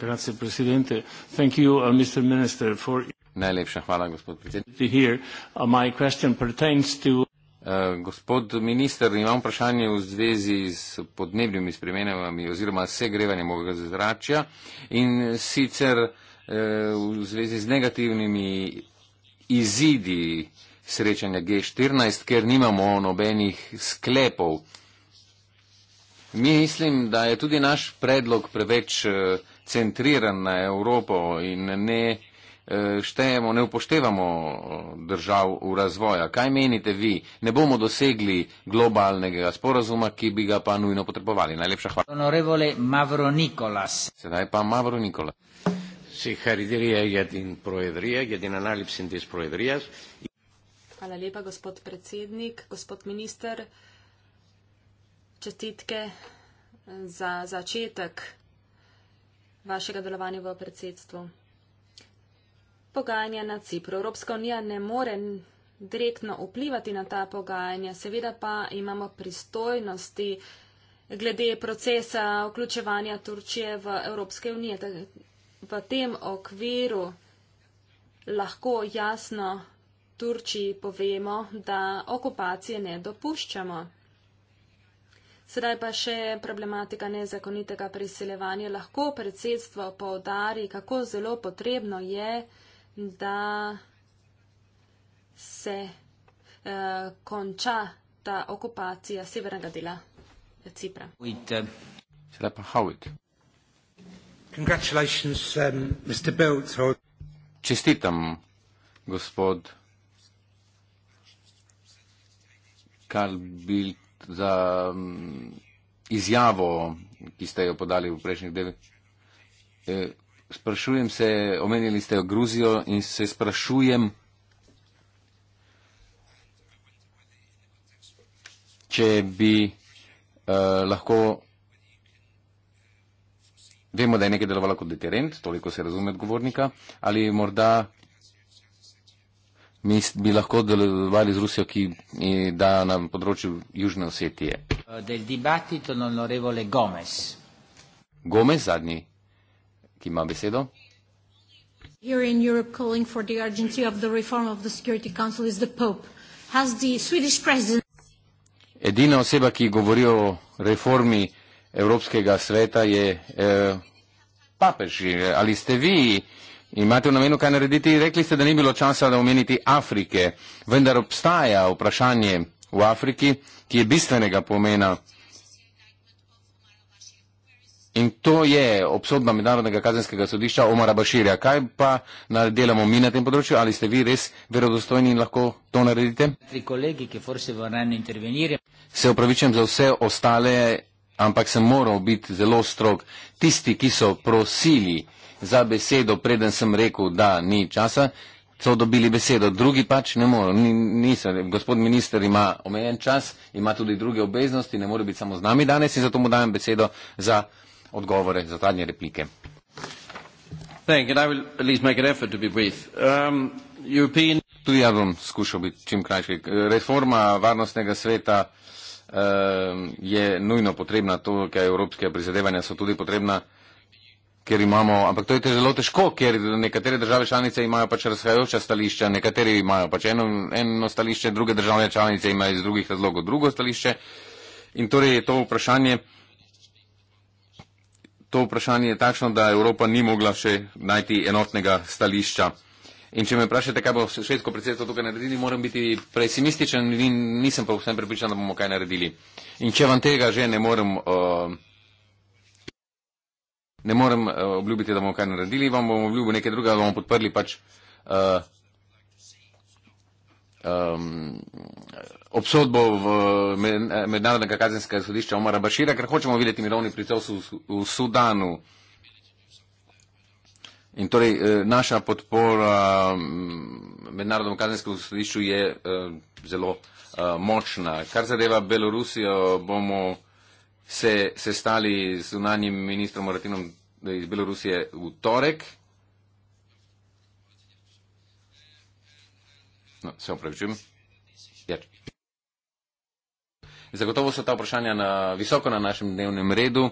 Grazie, presidente. Thank you, uh, Mr. Minister, for... Najlepša hvala, gospod predsednik. Uh, eh, gospod minister, imam vprašanje v zvezi s podnebnimi spremenami oziroma segrevanjem ovega zračja in sicer uh, v zvezi z negativnimi izidi srečanja G14, ker nimamo nobenih sklepov. Mislim, da je tudi naš predlog preveč eh, centriran na Evropo in ne eh, štejemo, ne upoštevamo eh, držav v razvoja. Kaj menite vi? Ne bomo dosegli globalnega sporazuma, ki bi ga pa nujno potrebovali. Najlepša hvala. Honorevole Mavro Nikolas. Sedaj pa Mavro Nikolas. Συγχαρητήρια για την Προεδρία, για την ανάληψη της Προεδρίας. Hvala lepa, gospod predsednik, gospod minister. Čestitke eh, za začetek vašega delovanja v predsedstvu. Pogajanja na Cipru. Evropska unija ne more direktno vplivati na ta pogajanja, seveda pa imamo pristojnosti glede procesa vključevanja Turčije v Evropske unije v tem okviru lahko jasno Turčiji povemo, da okupacije ne dopuščamo. Sedaj pa še problematika nezakonitega priseljevanja. Lahko predsedstvo povdari, kako zelo potrebno je, da se uh, konča ta okupacija severnega dela Cipra. Sedaj pa Hawik. Um, čestitam gospod karl bildt za um, izjavo ki ste jo podali v prejšnjih dneh e, sprašujem se omenili ste jo gruzijo in se sprašujem če bi uh, lahko Vemo, da je nekaj delovalo kot deterent, toliko se razume odgovornika, ali morda mi bi lahko delovali z Rusijo, ki da na področju Južne Osetije. Eh, del dibatito non orevole Gomez. Gomez, zadnji, ki ima besedo. Here in Europe calling for the urgency of the reform of the Security Council is the Pope. Has the Swedish President... Edina oseba, ki govori o reformi Evropskega sveta je eh, papež. Eh, ali ste vi, imate v namenu kaj narediti? Rekli ste, da ni bilo časa, da omeniti Afrike, vendar obstaja vprašanje v Afriki, ki je bistvenega pomena. In to je obsodba Mednarodnega kazenskega sodišča Omara Baširja. Kaj pa delamo mi na tem področju? Ali ste vi res verodostojni in lahko to naredite? Se upravičujem za vse ostale ampak sem moral biti zelo strog. Tisti, ki so prosili za besedo, preden sem rekel, da ni časa, so dobili besedo. Drugi pač ne morejo, ni, niso. Gospod minister ima omejen čas, ima tudi druge obveznosti, ne more biti samo z nami danes in zato mu dajem besedo za odgovore, za zadnje replike. Um, tudi ja bom skušal biti čim krajši. Reforma varnostnega sveta. Ehm, je nujno potrebna, to, kaj evropske prizadevanja so tudi potrebna, ker imamo, ampak to je zelo težko, ker nekatere države članice imajo pač razhajajoča stališča, nekateri imajo pač eno, eno stališče, druge države članice imajo iz drugih razlogov drugo stališče. In torej je to vprašanje, to vprašanje je takšno, da Evropa ni mogla še najti enotnega stališča. In če me vprašate, kaj bo švedsko predsedstvo tukaj naredili, moram biti pesimističen in nisem pa vsem pripričan, da bomo kaj naredili. In če vam tega že ne morem, uh, ne morem uh, obljubiti, da bomo kaj naredili, vam bom obljubil nekaj drugega, da bomo podprli pač uh, um, obsodbo v mednarodnega kazenskega sodišča Omara Bašira, ker hočemo videti mirovni pritev v, v Sudanu. In torej eh, naša podpora mm, mednarodnemu kazenskemu sodišču je eh, zelo eh, močna. Kar zadeva Belorusijo, bomo se sestali z unanjim ministrom Moratinom iz Belorusije v torek. No, se opravičujem. Ja. Zagotovo so ta vprašanja na, visoko na našem dnevnem redu.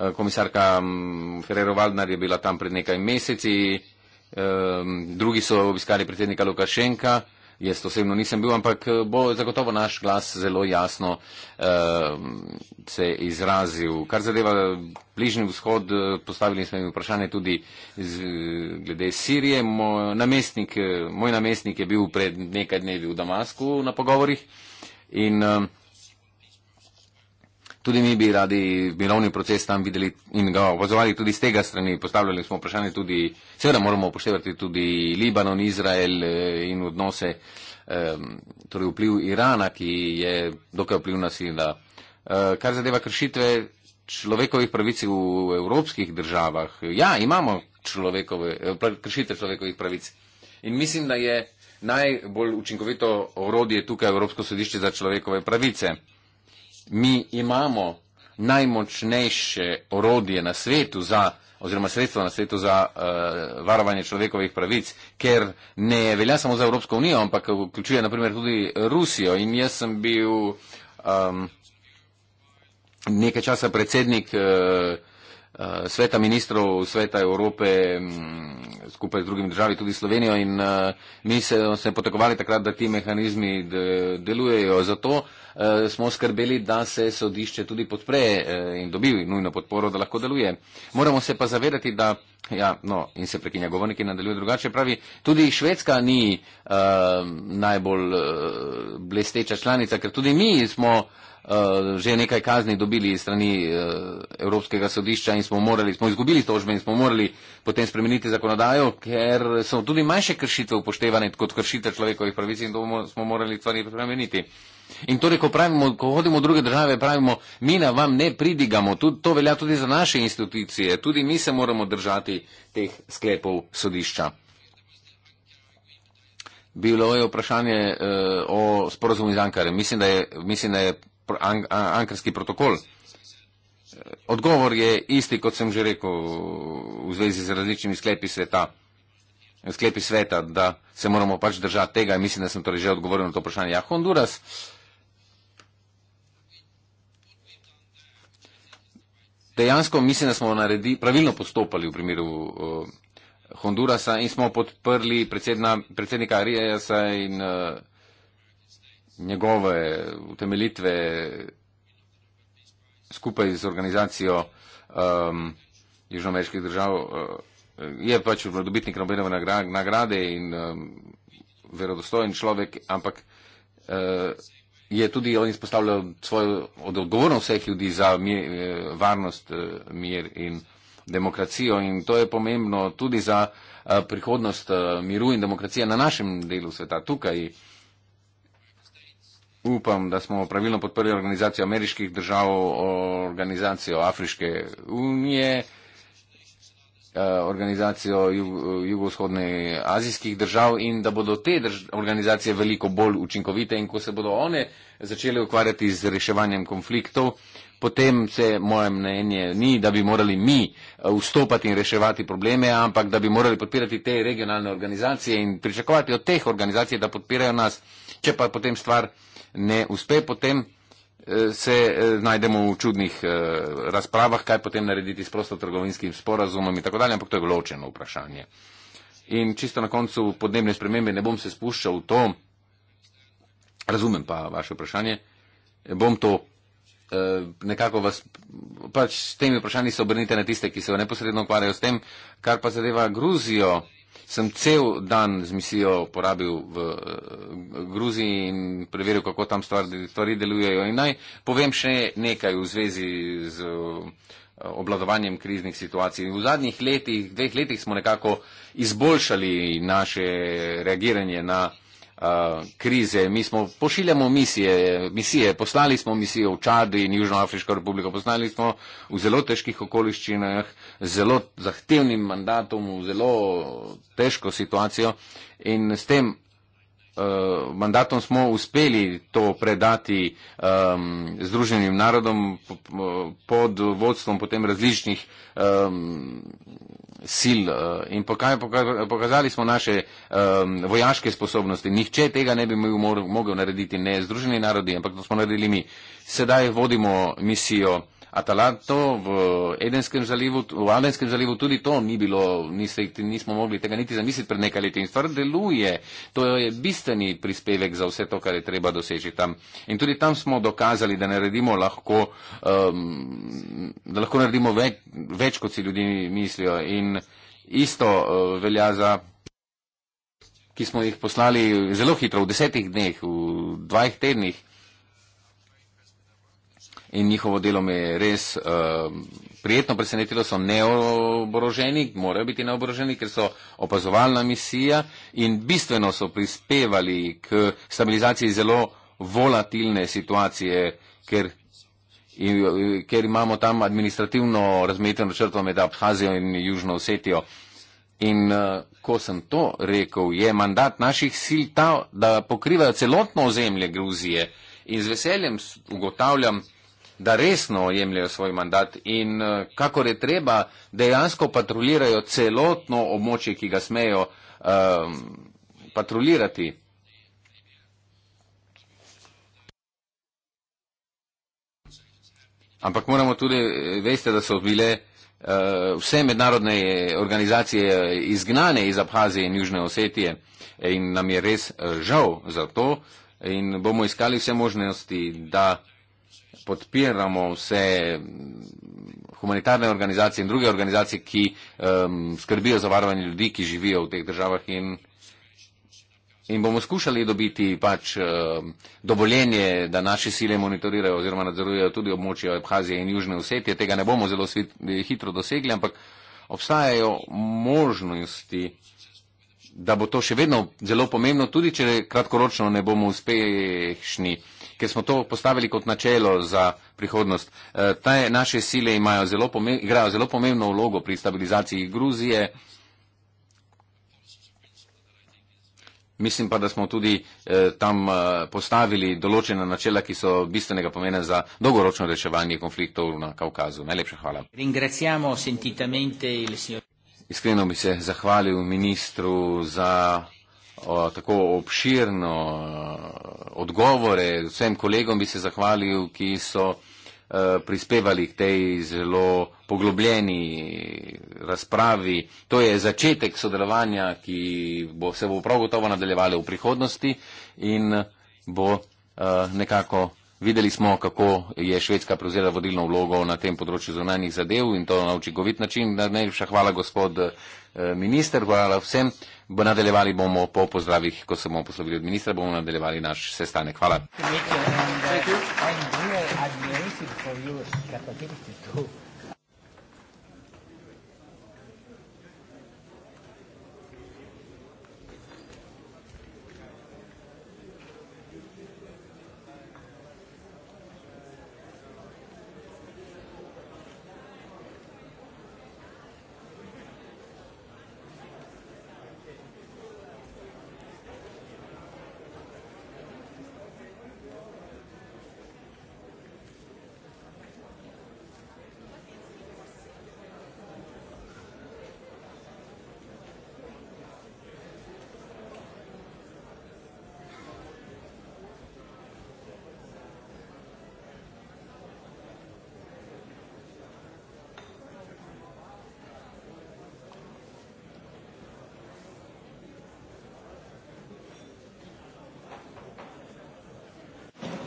Eh, komisarka mm, Ferrero Valdnar je bila tam pred nekaj meseci, eh, drugi so obiskali predsednika Lukašenka, jaz osebno nisem bil, ampak eh, bo zagotovo naš glas zelo jasno se izrazil. Kar zadeva bližnji vzhod, postavili smo jim vprašanje tudi z, glede Sirije. Moj namestnik, moj namestnik je bil pred nekaj dnevi v Damasku na pogovorih in uh, Tudi mi bi radi mirovni proces tam videli in ga opazovali tudi z tega strani. Postavljali smo vprašanje tudi, seveda moramo upoštevati tudi Libanon, Izrael eh, in odnose, torej vpliv Irana, ki je dokaj vplivna sila. Eh, kar zadeva kršitve človekovih pravic v evropskih državah, ja, imamo eh, kršitve človekovih pravic. In mislim, da je najbolj učinkovito orodje tukaj Evropsko sodišče za človekove pravice mi imamo najmočnejše orodje na svetu za, oziroma sredstvo na svetu za uh, varovanje človekovih pravic, ker ne velja samo za Evropsko unijo, ampak vključuje naprimer tudi Rusijo. In jaz sem bil um, nekaj časa predsednik uh, uh, sveta ministrov sveta Evrope um, skupaj z drugimi državami, tudi Slovenijo in uh, mi se, se potekovali takrat, da ti mehanizmi de, delujejo. Zato uh, Eh, smo skrbeli, da se sodišče tudi podpre eh, in dobi nujno podporo, da lahko deluje. Moramo se pa zavedati, da, ja, no, in se prekinja govornik in nadaljuje drugače, pravi, tudi Švedska ni uh, najbolj uh, blesteča članica, ker tudi mi smo uh, že nekaj kazni dobili strani uh, Evropskega sodišča in smo morali, smo izgubili tožbe in smo morali potem spremeniti zakonodajo, ker so tudi manjše kršitve upoštevane kot kršitev človekovih pravic in to smo morali stvari spremeniti. In torej, ko, pravimo, ko hodimo v druge države, pravimo, mi na vam ne pridigamo, tudi, to velja tudi za naše institucije, tudi mi se moramo držati teh sklepov sodišča. Bilo je vprašanje uh, o sporozumu iz Ankare. Mislim, da je, mislim, da je ang, ankarski protokol. Eh, odgovor je isti, kot sem že rekel, v zvezi z različnimi sklepi sveta, sklepi sveta, da se moramo pač držati tega in mislim, da sem torej že odgovoril na to vprašanje. Ja, Honduras, uh, dejansko mislim, da smo naredi, pravilno postopali v primeru uh, Hondurasa in smo podprli predsedna, predsednika Arijasa in uh, njegove utemelitve skupaj z organizacijo um, Južnoameriških držav. Uh, je pač dobitnik Nobelove nagrade in um, verodostojen človek, ampak uh, je tudi on izpostavljal svojo od odgovornost vseh ljudi za mir, eh, varnost, eh, mir in demokracijo in to je pomembno tudi za eh, prihodnost miru in demokracije na našem delu sveta tukaj. Upam, da smo pravilno podprli organizacijo ameriških držav, organizacijo Afriške unije. Eh, organizacijo jugovzhodne azijskih držav in da bodo te organizacije veliko bolj učinkovite in ko se bodo one začele ukvarjati z reševanjem konfliktov, potem se moje mnenje ni, da bi morali mi eh, vstopati in reševati probleme, ampak da bi morali podpirati te regionalne organizacije in pričakovati od teh organizacij, da podpirajo nas, če pa potem stvar ne uspe, potem Eh, se eh, najdemo v čudnih eh, razpravah, kaj potem narediti s prostotrgovinskim sporazumom in tako dalje, ampak to je ločeno vprašanje. In čisto na koncu podnebne spremembe ne bom se spuščal v to, razumem pa vaše vprašanje, bom to nekako vas, pač s temi vprašanji se obrnite na tiste, ki se neposredno ukvarjajo s tem, kar pa zadeva Gruzijo sem cel dan z misijo porabil v eh, Gruziji in preveril, kako tam stvari delujejo. In naj povem še nekaj v zvezi z eh, obladovanjem kriznih situacij. V zadnjih letih, dveh letih smo nekako izboljšali naše reagiranje na Eh, krize. Mi smo pošiljamo misije, misije, poslali smo misijo v Čad in Južnoafriško republiko, poslali smo v zelo težkih okoliščinah, zelo zahtevnim mandatom, v zelo težko situacijo in s tem eh, mandatom smo uspeli to predati um, Združenim narodom pod vodstvom potem različnih um, sil eh, in pokazali smo naše vojaške sposobnosti. Nihče tega ne bi mogel narediti, ne Združeni narodi, ampak to smo naredili mi. Sedaj vodimo misijo. Atalanto v Edenskem zalivu, v Alenskem zalivu tudi to ni bilo, niste, nismo mogli tega niti zamisliti pred nekaj leti in stvar deluje. To je bistveni prispevek za vse to, kar je treba doseči tam. In tudi tam smo dokazali, da naredimo lahko, um, da lahko naredimo več, več, kot si ljudi mislijo. In isto uh, velja za ki smo jih poslali zelo hitro, v desetih dneh, v dvajh tednih in njihovo delo me je res uh, prijetno presenetilo, so neoboroženi, morajo biti neoboroženi, ker so opazovalna misija in bistveno so prispevali k stabilizaciji zelo volatilne situacije, ker, in, ker imamo tam administrativno razmetljeno črto med Abhazijo in Južno Osetijo. In uh, ko sem to rekel, je mandat naših sil ta, da pokrivajo celotno ozemlje Gruzije. In z veseljem ugotavljam, da resno jemljajo svoj mandat in eh, kakor je treba, dejansko patrulirajo celotno območje, ki ga smejo um, patrulirati. Ampak moramo tudi, eh, veste, da so bile uh, vse mednarodne organizacije izgnane iz Abhazije in Južne Osetije in nam je res žal za to in bomo iskali vse možnosti, da uh, podpiramo vse humanitarne organizacije in druge organizacije, ki um, skrbijo za varovanje ljudi, ki živijo v teh državah in, in bomo skušali dobiti pač um, dovoljenje, da naše sile monitorirajo oziroma nadzorujejo tudi območje Abhazije in Južne Osetije. Tega ne bomo zelo svit, hitro dosegli, ampak obstajajo možnosti da bo to še vedno zelo pomembno, tudi če kratkoročno ne bomo uspešni. Uh, ker smo to postavili kot načelo za prihodnost. Te naše sile imajo zelo, pomembno, igrajo zelo pomembno vlogo pri stabilizaciji Gruzije. Mislim pa, da smo tudi eh, tam e, postavili določena načela, ki so bistvenega pomena za dolgoročno reševanje konfliktov na Kaukazu. Najlepša hvala. Iskreno bi se zahvalil ministru za o, tako obširno eh, odgovore. Vsem kolegom bi se zahvalil, ki so eh, prispevali k tej zelo poglobljeni razpravi. To je začetek sodelovanja, ki bo, se bo prav gotovo nadaljevalo v prihodnosti in eh, bo nekako videli smo, kako je Švedska prevzela vodilno vlogo na tem področju zunanjih zadev in to na učinkovit način. Najlepša hvala, gospod minister, hvala vsem nadaljevali bomo po pozdravih, ko se bomo poslovili od ministra, bomo nadaljevali naš sestanek. Hvala. Thank you. Thank you.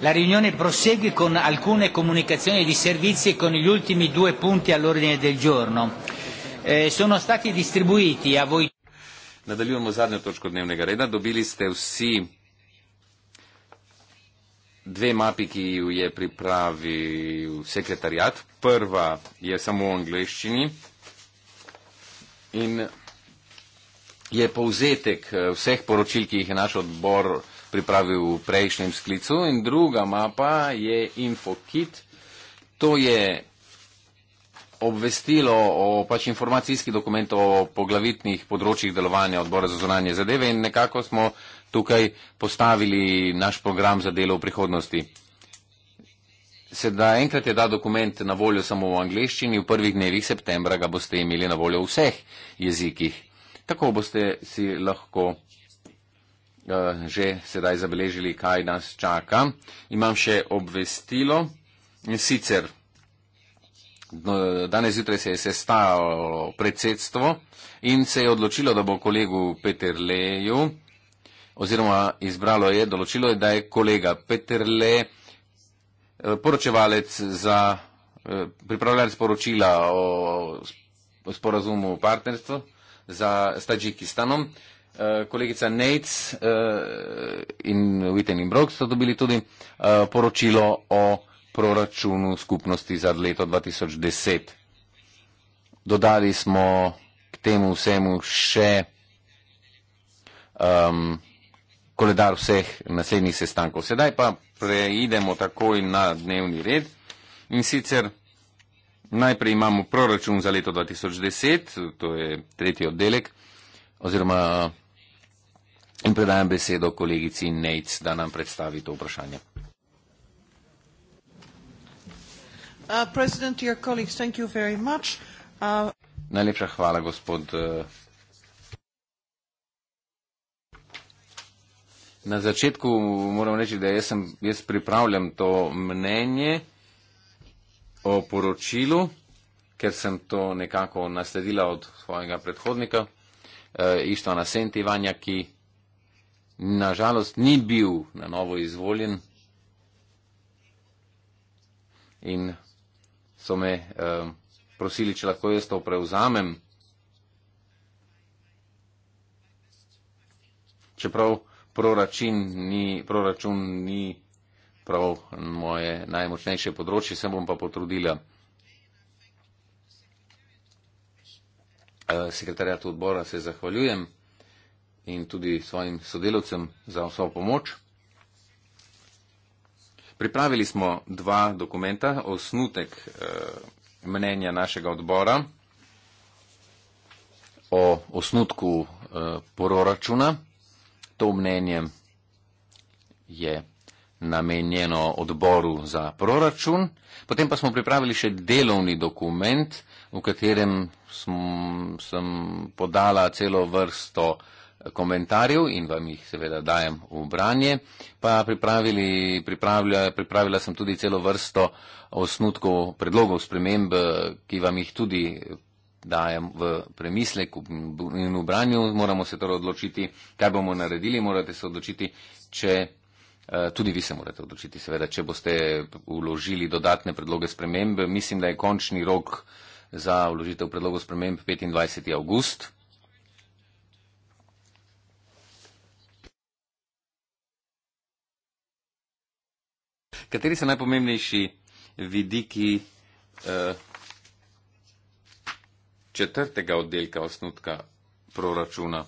La riunione prosegue con alcune comunicazioni di servizi e con gli ultimi due punti all'ordine del giorno. Eh, sono stati distribuiti a voi. Nadaljujemo zadnjo točko dnevnega reda. Dobili ste vsi dve mapi, ki ju je pripravil sekretarjat. Prva je samo v angleščini in je povzetek eh, vseh poročil, ki jih je naš odbor pripravil v prejšnjem sklicu. In druga mapa je InfoKit. To je obvestilo o pač informacijski dokument o poglavitnih področjih delovanja odbora za zunanje zadeve in nekako smo tukaj postavili naš program za delo v prihodnosti. Sedaj enkrat je ta dokument na voljo samo v angleščini, v prvih dnevih septembra ga boste imeli na voljo v vseh jezikih. Tako boste si lahko Eh, že sedaj zabeležili, kaj nas čaka. Imam še obvestilo. Sicer danes zjutraj se je sestalo predsedstvo in se je odločilo, da bo kolegu Peter Leju oziroma izbralo je, določilo je, da je kolega Peter Le eh, poročevalec za eh, pripravljalec poročila o sporazumu o partnerstvu za, s Tadžikistanom. Uh, Eh, kolegica Nates eh, in Witten in Brooks so dobili tudi eh, poročilo o proračunu skupnosti za leto 2010. Dodali smo k temu vsemu še um, koledar vseh naslednjih sestankov. Sedaj pa preidemo takoj na dnevni red in sicer najprej imamo proračun za leto 2010, to je tretji oddelek oziroma In predajam besedo kolegici Nejc, da nam predstavi to vprašanje. Uh, uh Najlepša hvala, gospod. Uh, Na začetku moram reči, da jaz, sem, jaz pripravljam to mnenje o poročilu, ker sem to nekako nasledila od svojega predhodnika, uh, Ištona Sentivanja, ki nažalost ni bil na novo izvoljen in so me eh, prosili, če lahko jaz to prevzamem. Čeprav proračun ni, proračun ni prav moje najmočnejše področje, se bom pa potrudila. Eh, Sekretarjatu odbora se zahvaljujem in tudi svojim sodelovcem za vso pomoč. Pripravili smo dva dokumenta, osnutek eh, mnenja našega odbora o osnutku eh, proračuna. To mnenje je namenjeno odboru za proračun. Potem pa smo pripravili še delovni dokument, v katerem sem podala celo vrsto uh, komentarjev in vam jih seveda dajem v branje. Pa pripravili, pripravila, pripravila sem tudi celo vrsto osnutkov predlogov sprememb, ki vam jih tudi dajem v premislek in v branju. Moramo se torej odločiti, kaj bomo naredili. Morate se odločiti, če. Eh, tudi vi se morate odločiti, seveda, če boste vložili dodatne predloge sprememb. Mislim, da je končni rok za vložitev predlogov sprememb 25. august. kateri so najpomembnejši vidiki eh, četrtega oddelka osnutka proračuna?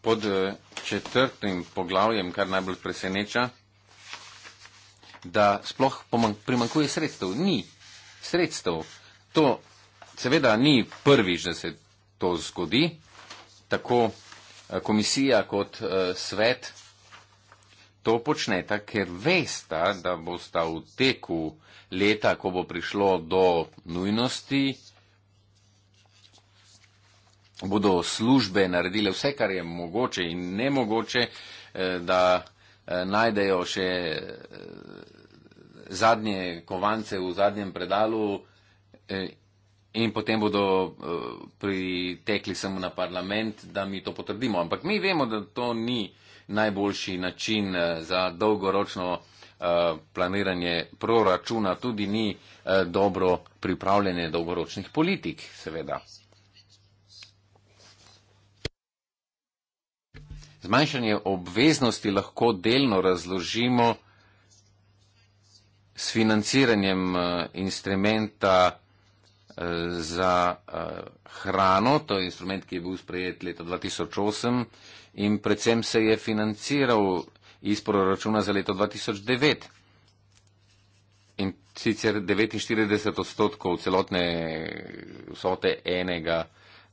Pod eh, četrtim poglavjem, kar najbolj preseneča, da sploh primankuje sredstev. Ni sredstev. To seveda ni prvič, da se to zgodi. Tako eh, komisija kot eh, svet to počneta, ker vesta, da bosta v teku leta, ko bo prišlo do nujnosti, bodo službe naredile vse, kar je mogoče in nemogoče, eh, da eh, najdejo še eh, zadnje kovance v zadnjem predalu in potem bodo pritekli samo na parlament, da mi to potrdimo. Ampak mi vemo, da to ni najboljši način eh, za dolgoročno eh, planiranje proračuna, tudi ni eh, dobro pripravljene dolgoročnih politik, seveda. Zmanjšanje obveznosti lahko delno razložimo s financiranjem instrumenta za hrano, to je instrument, ki je bil sprejet leta 2008 in predvsem se je financiral iz proračuna za leto 2009. In sicer 49 odstotkov celotne vsote enega,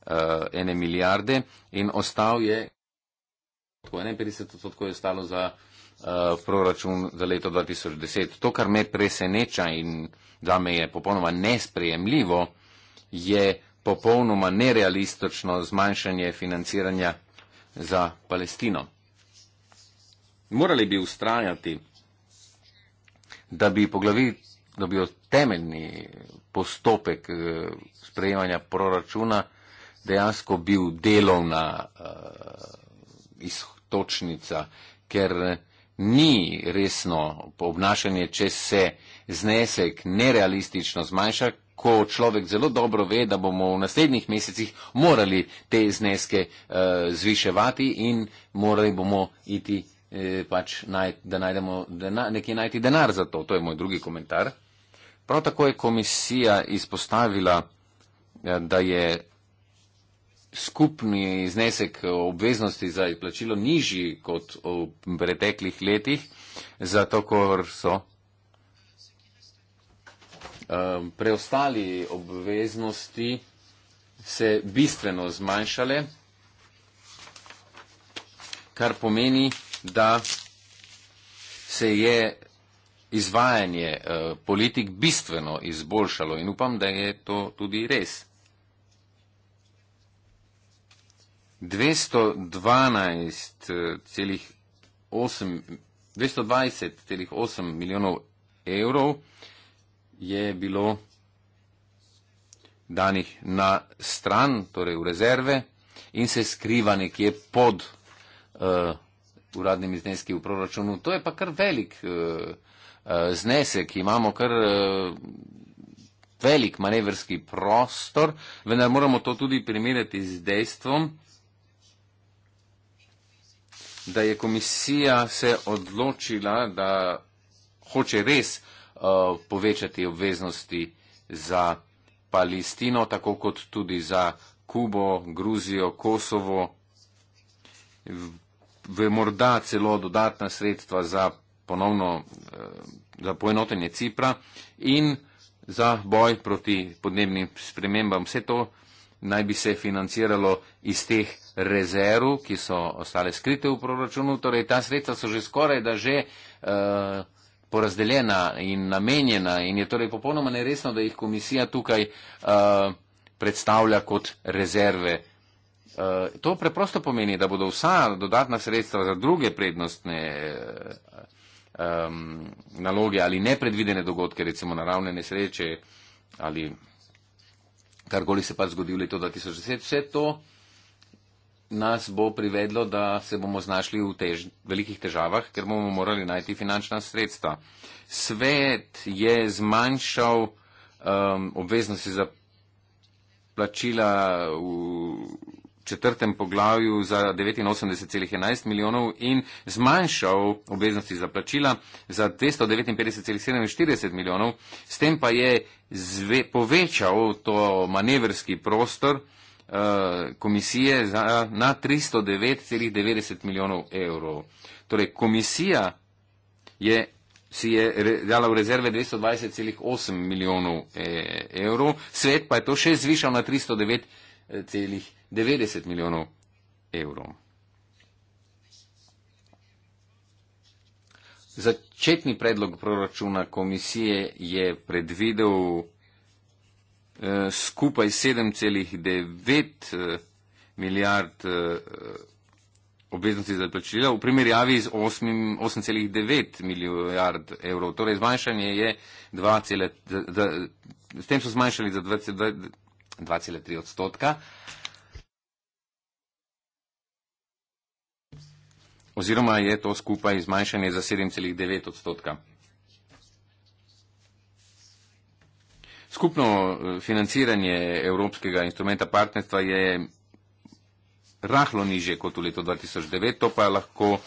uh, ene milijarde in ostal je, 51 odstotkov je ostalo za uh, proračun za leto 2010. To, kar me preseneča in da me je popolnoma nesprejemljivo, je popolnoma nerealistično zmanjšanje financiranja za Palestino. Morali bi ustrajati, da bi poglavi, da bi temeljni postopek eh, sprejemanja proračuna dejansko bil delovna uh, eh, istočnica, ker eh, ni resno obnašanje, če se znesek nerealistično zmanjša, ko človek zelo dobro ve, da bomo v naslednjih mesecih morali te zneske eh, zviševati in morali bomo iti eh, pač naj, da najdemo dena, nekje najti denar za to. To je moj drugi komentar. Prav tako je komisija izpostavila, eh, da je skupni znesek obveznosti za izplačilo nižji kot v preteklih letih, zato ker so um, preostali obveznosti se bistveno zmanjšale, kar pomeni, da se je izvajanje uh, politik bistveno izboljšalo in upam, da je to tudi res. 212,8 e, milijonov evrov je bilo danih na stran, torej v rezerve, in se skriva nekje pod uh, uradnimi zneski v proračunu. To je pa kar velik uh, uh, znesek, imamo kar uh, velik manevrski prostor, vendar moramo to tudi primerjati z dejstvom, da je komisija se odločila, da hoče res Eh, povečati obveznosti za Palestino, tako kot tudi za Kubo, Gruzijo, Kosovo, v morda celo dodatna sredstva za ponovno eh, za poenotenje Cipra in za boj proti podnebnim spremembam. Vse to naj bi se financiralo iz teh rezerv, ki so ostale skrite v proračunu. Torej, ta sredstva so že skoraj, da že uh, porazdeljena in namenjena in je torej popolnoma neresno, da jih komisija tukaj uh, predstavlja kot rezerve. Uh, to preprosto pomeni, da bodo vsa dodatna sredstva za druge prednostne uh, um, naloge ali nepredvidene dogodke, recimo naravne nesreče ali karkoli se pa zgodi v letu 2010, vse to nas bo privedlo, da se bomo znašli v tež, velikih težavah, ker bomo morali najti finančna sredstva. Svet je zmanjšal um, obveznosti za plačila v četrtem poglavju za 89,11 milijonov in zmanjšal obveznosti za plačila za 259,47 milijonov, s tem pa je zve, povečal to manevrski prostor, Eh, komisije za, na 309,90 milijonov evrov. Torej, komisija je, si je dala v rezerve 220,8 milijonov e, evrov, svet pa je to še zvišal na 309,90 milijonov evrov. Začetni predlog proračuna komisije je predvidel Eh, skupaj 7,9 eh, milijard eh, obveznosti za plačila v primerjavi z 8,9 milijard evrov. Torej zmanjšanje je 2, z, z, z tem so zmanjšali za 2,3 odstotka. Oziroma je to skupaj zmanjšanje za 7,9 odstotka. Skupno eh, financiranje Evropskega instrumenta partnerstva je rahlo niže kot v letu 2009, to pa lahko eh,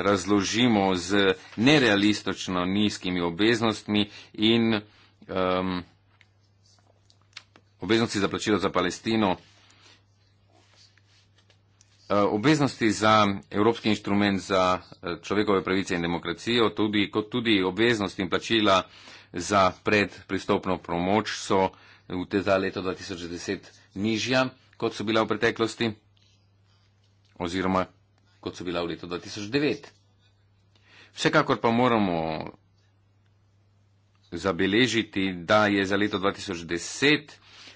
razložimo z nerealistično nizkimi obveznostmi in um, obveznosti za plačilo za Palestino. Eh, obveznosti za Evropski inštrument za človekove pravice in demokracijo, tudi, kot tudi obveznosti in plačila uh, za predpristopno pomoč so v te za leto 2010 nižja, kot so bila v preteklosti oziroma kot so bila v letu 2009. Vsekakor pa moramo zabeležiti, da je za leto 2010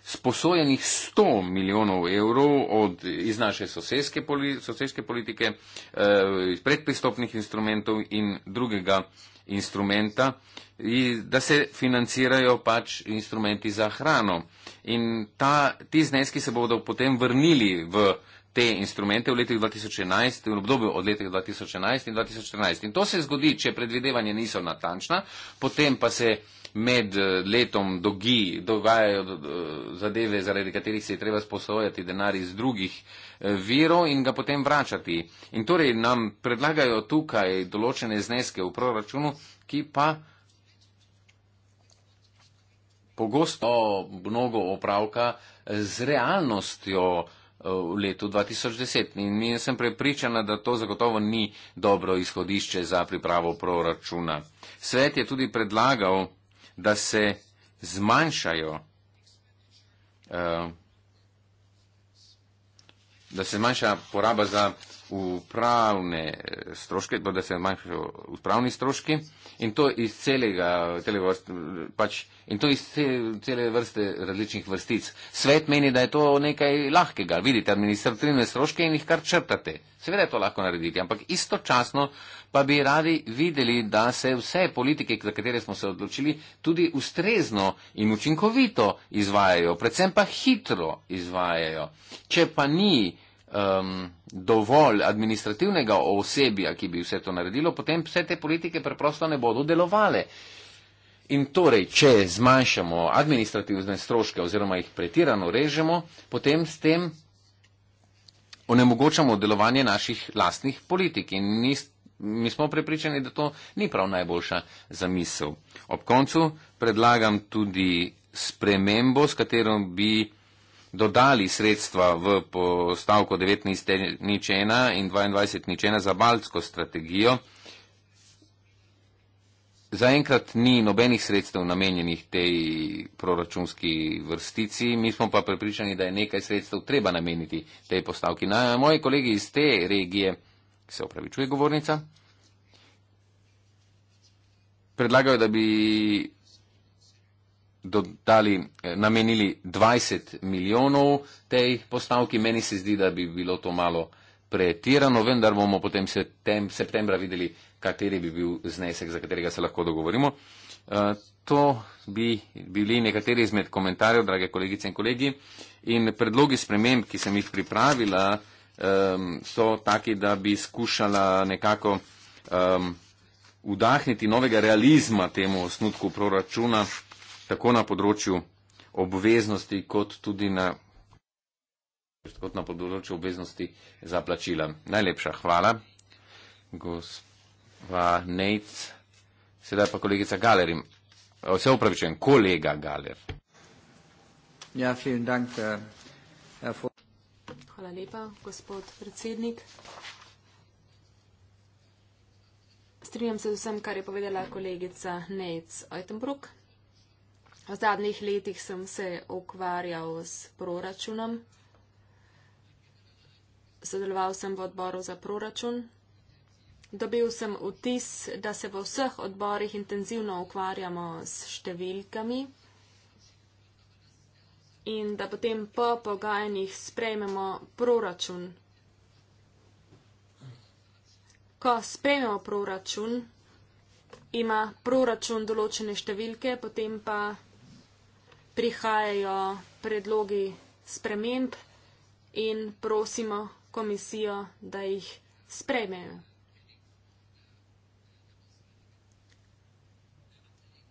sposojenih 100 milijonov evrov od, iz naše soseske, poli, soseske politike, eh, predpristopnih instrumentov in drugega instrumenta, eh, in da se financirajo pač instrumenti za hrano. In ta, ti zneski se bodo potem vrnili v te instrumente v letu 2011, v obdobju od leta 2011 in 2014. In to se zgodi, če predvidevanja niso natančna, potem pa se med eh, letom dogi, dogajajo eh, zadeve, zaradi katerih se je treba sposojati denar iz drugih eh, virov in ga potem vračati. In torej nam predlagajo tukaj določene zneske v proračunu, ki pa pogosto mnogo opravka z realnostjo eh, v letu 2010 in sem prepričana, da to zagotovo ni dobro izhodišče za pripravo proračuna. Svet je tudi predlagal, da se zmanjšajo eh, da se zmanjša poraba za v pravne eh, stroške, bo da se manjšajo v pravni stroški in to iz celega, cele vrste, pač, in to iz cele vrste različnih vrstic. Svet meni, da je to nekaj lahkega. Vidite, administrativne stroške in jih kar črtate. Seveda je to lahko narediti, ampak istočasno pa bi radi videli, da se vse politike, za katere smo se odločili, tudi ustrezno in učinkovito izvajajo, predvsem pa hitro izvajajo. Če pa ni um, dovolj administrativnega osebja, ki bi vse to naredilo, potem vse te politike preprosto ne bodo delovale. In torej, če zmanjšamo administrativne stroške oziroma jih pretirano režemo, potem s tem onemogočamo delovanje naših lastnih politik. In nis, mi smo prepričani, da to ni prav najboljša zamisel. Ob koncu predlagam tudi spremembo, s katero bi dodali sredstva v postavko 19 ničena in 22 ničena za balsko strategijo. Zaenkrat ni nobenih sredstev namenjenih tej proračunski vrstici, mi smo pa prepričani, da je nekaj sredstev treba nameniti tej postavki. Na moji kolegi iz te regije, se opravičuje govornica, predlagajo, da bi dodali, eh, namenili 20 milijonov tej postavki. Meni se zdi, da bi bilo to malo pretirano, vendar bomo potem septem, septembra videli, kateri bi bil znesek, za katerega se lahko dogovorimo. Eh, to bi bili nekateri izmed komentarjev, drage kolegice in kolegi. In predlogi sprememb, ki sem jih pripravila, so taki, da bi skušala nekako vdahniti novega realizma temu osnutku proračuna tako na področju obveznosti, kot tudi na, kot na področju obveznosti za plačila. Najlepša hvala, gospa Nejc. Sedaj pa kolegica Galer, vse upravičujem, kolega Galer. Ja, vielen dank. Äh, hvala lepa, gospod predsednik. Strinjam se z vsem, kar je povedala kolegica Nejc Oitenbruck. V zadnjih letih sem se ukvarjal s proračunom. Sodeloval sem v odboru za proračun. Dobil sem vtis, da se v vseh odborih intenzivno ukvarjamo s številkami in da potem po pogajanjih sprejmemo proračun. Ko sprejmemo proračun, ima proračun določene številke, potem pa prihajajo predlogi sprememb in prosimo komisijo, da jih sprejmejo.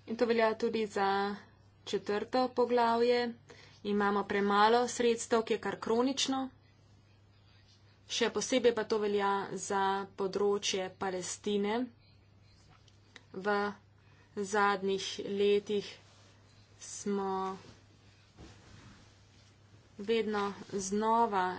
In to velja tudi za četrto poglavje. Imamo premalo sredstev, ki je kar kronično. Še posebej pa to velja za področje Palestine. V zadnjih letih smo vedno znova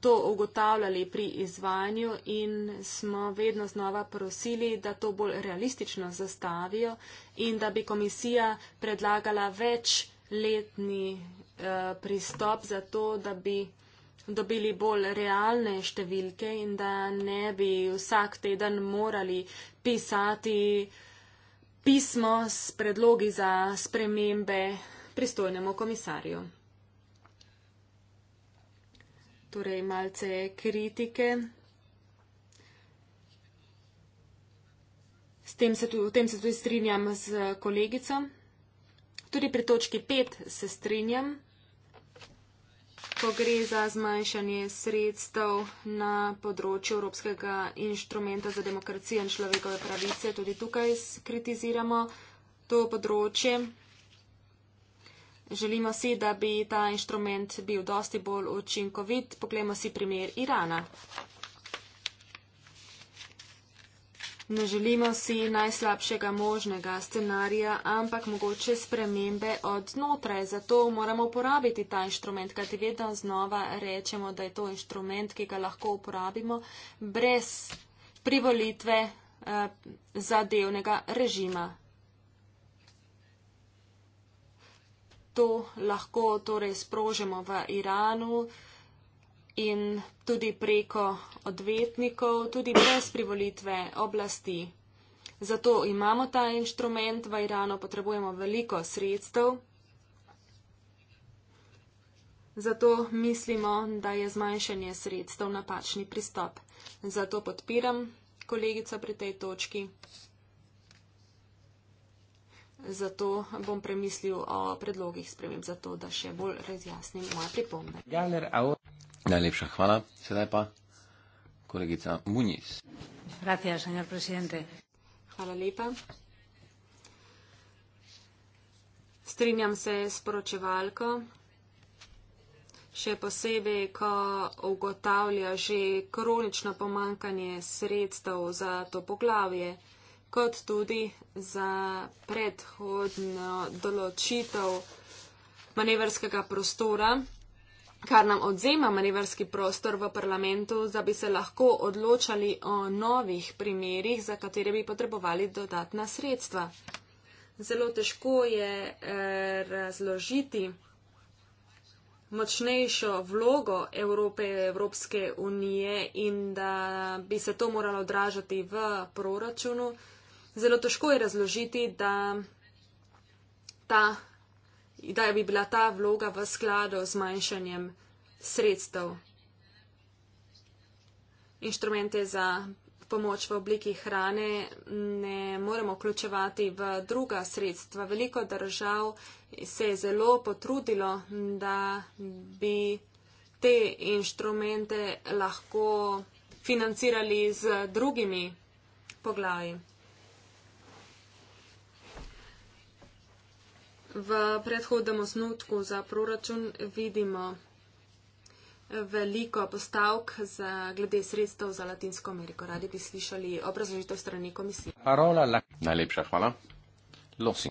to ugotavljali pri izvajanju in smo vedno znova prosili, da to bolj realistično zastavijo in da bi komisija predlagala večletni eh, pristop za to, da bi dobili bolj realne številke in da ne bi vsak teden morali pisati, pismo s predlogi za spremembe pristojnemu komisarju. Torej, malce kritike. S tem se, tu, tem se tudi strinjam z kolegico. Tudi pri točki 5 se strinjam ko gre za zmanjšanje sredstev na področju Evropskega inštrumenta za demokracijo in človekove pravice. Tudi tukaj kritiziramo to področje. Želimo si, da bi ta inštrument bil dosti bolj učinkovit. Poglejmo si primer Irana. Ne želimo si najslabšega možnega scenarija, ampak mogoče spremembe od znotraj. Zato moramo uporabiti ta inštrument, kajti vedno znova rečemo, da je to inštrument, ki ga lahko uporabimo brez privolitve eh, zadevnega režima. To lahko torej sprožemo v Iranu. Eh, in tudi preko odvetnikov, tudi brez privolitve oblasti. Zato imamo ta inštrument v Iranu, potrebujemo veliko sredstev. Zato mislimo, da je zmanjšanje sredstev napačni pristop. Zato podpiram kolegico pri tej točki. Zato bom premislil o predlogih sprememb, zato da še bolj razjasnim moje pripombe. Najlepša hvala. Sedaj pa kolegica Muniz. Gracias, señor presidente. Hvala lepa. Strinjam se s poročevalko. Še posebej, ko ugotavlja že kronično pomankanje sredstev za to poglavje kot tudi za predhodno določitev manevrskega prostora, kar nam odzema manevrski prostor v parlamentu, da bi se lahko odločali o novih primerjih, za katere bi potrebovali dodatna sredstva. Zelo težko je eh, razložiti močnejšo vlogo Evrope, Evropske unije in da bi se to moralo odražati v proračunu zelo težko je razložiti, da, ta, da bi bila ta vloga v skladu z manjšanjem sredstev. Inštrumente za pomoč v obliki hrane ne moremo vključevati v druga sredstva. Veliko držav se je zelo potrudilo, da bi te inštrumente lahko financirali z drugimi poglavji. v predhodnem osnutku za proračun vidimo veliko postavk za, glede sredstev za Latinsko Ameriko. Radi bi slišali obrazložitev strani komisije. Parola, la... Najlepša hvala. Losi.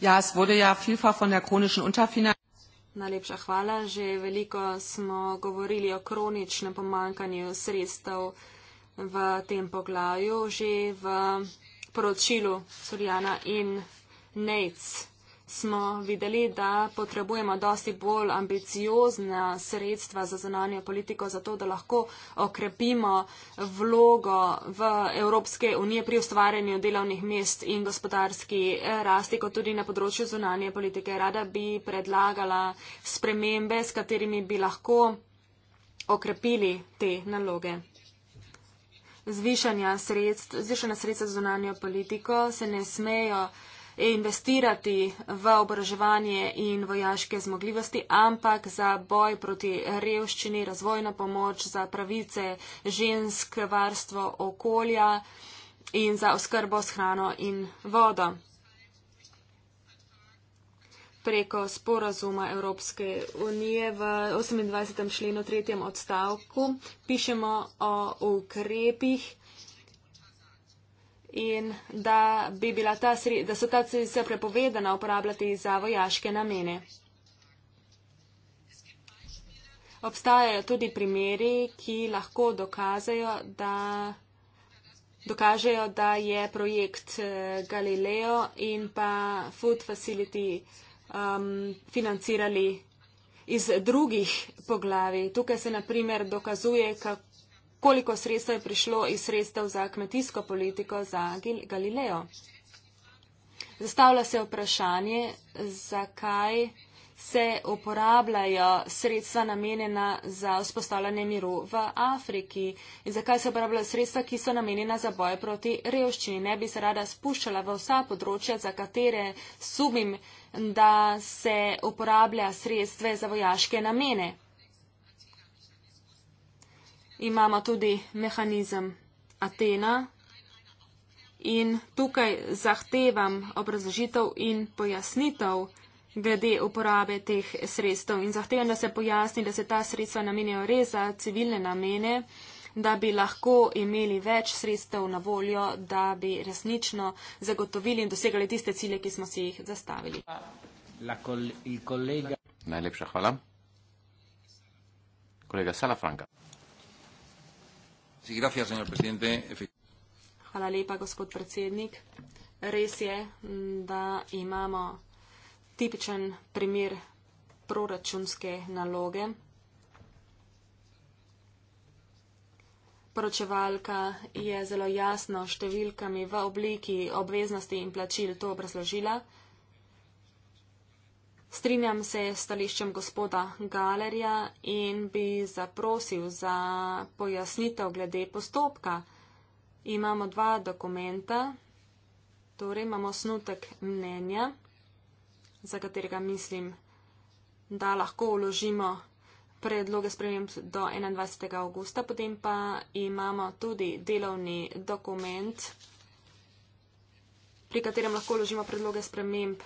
Ja, svode ja, filfa von der kronischen Unterfinanzierung. Najlepša hvala. Že veliko smo govorili o kroničnem pomankanju sredstev v tem poglavju. Že v poročilu Surjana in Nates smo videli, da potrebujemo dosti bolj ambiciozna sredstva za zunanjo politiko, zato da lahko okrepimo vlogo v Evropske unije pri ustvarjanju delovnih mest in gospodarski rasti, kot tudi na področju zunanje politike. Rada bi predlagala spremembe, s katerimi bi lahko okrepili te naloge zvišanja sredstv, zvišanja sredstv za zunanjo politiko se ne smejo eh, investirati v obraževanje in vojaške zmogljivosti, ampak za boj proti revščini, razvojno pomoč, za pravice žensk, varstvo okolja in za oskrbo s hrano in vodo preko sporazuma Evropske unije v 28. členu tretjem odstavku. Pišemo o ukrepih in da, bi bila ta, da so ta sredstva prepovedana uporabljati za vojaške namene. Obstajajo tudi primeri, ki lahko dokazajo, da dokažejo, da je projekt eh, Galileo in pa Food Facility um, financirali iz drugih poglavi. Tukaj se naprimer dokazuje, koliko sredstev je prišlo iz sredstev za kmetijsko politiko za Galileo. Zastavlja se vprašanje, zakaj se uporabljajo sredstva namenjena za vzpostavljanje miru v Afriki in zakaj se uporabljajo sredstva, ki so namenjena za boje proti revščini. Ne bi se rada spuščala v vsa področja, za katere sumim, da se uporablja sredstve za vojaške namene. Imamo tudi mehanizem Atena in tukaj zahtevam obrazložitev in pojasnitev glede uporabe teh sredstev. In zahtevam, da se pojasni, da se ta sredstva namenjajo res za civilne namene, da bi lahko imeli več sredstev na voljo, da bi resnično zagotovili in dosegali tiste cilje, ki smo si jih zastavili. Najlepša hvala. Kolega Salafranka. Hvala lepa, gospod predsednik. Res je, da imamo tipičen primer proračunske naloge. Poročevalka je zelo jasno številkami v obliki obveznosti in plačil to obrazložila. Strinjam se s stališčem gospoda Galerja in bi zaprosil za pojasnitev glede postopka. Imamo dva dokumenta, torej imamo snutek mnenja za katerega mislim, da lahko uložimo predloge sprememb do 21. augusta. Potem pa imamo tudi delovni dokument, pri katerem lahko uložimo predloge sprememb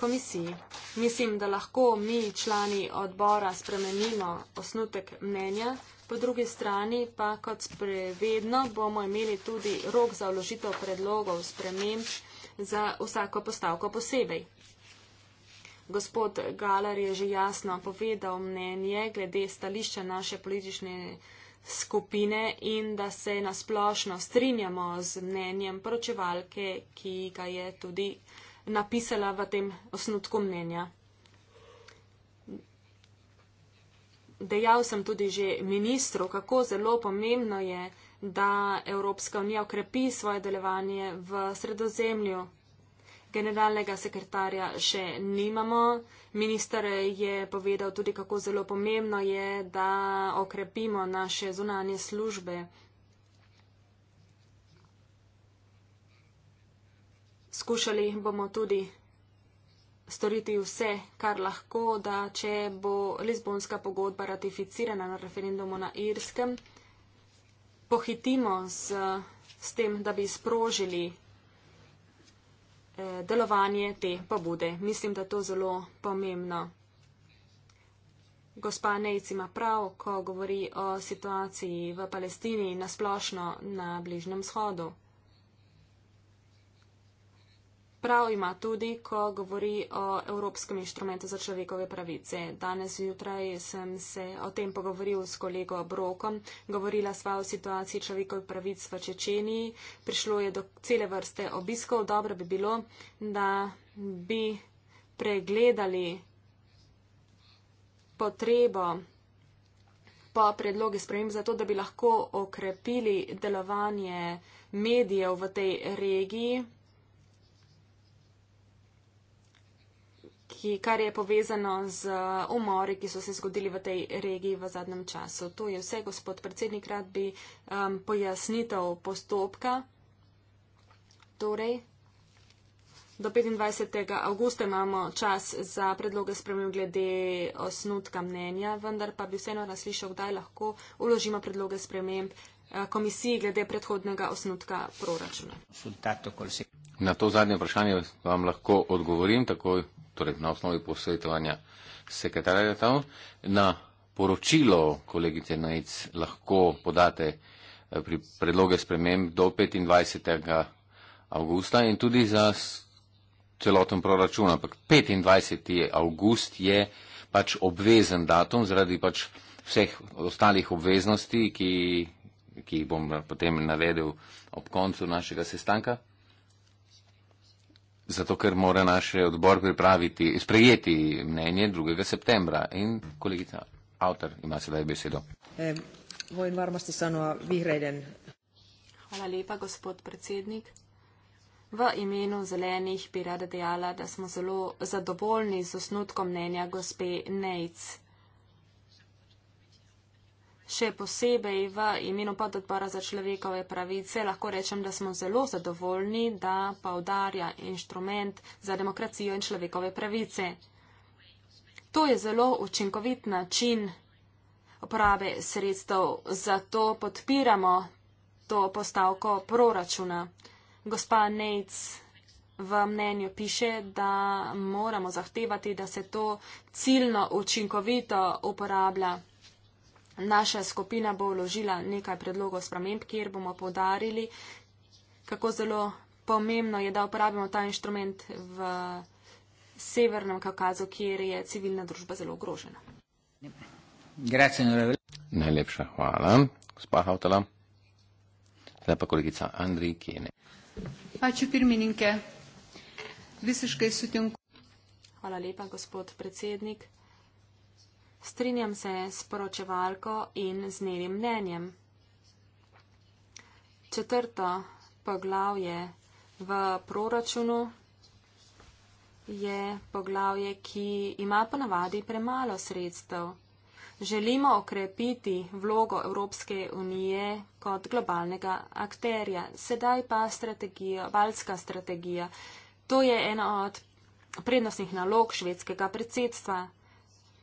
komisiji. Mislim, da lahko mi, člani odbora, spremenimo osnutek mnenja. Po drugi strani pa, kot prevedno, bomo imeli tudi rok za uložitev predlogov sprememb za vsako postavko posebej. Gospod Galar je že jasno povedal mnenje glede stališča naše politične skupine in da se nasplošno strinjamo z mnenjem poročevalke, ki ga je tudi napisala v tem osnutku mnenja. Dejal sem tudi že ministru, kako zelo pomembno je, da Evropska unija okrepi svoje delovanje v sredozemlju, generalnega sekretarja še nimamo. Minister je povedal tudi, kako zelo pomembno je, da okrepimo naše zunanje službe. Skušali bomo tudi storiti vse, kar lahko, da če bo Lizbonska pogodba ratificirana na referendumu na Irskem, pohitimo s, s tem, da bi sprožili Eh, delovanje te pobude. Mislim, da je to zelo pomembno. Gospa Nejc ima prav, ko govori o situaciji v Palestini in nasplošno na Bližnjem shodu. Prav ima tudi, ko govori o Evropskem inštrumentu za človekove pravice. Danes jutraj sem se o tem pogovoril s kolego Brokom, govorila sva o situaciji človekovih pravic v Čečeniji. Prišlo je do cele vrste obiskov. Dobro bi bilo, da bi pregledali potrebo po predlogi sprejem za to, da bi lahko okrepili delovanje medijev v tej regiji. ki, kar je povezano z umori, ki so se zgodili v tej regiji v zadnjem času. To je vse, gospod predsednik, rad bi um, pojasnitev postopka. Torej, do 25. augusta imamo čas za predloge sprememb glede osnutka mnenja, vendar pa bi vseeno razlišal, kdaj lahko uložimo predloge sprememb eh, komisiji glede predhodnega osnutka proračuna. Na to zadnje vprašanje vam lahko odgovorim takoj torej na osnovi posvetovanja sekretarja tam, na poročilo kolegice Najc lahko podate eh, pri predloge sprememb do 25. augusta in tudi za celoten proračun, ampak 25. august je pač obvezen datum zaradi pač vseh ostalih obveznosti, ki, ki jih bom potem navedel ob koncu našega sestanka. Zato, ker mora naš odbor pripraviti, sprejeti mnenje 2. septembra. In kolegica, avtor ima sedaj besedo. Hvala lepa, gospod predsednik. V imenu zelenih bi rada dejala, da smo zelo zadovoljni z osnutkom mnenja gospe Neitz še posebej v imenu podatbora za človekove pravice, lahko rečem, da smo zelo zadovoljni, da pa udarja inštrument za demokracijo in človekove pravice. To je zelo učinkovit način uprave sredstev, zato podpiramo to postavko proračuna. Gospa Nates v mnenju piše, da moramo zahtevati, da se to ciljno učinkovito uporablja. Naša skupina bo vložila nekaj predlogov sprememb, kjer bomo povdarili, kako zelo pomembno je, da uporabimo ta inštrument v Severnem Kaukazu, kjer je civilna družba zelo ogrožena. Najlepša hvala, gospa Hautala. Zdaj pa kolegica Andrej Kene. Ačiū pirmininkė. Visiškai sutinku. Hvala lepa, gospod predsednik. Strinjam se s poročevalko in z njenim mnenjem. Četrto poglavje v proračunu je poglavje, ki ima ponavadi premalo sredstev. Želimo okrepiti vlogo Evropske unije kot globalnega akterja. Sedaj pa strategija, valjska strategija. To je ena od prednostnih nalog švedskega predsedstva.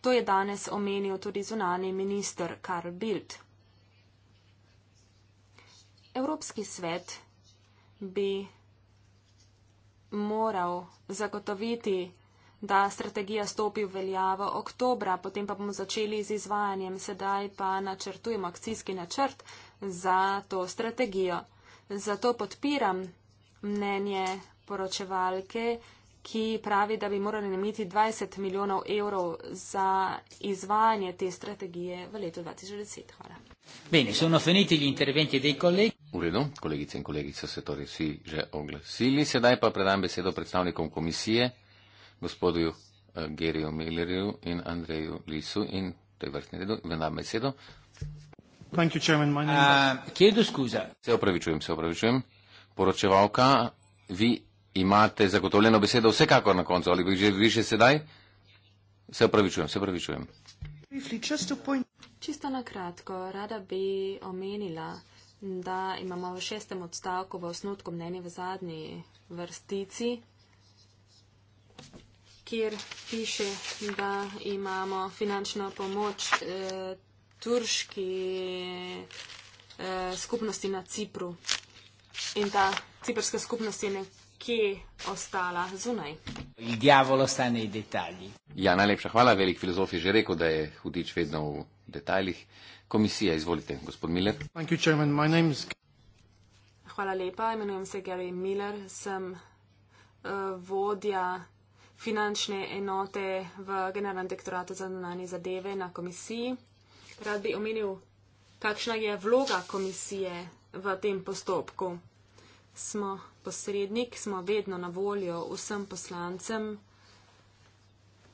To je danes omenil tudi zunani minister Karl Bild. Evropski svet bi moral zagotoviti, da strategija stopi v veljavo oktobra, potem pa bomo začeli z izvajanjem, sedaj pa načrtujemo akcijski načrt za to strategijo. Zato podpiram mnenje poročevalke, ki pravi, da bi morali nameniti 20 milijonov evrov za izvajanje te strategije v letu 2010. Hvala. Bene, sono finiti gli interventi dei colleghi. V redu, kolegice in kolegi so se torej vsi že oglasili. Sedaj pa predam besedo predstavnikom komisije, gospodu eh, Geriju Millerju in Andreju Lisu in tej vrstni redu. Vendam besedo. Thank you, Chairman. My name is... Uh, eh, kjedu skuza. Se opravičujem, se opravičujem. Poročevalka, vi Imate zagotovljeno besedo vsekakor na koncu ali bi že više sedaj? Se opravičujem, se opravičujem. Čisto na kratko, rada bi omenila, da imamo v šestem odstavku v osnutku mnenje v zadnji vrstici, kjer piše, da imamo finančno pomoč eh, turški eh, skupnosti na Cipru. In ta ciperska skupnost je nekaj kje ostala zunaj. Djavolo stane v detalji. Ja, najlepša hvala. Velik filozof je že rekel, da je hudič vedno v detaljih. Komisija, izvolite, gospod Miller. You, is... Hvala lepa, imenujem se Gary Miller, sem uh, vodja finančne enote v Generalnem direktoratu za zunanje zadeve na komisiji. Rad bi omenil, kakšna je vloga komisije v tem postopku. Smo posrednik, smo vedno na voljo vsem poslancem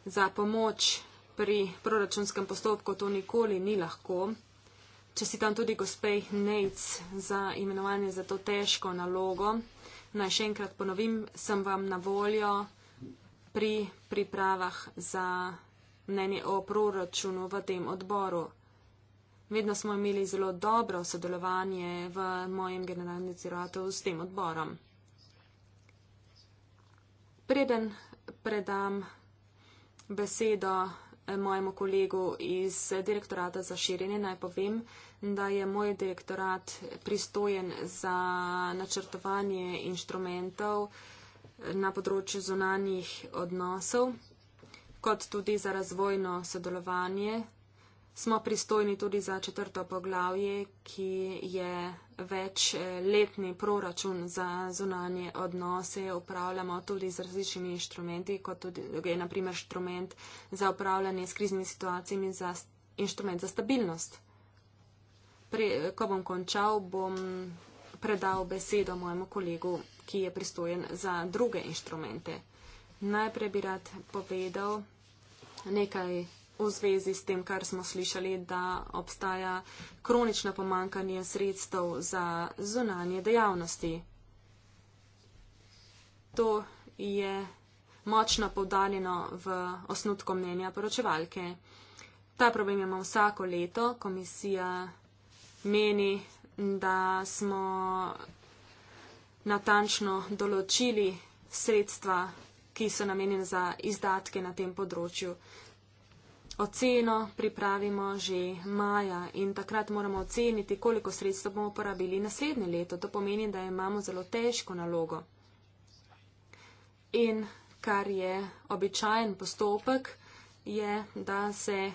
za pomoč pri proračunskem postopku, to nikoli ni lahko. Če si tam tudi gospej Nejc za imenovanje za to težko nalogo, naj še enkrat ponovim, sem vam na voljo pri pripravah za mnenje o proračunu v tem odboru. Vedno smo imeli zelo dobro sodelovanje v mojem generalnem nadzoru s tem odborom preden predam besedo eh, mojemu kolegu iz direktorata za širjenje, naj povem, da je moj direktorat pristojen za načrtovanje inštrumentov eh, na področju zunanjih odnosov, kot tudi za razvojno sodelovanje smo pristojni tudi za četrto poglavje, ki je večletni proračun za zunanje odnose. Upravljamo tudi z različnimi inštrumenti, kot tudi, je naprimer inštrument za upravljanje s kriznimi situacijami, za inštrument za stabilnost. Pre, ko bom končal, bom predal besedo mojemu kolegu, ki je pristojen za druge inštrumente. Najprej bi rad povedal nekaj v zvezi s tem, kar smo slišali, da obstaja kronično pomankanje sredstev za zunanje dejavnosti. To je močno povdaljeno v osnutku mnenja poročevalke. Ta problem imamo vsako leto. Komisija meni, da smo natančno določili sredstva, ki so namenjene za izdatke na tem področju. Oceno pripravimo že maja in takrat moramo oceniti, koliko sredstev bomo porabili naslednje leto. To pomeni, da imamo zelo težko nalogo. In kar je običajen postopek, je, da se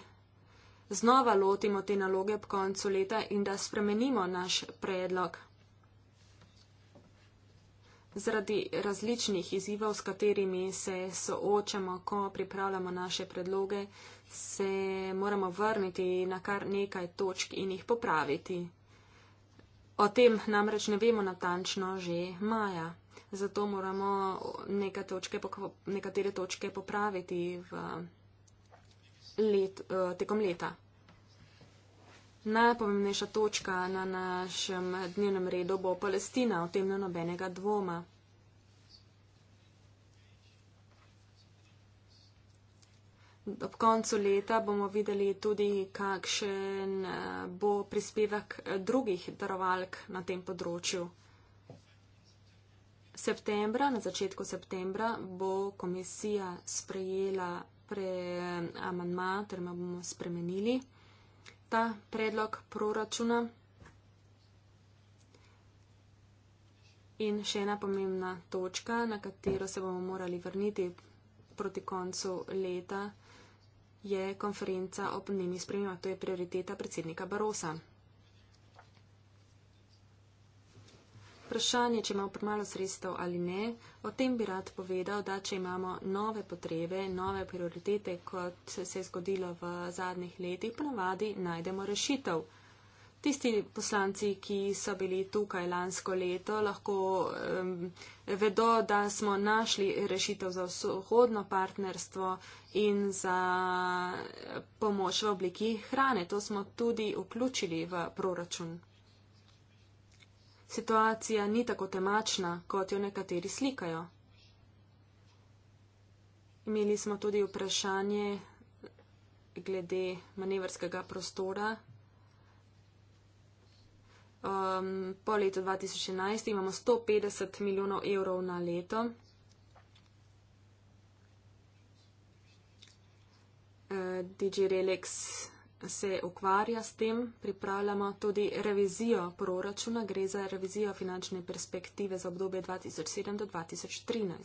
znova lotimo te naloge ob koncu leta in da spremenimo naš predlog. Zaradi različnih izzivov, s katerimi se soočamo, ko pripravljamo naše predloge, se moramo vrniti na kar nekaj točk in jih popraviti. O tem namreč ne vemo natančno že maja, zato moramo nekaj točke, nekatere točke popraviti v let, eh, tekom leta. Najpomembnejša točka na našem dnevnem redu bo Palestina, o tem ni nobenega dvoma. ob koncu leta bomo videli tudi, kakšen eh, bo prispevek eh, drugih darovalk na tem področju. Septembra, na začetku septembra bo komisija sprejela pre eh, amandma, ter torej ima bomo spremenili ta predlog proračuna. In še ena pomembna točka, na katero se bomo morali vrniti proti koncu leta je konferenca o podnebni spremembi, to je prioriteta predsednika Barosa. Vprašanje, če imamo premalo sredstev ali ne, o tem bi rad povedal, da če imamo nove potrebe, nove prioritete, kot se je zgodilo v zadnjih letih, ponavadi najdemo rešitev tisti poslanci, ki so bili tukaj lansko leto, lahko um, vedo, da smo našli rešitev za vzhodno partnerstvo in za pomoč v obliki hrane. To smo tudi vključili v proračun. Situacija ni tako temačna, kot jo nekateri slikajo. Imeli smo tudi vprašanje glede manevrskega prostora um, po letu 2011 imamo 150 milijonov evrov na leto. Uh, DJ Relix se ukvarja s tem, pripravljamo tudi revizijo proračuna, gre za revizijo finančne perspektive za obdobje 2007 do 2013.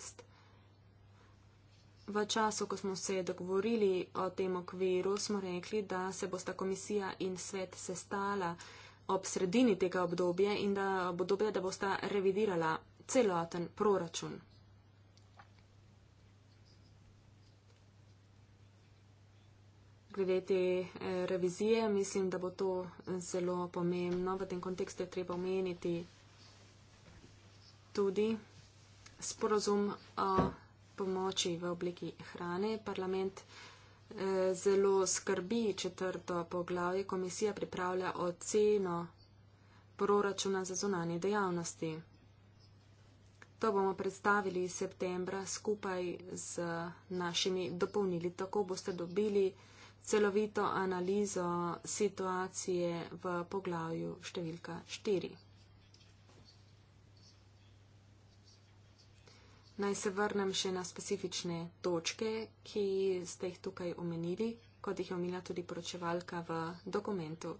V času, ko smo se dogovorili o tem okviru, smo rekli, da se bosta komisija in svet sestala ob sredini tega obdobja in da bo dobila, da bosta revidirala celoten proračun. Glede te eh, revizije mislim, da bo to zelo pomembno. V tem kontekstu je treba omeniti tudi sporozum o pomoči v obliki hrane. Parlament zelo skrbi četrto poglavje, komisija pripravlja oceno proračuna za zunanje dejavnosti. To bomo predstavili septembra skupaj z našimi dopolnili. Tako boste dobili celovito analizo situacije v poglavju številka 4. Naj se vrnem še na specifične točke, ki ste jih tukaj omenili, kot jih je omenila tudi poročevalka v dokumentu.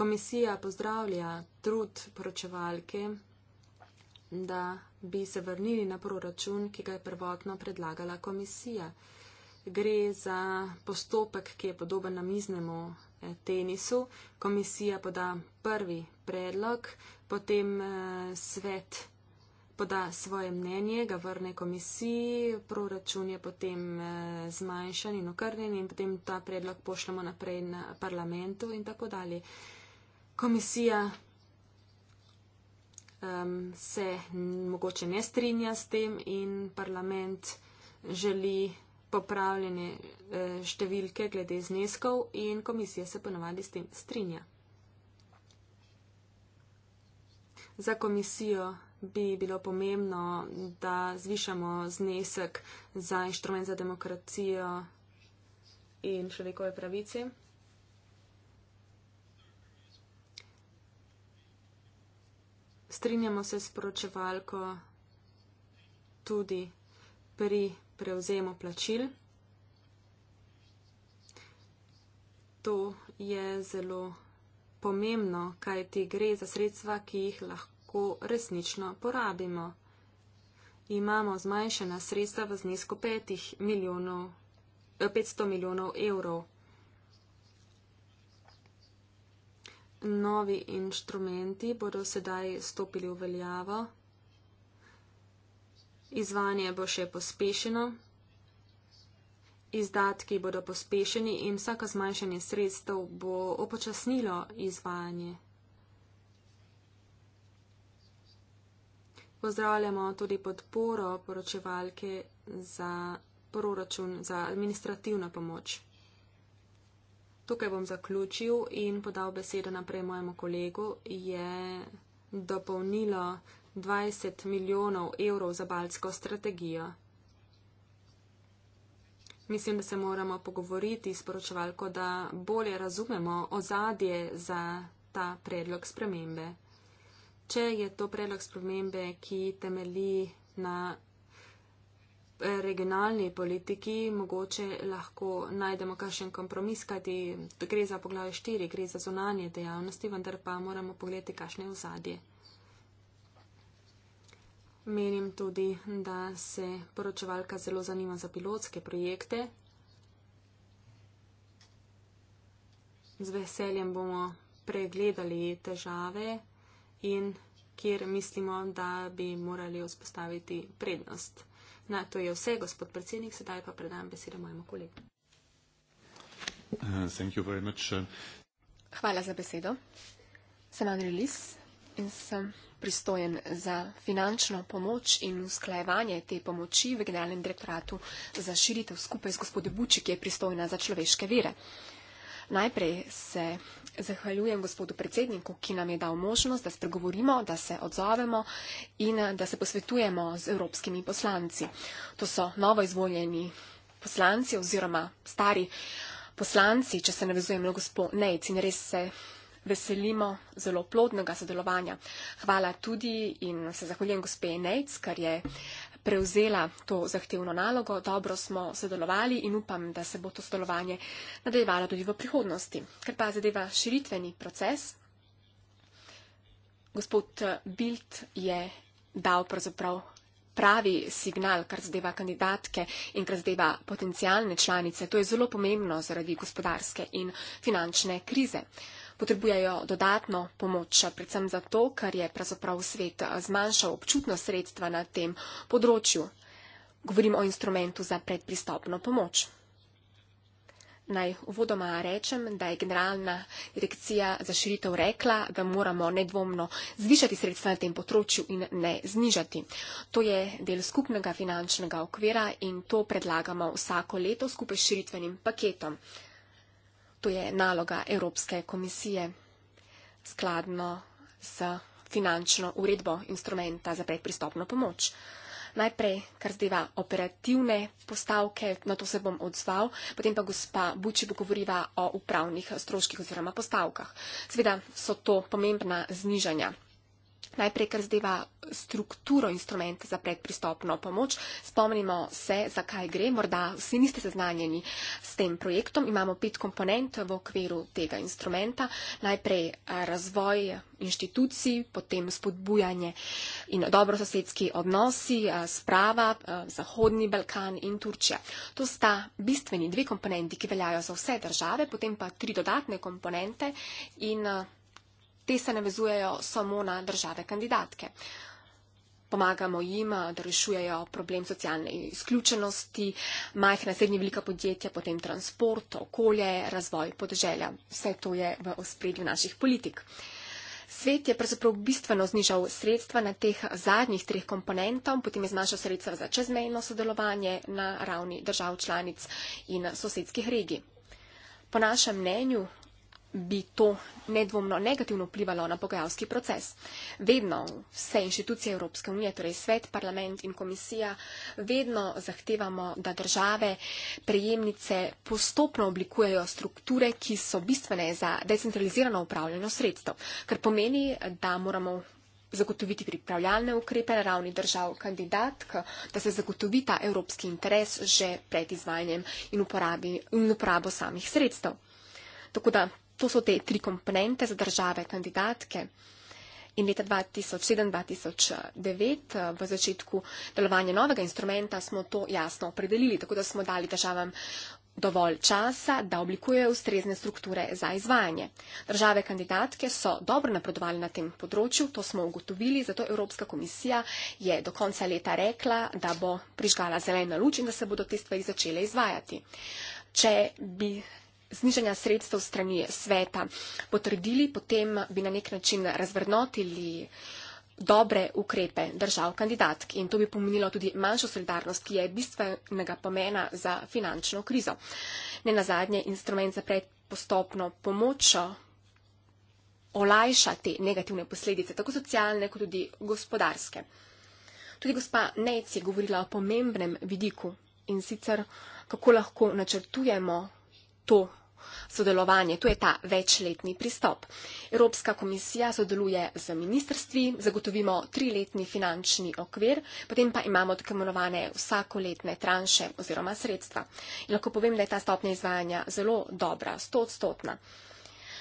Komisija pozdravlja trud poročevalke, da bi se vrnili na proračun, ki ga je prvotno predlagala komisija. Gre za postopek, ki je podoben namiznemu eh, tenisu. Komisija poda prvi predlog, potem eh, svet poda svoje mnenje, ga vrne komisiji, proračun je potem eh, zmanjšan in okrnjen in potem ta predlog pošljemo naprej na parlamentu in tako dalje. Komisija um, se mogoče ne strinja s tem in parlament želi popravljene eh, številke glede zneskov in komisija se ponovadi s tem strinja. Za komisijo bi bilo pomembno, da zvišamo znesek za inštrument za demokracijo in človekove pravice. Strinjamo se s poročevalko tudi pri prevzemu plačil. To je zelo pomembno, kaj ti gre za sredstva, ki jih lahko lahko resnično porabimo. Imamo zmanjšana sredstva v znesku 500 eh, milijonov evrov. Novi inštrumenti bodo sedaj stopili v veljavo. Izvanje bo še pospešeno. Izdatki bodo pospešeni in vsako zmanjšanje sredstev bo upočasnilo izvajanje. Pozdravljamo tudi podporo poročevalke za proračun za administrativno pomoč. Tukaj bom zaključil in podal besedo naprej mojemu kolegu. Je dopolnilo 20 milijonov evrov za balsko strategijo. Mislim, da se moramo pogovoriti s poročevalko, da bolje razumemo ozadje za ta predlog spremembe če je to predlog spremembe, ki temeli na eh, regionalni politiki, mogoče lahko najdemo kakšen kompromis, kajti gre za poglavje 4, gre za zunanje dejavnosti, vendar pa moramo pogledati, kakšne je vzadje. Menim tudi, da se poročevalka zelo zanima za pilotske projekte. Z veseljem bomo pregledali težave in kjer mislimo, da bi morali vzpostaviti prednost. Na to je vse, gospod predsednik, sedaj pa predam besedo mojemu kolegu. Uh, uh. Hvala za besedo. Sem Andrej Lis in sem pristojen za finančno pomoč in usklajevanje te pomoči v generalnem direktoratu za širitev skupaj z gospodom Buči, ki je pristojna za človeške vire. Najprej se zahvaljujem gospodu predsedniku, ki nam je dal možnost, da spregovorimo, da se odzovemo in da se posvetujemo z evropskimi poslanci. To so novo izvoljeni poslanci oziroma stari poslanci, če se navezujem na gospod Nejc in res se veselimo zelo plodnega sodelovanja. Hvala tudi in se zahvaljujem gospe Nejc, ker je prevzela to zahtevno nalogo. Dobro smo sodelovali in upam, da se bo to sodelovanje nadaljevalo tudi v prihodnosti. Ker pa zadeva širitveni proces, gospod Bild je dal pravzaprav pravi signal, kar zadeva kandidatke in kar zadeva potencijalne članice. To je zelo pomembno zaradi gospodarske in finančne krize potrebujejo dodatno pomoč, predvsem zato, ker je pravzaprav svet eh, zmanjšal občutno sredstva na tem področju. Govorim o instrumentu za predpristopno pomoč. Naj uvodoma rečem, da je generalna direkcija za širitev rekla, da moramo nedvomno zvišati sredstva na tem področju in ne znižati. To je del skupnega finančnega okvira in to predlagamo vsako leto skupaj s širitvenim paketom. To je naloga Evropske komisije. Skladno s finančno uredbo instrumenta za predpristopno pomoč. Najprej, kar zdeva operativne postavke, na to se bom odzval, potem pa gospa Buči bo govoriva o upravnih stroških oziroma postavkah. Seveda so to pomembna znižanja. Najprej, kar zdeva strukturo instrumenta za predpristopno pomoč, spomnimo se, zakaj gre. Morda vsi niste seznanjeni s tem projektom. Imamo pet komponent v okviru tega instrumenta. Najprej eh, razvoj inštitucij, potem spodbujanje in dobrososedski odnosi, eh, sprava, eh, Zahodni Balkan in Turčija. To sta bistveni dve komponenti, ki veljajo za vse države, potem pa tri dodatne komponente in. Te se ne vezujejo samo na države kandidatke. Pomagamo jim, da rešujejo problem socialne izključenosti, majhne srednje velika podjetja, potem transport, okolje, razvoj podeželja. Vse to je v ospredju naših politik. Svet je pravzaprav bistveno znižal sredstva na teh zadnjih treh komponentah, potem je znašal sredstva za čezmejno sodelovanje na ravni držav članic in sosedskih regij. Po našem mnenju bi to nedvomno negativno vplivalo na pogajalski proces. Vedno vse inštitucije Evropske unije, torej svet, parlament in komisija, vedno zahtevamo, da države prejemnice postopno oblikujejo strukture, ki so bistvene za decentralizirano upravljanje sredstev, kar pomeni, da moramo zagotoviti pripravljalne ukrepe na ravni držav kandidatk, da se zagotovi ta evropski interes že pred izvajanjem in, uporabi, in uporabo samih sredstev. Tako da to so te tri komponente za države kandidatke. In leta 2007-2009 eh, v začetku delovanja novega instrumenta smo to jasno opredelili, tako da smo dali državam dovolj časa, da oblikujejo ustrezne strukture za izvajanje. Države kandidatke so dobro napredovali na tem področju, to smo ugotovili, zato Evropska komisija je do konca leta rekla, da bo prižgala zelena luč in da se bodo te stvari začele izvajati. Če bi znižanja sredstev strani sveta potrdili, potem bi na nek način razvrnotili dobre ukrepe držav kandidatk in to bi pomenilo tudi manjšo solidarnost, ki je bistvenega pomena za finančno krizo. Ne na zadnje instrument za predpostopno pomočjo olajša te negativne posledice, tako socialne kot tudi gospodarske. Tudi gospa Nec je govorila o pomembnem vidiku in sicer kako lahko načrtujemo to sodelovanje, to je ta večletni pristop. Evropska komisija sodeluje z ministrstvi, zagotovimo triletni finančni okvir, potem pa imamo tako imenovane vsakoletne tranše oziroma sredstva. In lahko povem, da je ta stopnja izvajanja zelo dobra, stotstotna.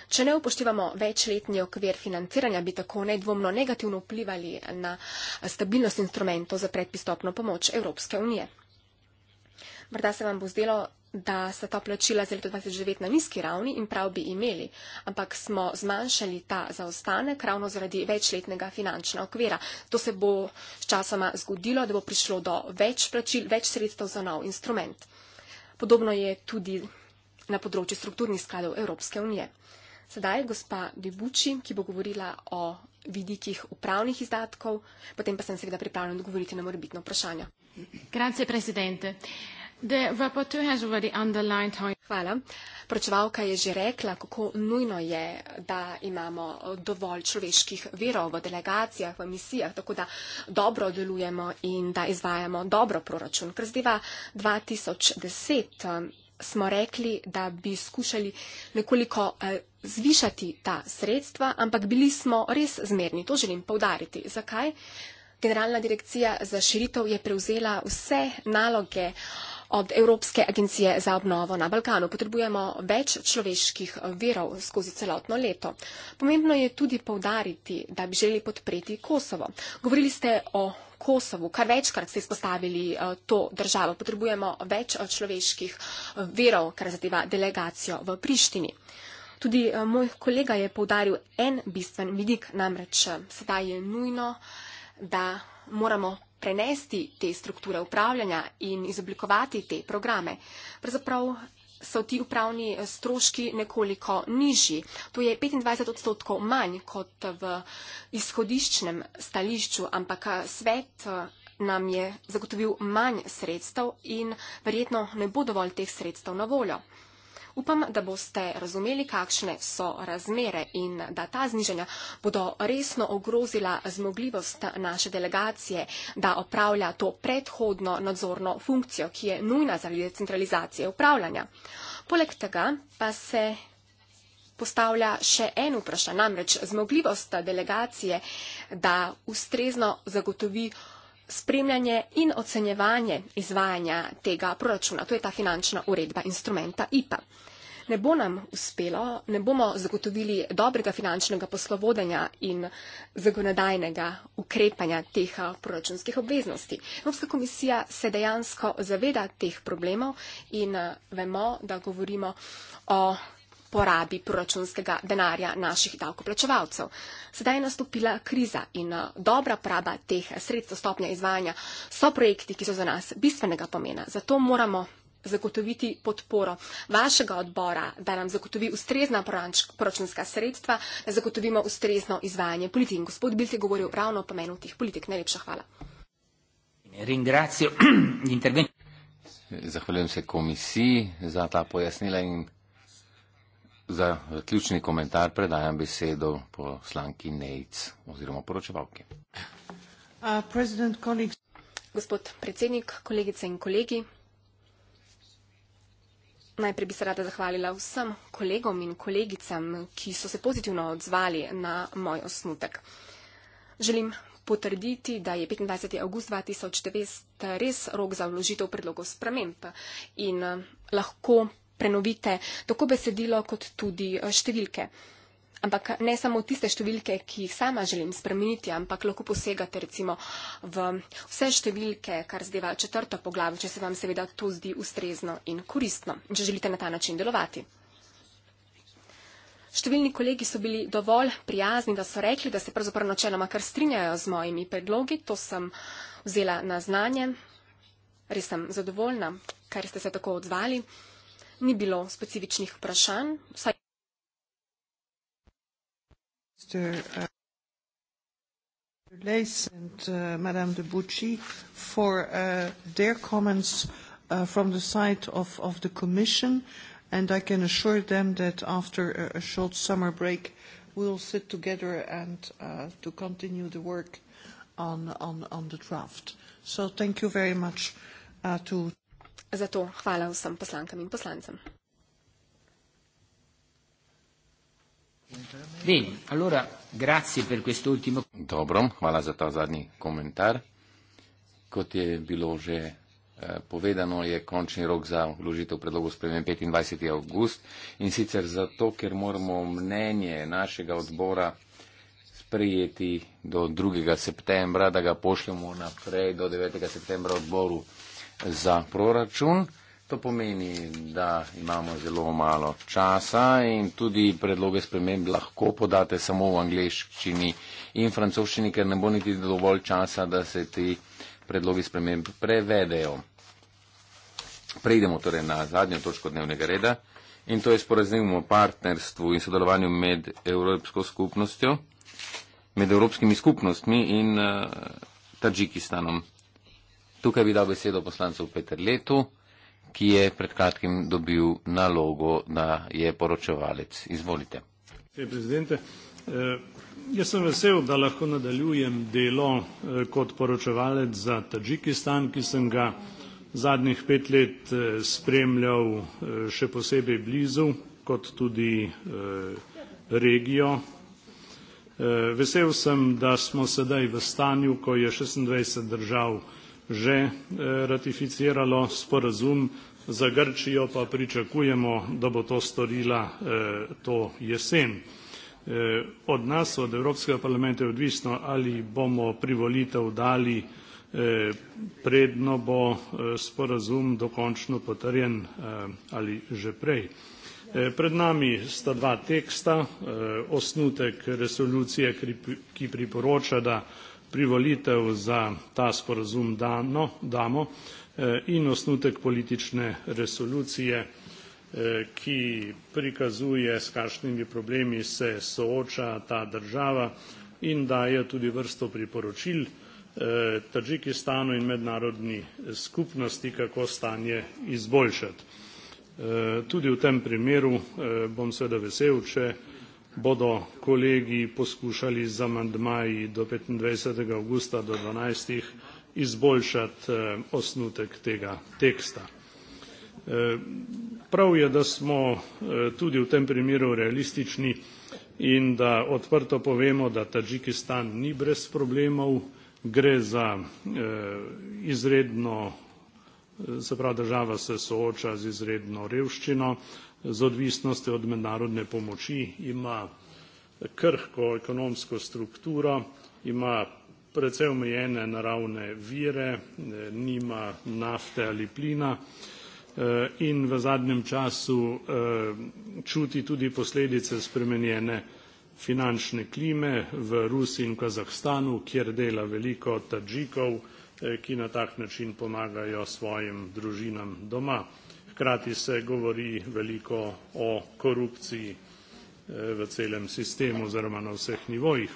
Če ne upoštevamo večletni okvir financiranja, bi tako nedvomno negativno vplivali na stabilnost instrumentov za predpistopno pomoč Evropske unije morda se vam bo zdelo, da so ta plačila za leto 2009 na nizki ravni in prav bi imeli, ampak smo zmanjšali ta zaostanek ravno zaradi večletnega finančnega okvira. To se bo s časoma zgodilo, da bo prišlo do več plačil, več sredstev za nov instrument. Podobno je tudi na področju strukturnih skladov Evropske unije. Sedaj gospa Debuči, ki bo govorila o vidikih upravnih izdatkov, potem pa sem seveda pripravljen odgovoriti na morebitno vprašanje. Grazie, predsednik. Hvala. Pročevalka je že rekla, kako nujno je, da imamo dovolj človeških verov v delegacijah, v misijah, tako da dobro delujemo in da izvajamo dobro proračun. Ker zdaj 2010 smo rekli, da bi skušali nekoliko eh, zvišati ta sredstva, ampak bili smo res zmerni. To želim povdariti. Zakaj? Generalna direkcija za širitev je prevzela vse naloge, uh, od Evropske agencije za obnovo na Balkanu. Potrebujemo več človeških verov skozi celotno leto. Pomembno je tudi povdariti, da bi želeli podpreti Kosovo. Govorili ste o Kosovu, kar večkrat ste izpostavili eh, to državo. Potrebujemo več eh, človeških eh, verov, kar zadeva delegacijo v Prištini. Tudi moj kolega je povdaril en bistven vidik, namreč sedaj je nujno, da moramo prenesti te strukture upravljanja in izoblikovati te programe. Pravzaprav so ti upravni eh, stroški nekoliko nižji. To je 25 odstotkov manj kot v izhodiščnem stališču, ampak eh, svet eh, nam je zagotovil manj sredstev in verjetno ne bo dovolj teh sredstev na voljo. Upam, da boste razumeli, kakšne so razmere in da ta zniženja bodo resno ogrozila zmogljivost naše delegacije, da opravlja to predhodno nadzorno funkcijo, ki je nujna zaradi decentralizacije upravljanja. Poleg tega pa se postavlja še en vprašanj, namreč zmogljivost delegacije, da ustrezno zagotovi spremljanje in ocenjevanje izvajanja tega proračuna. To je ta finančna uredba instrumenta IPA. Ne bo nam uspelo, ne bomo zagotovili dobrega finančnega poslovodanja in zagonodajnega ukrepanja teh proračunskih obveznosti. Evropska komisija se dejansko zaveda teh problemov in vemo, da govorimo o porabi proračunskega denarja naših davkoplačevalcev. Sedaj je nastopila kriza in eh, dobra praba teh sredstv stopnja izvajanja so projekti, ki so za nas bistvenega pomena. Zato moramo zagotoviti podporo vašega odbora, da nam zagotovi ustrezna proračunska sredstva, da zagotovimo ustrezno izvajanje politik. In gospod Bilt je govoril ravno o pomenu teh politik. Najlepša hvala. Zahvaljujem se komisiji za ta pojasnila in Za eh, ključni komentar predajam besedo poslanki Nejc oziroma poročevalki. Uh, Gospod predsednik, kolegice in kolegi. Najprej bi se rada zahvalila vsem kolegom in kolegicam, ki so se pozitivno odzvali na moj osnutek. Želim potrditi, da je 25. august 2009 res rok za vložitev predlogov sprememb in eh, lahko prenovite tako besedilo kot tudi eh, številke. Ampak ne samo tiste številke, ki jih sama želim spremeniti, ampak lahko posegate recimo v vse številke, kar zdeva četrto poglavje, če se vam seveda to zdi ustrezno in koristno, če želite na ta način delovati. Številni kolegi so bili dovolj prijazni, da so rekli, da se pravzaprav načeloma kar strinjajo z mojimi predlogi. To sem vzela na znanje. Res sem zadovoljna, ker ste se tako odzvali ni bilo specifičnih vprašanj. Vsaj... Uh, and, uh, uh, uh, from the side of, of the Commission and I can assure them that after a, a short summer break we will sit together and uh, to continue the work on, on, on the draft. So thank you very much uh, to Zato hvala vsem poslankam in poslancem. Bene, allora, grazie per quest'ultimo... Dobro, hvala za ta zadnji komentar. Kot je bilo že eh, povedano, je končni rok za vložitev predlogov spremem 25. august in sicer zato, ker moramo mnenje našega odbora sprejeti do 2. septembra, da ga pošljemo naprej do 9. septembra odboru za proračun. To pomeni, da imamo zelo malo časa in tudi predloge sprememb lahko podate samo v angleščini in francoščini, ker ne bo niti dovolj časa, da se ti predlogi sprememb prevedejo. Prejdemo torej na zadnjo točko dnevnega reda in to je sporazum o partnerstvu in sodelovanju med Evropsko skupnostjo, med Evropskimi skupnostmi in uh, Tadžikistanom. Tukaj bi dal besedo poslancu Petr Letu, ki je pred kratkim dobil nalogo, da je poročevalec. Izvolite. Eh, jaz sem vesel, da lahko nadaljujem delo eh, kot poročevalec za Tadžikistan, ki sem ga zadnjih pet let eh, spremljal še posebej blizu, kot tudi regijo. Vesel sem, da smo sedaj v stanju, ko je 26 držav že eh, ratificiralo sporazum, za Grčijo pa pričakujemo, da bo to storila eh, to jesen. Eh, od nas, od Evropskega parlamenta je odvisno, ali bomo pri volitev dali predno bo sporazum dokončno potrjen ali že prej. Pred nami sta dva teksta, osnutek resolucije, ki priporoča, da privolitev za ta sporazum dano, damo eh, in osnutek politične resolucije, eh, ki prikazuje, s kakšnimi problemi se sooča ta država in daje tudi vrsto priporočil eh, Tadžikistanu in mednarodni skupnosti, kako stanje izboljšati. Tudi v tem primeru bom seveda vesel, če bodo kolegi poskušali z amandmaji do 25. avgusta do 12. izboljšati eh, osnutek tega teksta. Eh, prav je, da smo eh, tudi v tem primeru realistični in da odprto povemo, da Tadžikistan ni brez problemov. Gre za izredno, se pravi, država se sooča z izredno revščino, z odvisnostjo od mednarodne pomoči, ima krhko ekonomsko strukturo, ima precej omejene naravne vire, nima nafte ali plina eh, in v zadnjem času eh, čuti tudi posledice spremenjene finančne klime v Rusiji in Kazahstanu, kjer dela veliko Tadžikov, eh, ki na tak način pomagajo svojim družinam doma hkrati se govori veliko o korupciji eh, v celem sistemu oziroma na vseh nivojih.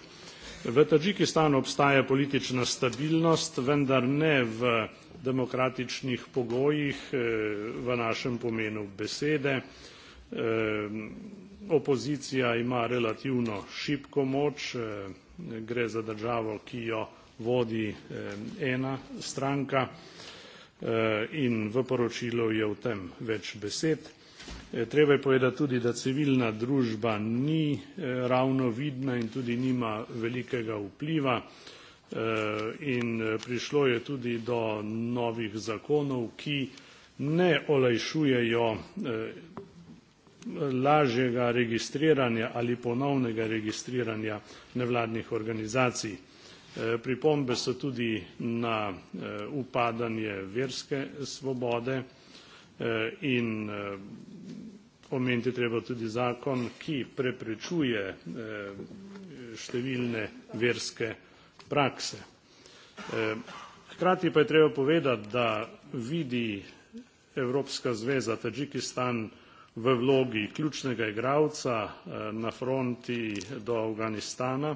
V Tadžikistanu obstaja politična stabilnost, vendar ne v demokratičnih pogojih, eh, v našem pomenu besede. Eh, opozicija ima relativno šibko moč, gre za državo, ki jo vodi ena stranka. Eh, in v poročilu je o tem več besed. Eh, treba je povedati tudi, da civilna družba ni eh, ravno vidna in tudi nima velikega vpliva in prišlo je tudi do novih zakonov, ki ne olajšujejo lažjega registriranja ali ponovnega registriranja nevladnih organizacij. Eh, pripombe so tudi na eh, upadanje verske svobode eh, in omeniti treba tudi zakon, ki preprečuje številne verske prakse. Hkrati pa je treba povedati, da vidi Evropska zveza Tadžikistan v vlogi ključnega igralca na fronti do Afganistana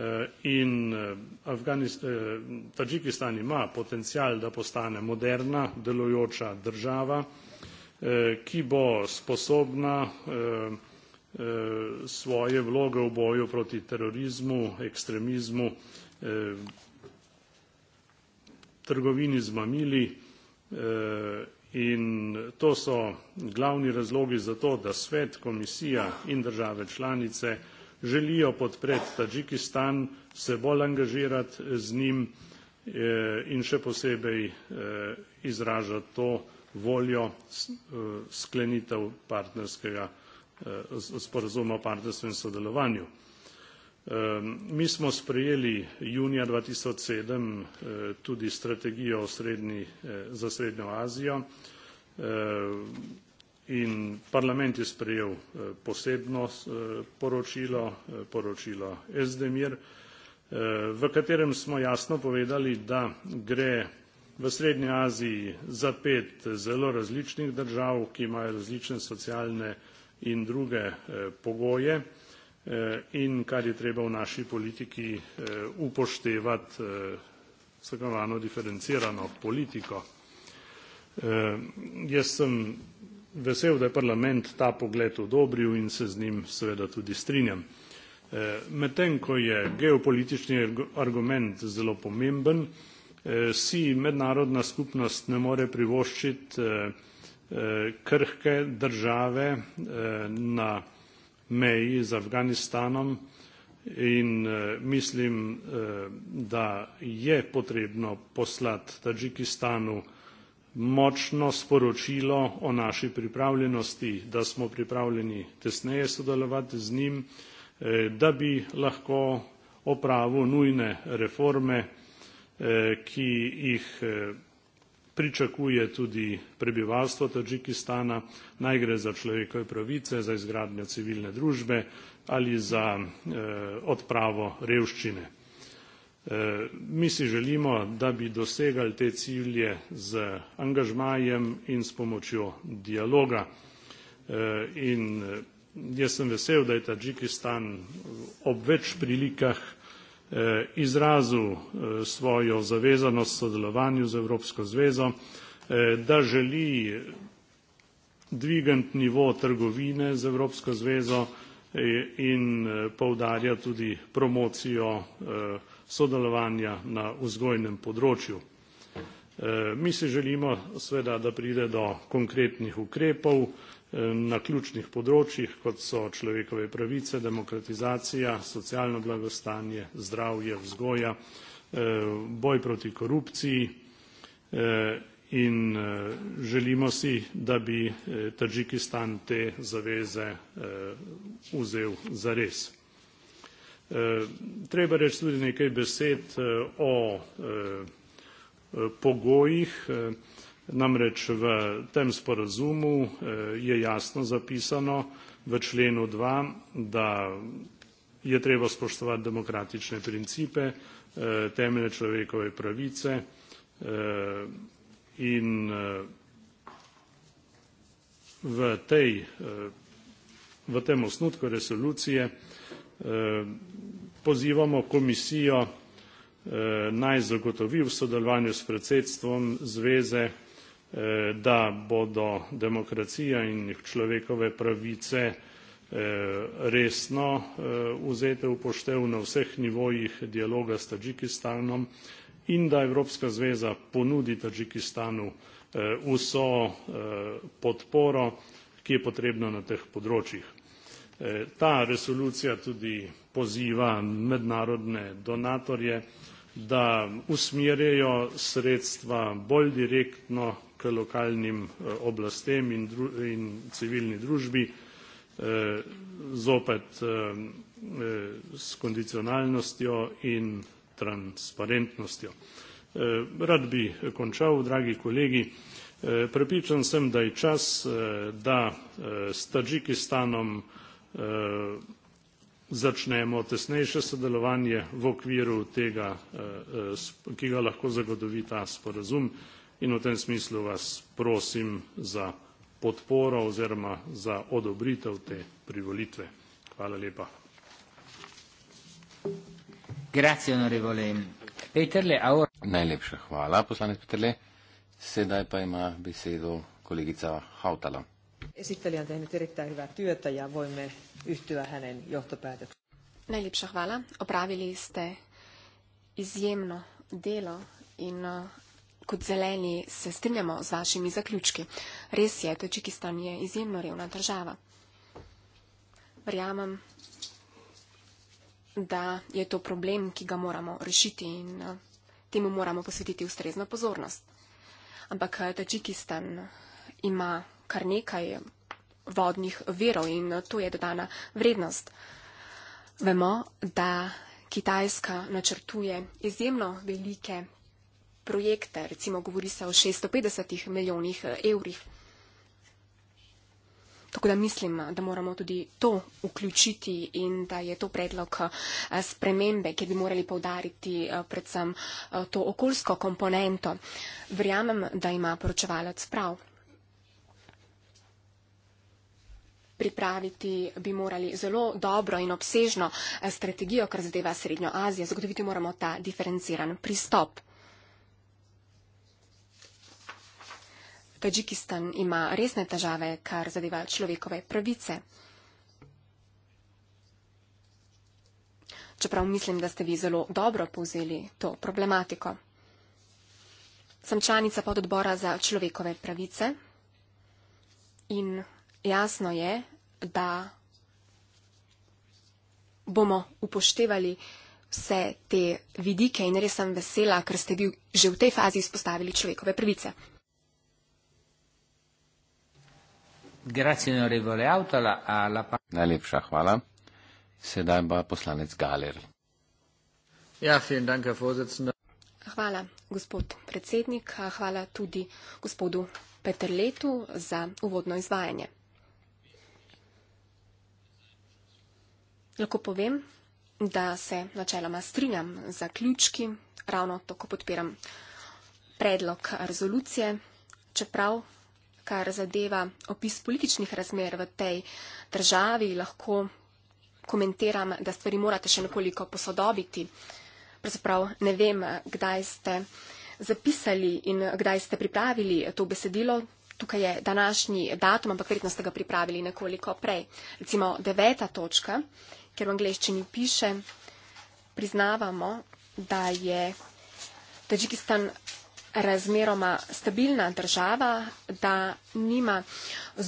Eh, in eh, eh, Tadžikistan ima potencial, da postane moderna, delujoča država, ki bo sposobna svoje vloge v boju proti terorizmu, ekstremizmu, trgovini z mamili. In to so glavni razlogi za to, da svet, komisija in države članice želijo podpreti Tadžikistan, se bolj angažirati z njim eh, in še posebej eh, izražati to voljo eh, sklenitev partnerskega sporazuma o partnerstvenem sodelovanju. Ehm, mi smo sprejeli junija 2007 tudi strategijo srednji, za Srednjo Azijo. Ehm, in parlament je sprejel eh, posebno eh, poročilo, eh, poročilo Esdemir, v katerem smo jasno povedali, da gre v Srednji Aziji za pet zelo različnih držav, ki imajo različne socialne in druge pogoje in kar je treba v naši politiki upoštevati vsakovano diferencirano politiko. Jaz sem vesel, da je parlament ta pogled odobril in se z njim seveda tudi strinjam. Eh, medtem, ko je geopolitični argument zelo pomemben, eh, si mednarodna skupnost ne more privoščiti eh, krhke države na meji z Afganistanom in mislim, da je potrebno poslati Tadžikistanu močno sporočilo o naši pripravljenosti, da smo pripravljeni tesneje sodelovati z njim, eh, da bi lahko opravil nujne reforme, eh, ki jih eh, pričakuje tudi prebivalstvo Tadžikistana, naj gre za človekove pravice, za izgradnjo civilne družbe ali za odpravo revščine. Eh, mi si želimo, da bi dosegali te cilje z angažmajem in s pomočjo dialoga. Eh, in eh, jaz sem vesel, da je Tadžikistan ob več prilikah izrazil svojo zavezanost sodelovanju z Evropsko zvezo, da želi dvigant nivo trgovine z Evropsko zvezo in povdarja tudi promocijo sodelovanja na vzgojnem področju. Eh, mi si želimo sveda, da pride do konkretnih ukrepov eh, na ključnih področjih, kot so človekove pravice, demokratizacija, socialno blagostanje, zdravje, vzgoja, eh, boj proti korupciji in želimo si, da bi Tadžikistan te zaveze vzel zares. Eh, treba reči tudi nekaj besed eh, o eh, pogojih, namreč v tem sporazumu je jasno zapisano v členu 2, da je treba spoštovati demokratične principe, temeljne človekove pravice in v tej, v tem osnutku resolucije Eh, pozivamo komisijo eh, naj zagotovi v sodelovanju s predsedstvom zveze, eh, da bodo demokracija in človekove pravice resno vzete v poštev na vseh nivojih dialoga s Tadžikistanom in da Evropska zveza ponudi Tadžikistanu vso podporo, ki je potrebna na teh področjih. Ta resolucija tudi poziva mednarodne donatorje, da usmerjajo sredstva bolj direktno k lokalnim eh, oblastem in, dru in civilni družbi, eh, zopet eh, s kondicionalnostjo in transparentnostjo. Rad bi končal, dragi kolegi. Prepričan sem, da je čas, da s Tadžikistanom Eh, začnemo tesnejše sodelovanje v okviru tega, eh, eh, ki ga lahko zagotovi ta sporazum in v tem smislu vas prosim za podporo oziroma za odobritev te privolitve. Hvala lepa. Najlepša hvala, poslanec Peterle. Sedaj pa ima besedo kolegica Hautala. Esittelijä on tehnyt erittäin hyvää työtä ja voimme yhtyä hänen johtopäätöksiin. Najlepša hvala. Opravili ste izjemno delo in eh, kot zeleni se strinjamo z vašimi zaključki. Res je, Tačikistan je izjemno revna država. Verjamem, da je to problem, ki ga moramo rešiti in eh, temu moramo posvetiti ustrezno pozornost. Ampak eh, Tačikistan ima kar nekaj vodnih verov in to je dodana vrednost. Vemo, da Kitajska načrtuje izjemno velike projekte, recimo govori se o 650 milijonih evrih. Tako da mislim, da moramo tudi to vključiti in da je to predlog eh, spremembe, ki bi morali povdariti eh, predvsem eh, to okoljsko komponento. Verjamem, da ima poročevalec prav. pripraviti bi morali zelo dobro in obsežno eh, strategijo, kar zadeva Srednjo Azijo. Zagotoviti moramo ta diferenciran pristop. Tadžikistan ima resne težave, kar zadeva človekove pravice. Čeprav mislim, da ste vi zelo dobro povzeli to problematiko. Sem članica pododbora za človekove pravice in Jasno je, da bomo upoštevali vse te vidike in res sem vesela, ker ste vi že v tej fazi izpostavili človekove pravice. Najlepša hvala. Sedaj pa poslanec Galer. Ja, dank, hvala, gospod predsednik. Hvala tudi gospodu Petrletu za uvodno izvajanje. Lahko povem, da se načeloma strinjam za ključki, ravno tako podpiram predlog rezolucije, čeprav, kar zadeva opis političnih razmer v tej državi, lahko komentiram, da stvari morate še nekoliko posodobiti. Pravzaprav ne vem, kdaj ste zapisali in kdaj ste pripravili to besedilo. Tukaj je današnji datum, ampak verjetno ste ga pripravili nekoliko prej. Recimo deveta točka ker v angleščini piše, priznavamo, da je Tadžikistan razmeroma stabilna država, da nima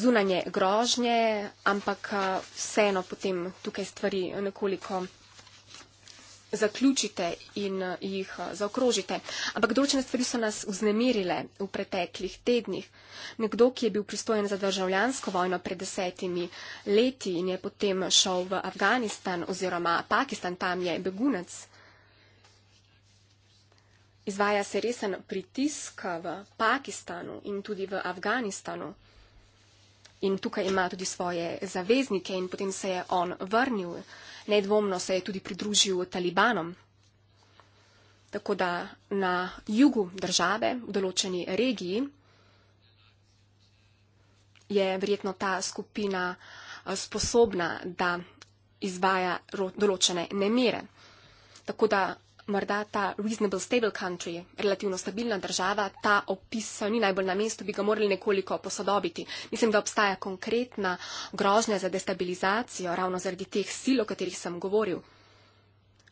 zunanje grožnje, ampak vseeno potem tukaj stvari nekoliko zaključite in eh, jih eh, zaokrožite. Ampak določene stvari so nas vznemirile v preteklih tednih. Nekdo, ki je bil pristojen za državljansko vojno pred desetimi leti in je potem šel v Afganistan oziroma Pakistan, tam je begunec. Izvaja se resen pritisk v Pakistanu in tudi v Afganistanu in tukaj ima tudi svoje zaveznike in potem se je on vrnil. Nedvomno se je tudi pridružil talibanom. Tako da na jugu države, v določeni regiji, je verjetno ta skupina eh, sposobna, da izvaja določene nemire. Tako da morda ta reasonable stable country, relativno stabilna država, ta opis ni najbolj na mestu, bi ga morali nekoliko posodobiti. Mislim, da obstaja konkretna grožnja za destabilizacijo ravno zaradi teh sil, o katerih sem govoril.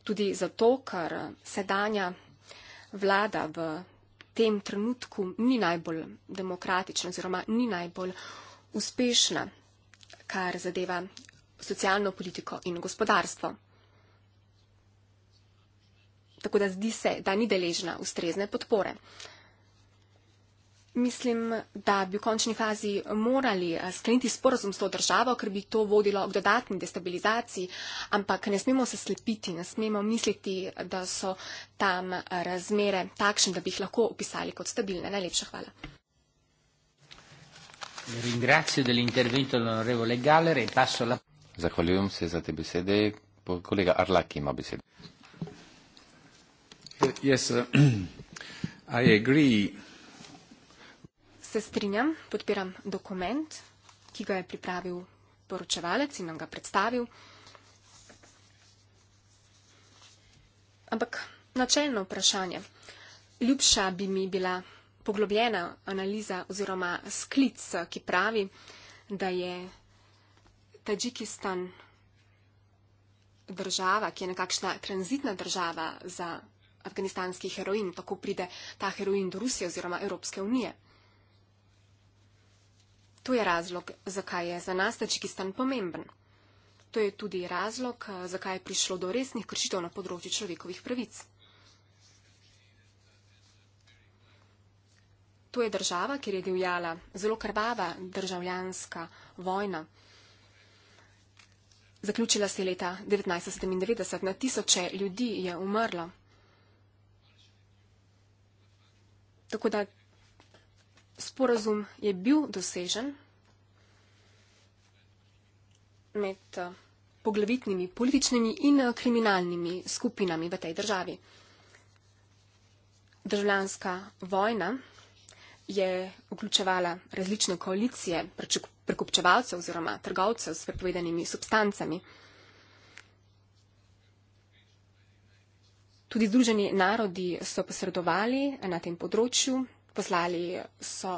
Tudi zato, ker sedanja vlada v tem trenutku ni najbolj demokratična oziroma ni najbolj uspešna, kar zadeva socialno politiko in gospodarstvo tako da zdi se, da ni deležna ustrezne podpore. Mislim, da bi v končni fazi morali eh, skleniti sporozum s to državo, ker bi to vodilo k dodatni destabilizaciji, ampak ne smemo se slepiti, ne smemo misliti, da so tam eh, razmere takšne, da bi jih lahko opisali kot stabilne. Najlepša hvala. E Zahvaljujem se za te besede. Kolega Arlaki ima besedo. Yes, uh, I agree. Se strinjam, podpiram dokument, ki ga je pripravil poročevalec in nam ga predstavil. Ampak načeljno vprašanje. Ljubša bi mi bila poglobljena analiza oziroma sklic, ki pravi, da je Tadžikistan država, ki je nekakšna tranzitna država za afganistanski heroin, tako pride ta heroin do Rusije oziroma Evropske unije. To je razlog, zakaj je za nas Tačikistan pomemben. To je tudi razlog, zakaj je prišlo do resnih kršitev na področju človekovih pravic. To je država, kjer je divjala zelo krvava državljanska vojna. Zaključila se je leta 1997, na tisoče ljudi je umrlo. Tako da sporazum je bil dosežen med eh, poglavitnimi političnimi in eh, kriminalnimi skupinami v tej državi. Državljanska vojna je vključevala različne koalicije prekupčevalcev oziroma trgovcev s prepovedanimi substancami. Tudi Združeni narodi so posredovali na tem področju, poslali so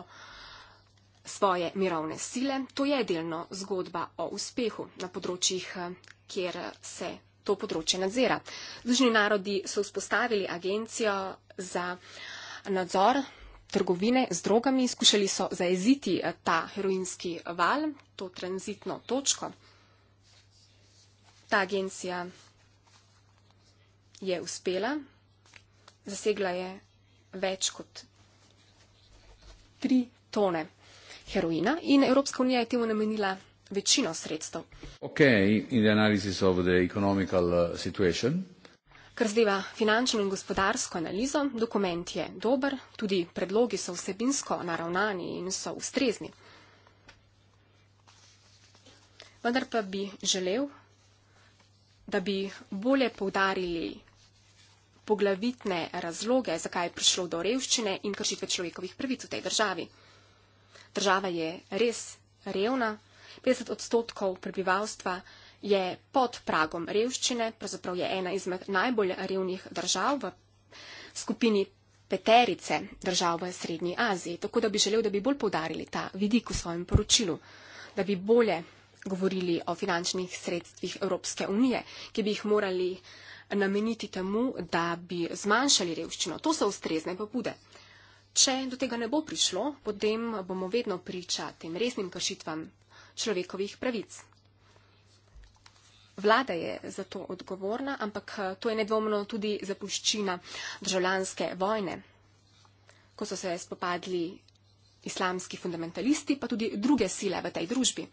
svoje mirovne sile. To je delno zgodba o uspehu na področjih, kjer se to področje nadzira. Združeni narodi so vzpostavili agencijo za nadzor trgovine z drogami, skušali so zaeziti eh, ta heroinski val, to tranzitno točko. Ta agencija je uspela. Zasegla je več kot tri tone heroina in Evropska unija je temu namenila večino sredstev. Okay, uh, Kar zdeva finančno in gospodarsko analizo, dokument je dober, tudi predlogi so vsebinsko naravnani in so ustrezni. Vendar pa bi želel, da bi bolje povdarili poglavitne razloge, zakaj je prišlo do revščine in kršitve človekovih pravic v tej državi. Država je res revna, 50 odstotkov prebivalstva je pod pragom revščine, pravzaprav je ena izmed najbolj revnih držav v skupini peterice držav v Srednji Aziji. Tako da bi želel, da bi bolj povdarili ta vidik v svojem poročilu, da bi bolje govorili o finančnih sredstvih Evropske unije, ki bi jih morali nameniti temu, da bi zmanjšali revščino. To so ustrezne pobude. Če do tega ne bo prišlo, potem bomo vedno priča tem resnim kršitvam človekovih pravic. Vlada je za to odgovorna, ampak eh, to je nedvomno tudi zapuščina državljanske vojne, ko so se spopadli islamski fundamentalisti, pa tudi druge sile v tej družbi.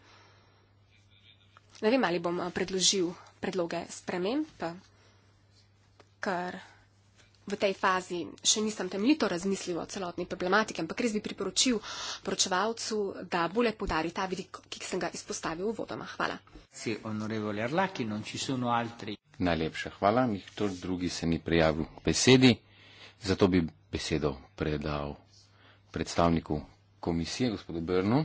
Ne vem, ali bom eh, predložil predloge sprememb ker v tej fazi še nisem temeljito razmislil o celotni problematiki, ampak res bi priporočil poročevalcu, da bolje podari ta vidik, ki sem ga izpostavil v vodoma. Hvala. Najlepša hvala, nihto drugi se ni prijavil k besedi, zato bi besedo predal predstavniku komisije, gospodu Brnu.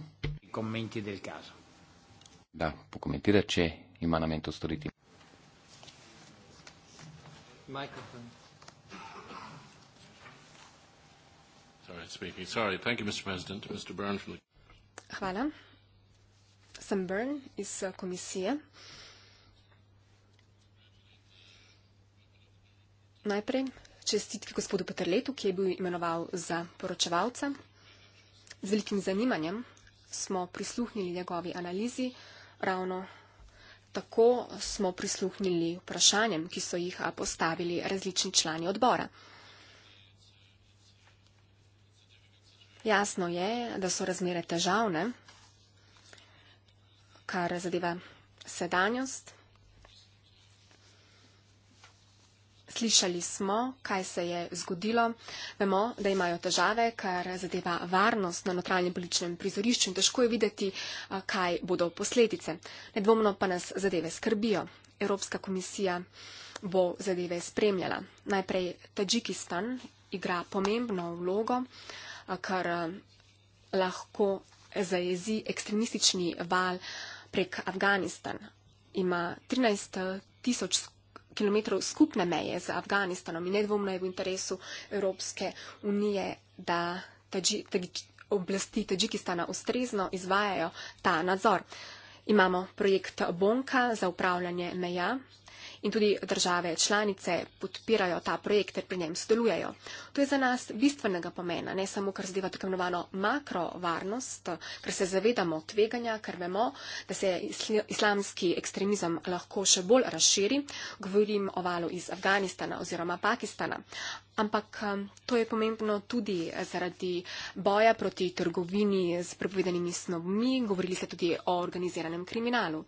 Da, pokomentira, če ima namen to storiti microphone. Sorry, speaking. Sorry. Thank you, Mr. President. Mr. Byrne from the... Hvala. Sem Byrne iz uh, komisije. Najprej čestitke gospodu Peterletu, ki je bil imenoval za poročevalca. Z velikim zanimanjem smo prisluhnili njegovi analizi ravno Tako smo prisluhnili vprašanjem, ki so jih postavili različni člani odbora. Jasno je, da so razmere težavne, kar zadeva sedanjost. Slišali smo, kaj se je zgodilo. Vemo, da imajo težave, kar zadeva varnost na notranjem političnem prizorišču in težko je videti, kaj bodo posledice. Nedvomno pa nas zadeve skrbijo. Evropska komisija bo zadeve spremljala. Najprej Tadžikistan igra pomembno vlogo, kar lahko zajezi ekstremistični val prek Afganistan. Ima 13 tisoč skupaj km skupne meje z Afganistanom in nedvomno je v interesu Evropske unije, da tađi, tađi, oblasti Tadžikistana ustrezno izvajajo ta nadzor. Imamo projekt Bonka za upravljanje meja, in tudi države članice podpirajo ta projekt ter pri njem sodelujejo. To je za nas bistvenega pomena, ne samo kar zadeva tako imenovano makrovarnost, ker se zavedamo tveganja, ker vemo, da se islamski ekstremizem lahko še bolj razširi. Govorim o valu iz Afganistana oziroma Pakistana. Ampak um, to je pomembno tudi zaradi boja proti trgovini z prepovedanimi snovmi, govorili ste tudi o organiziranem kriminalu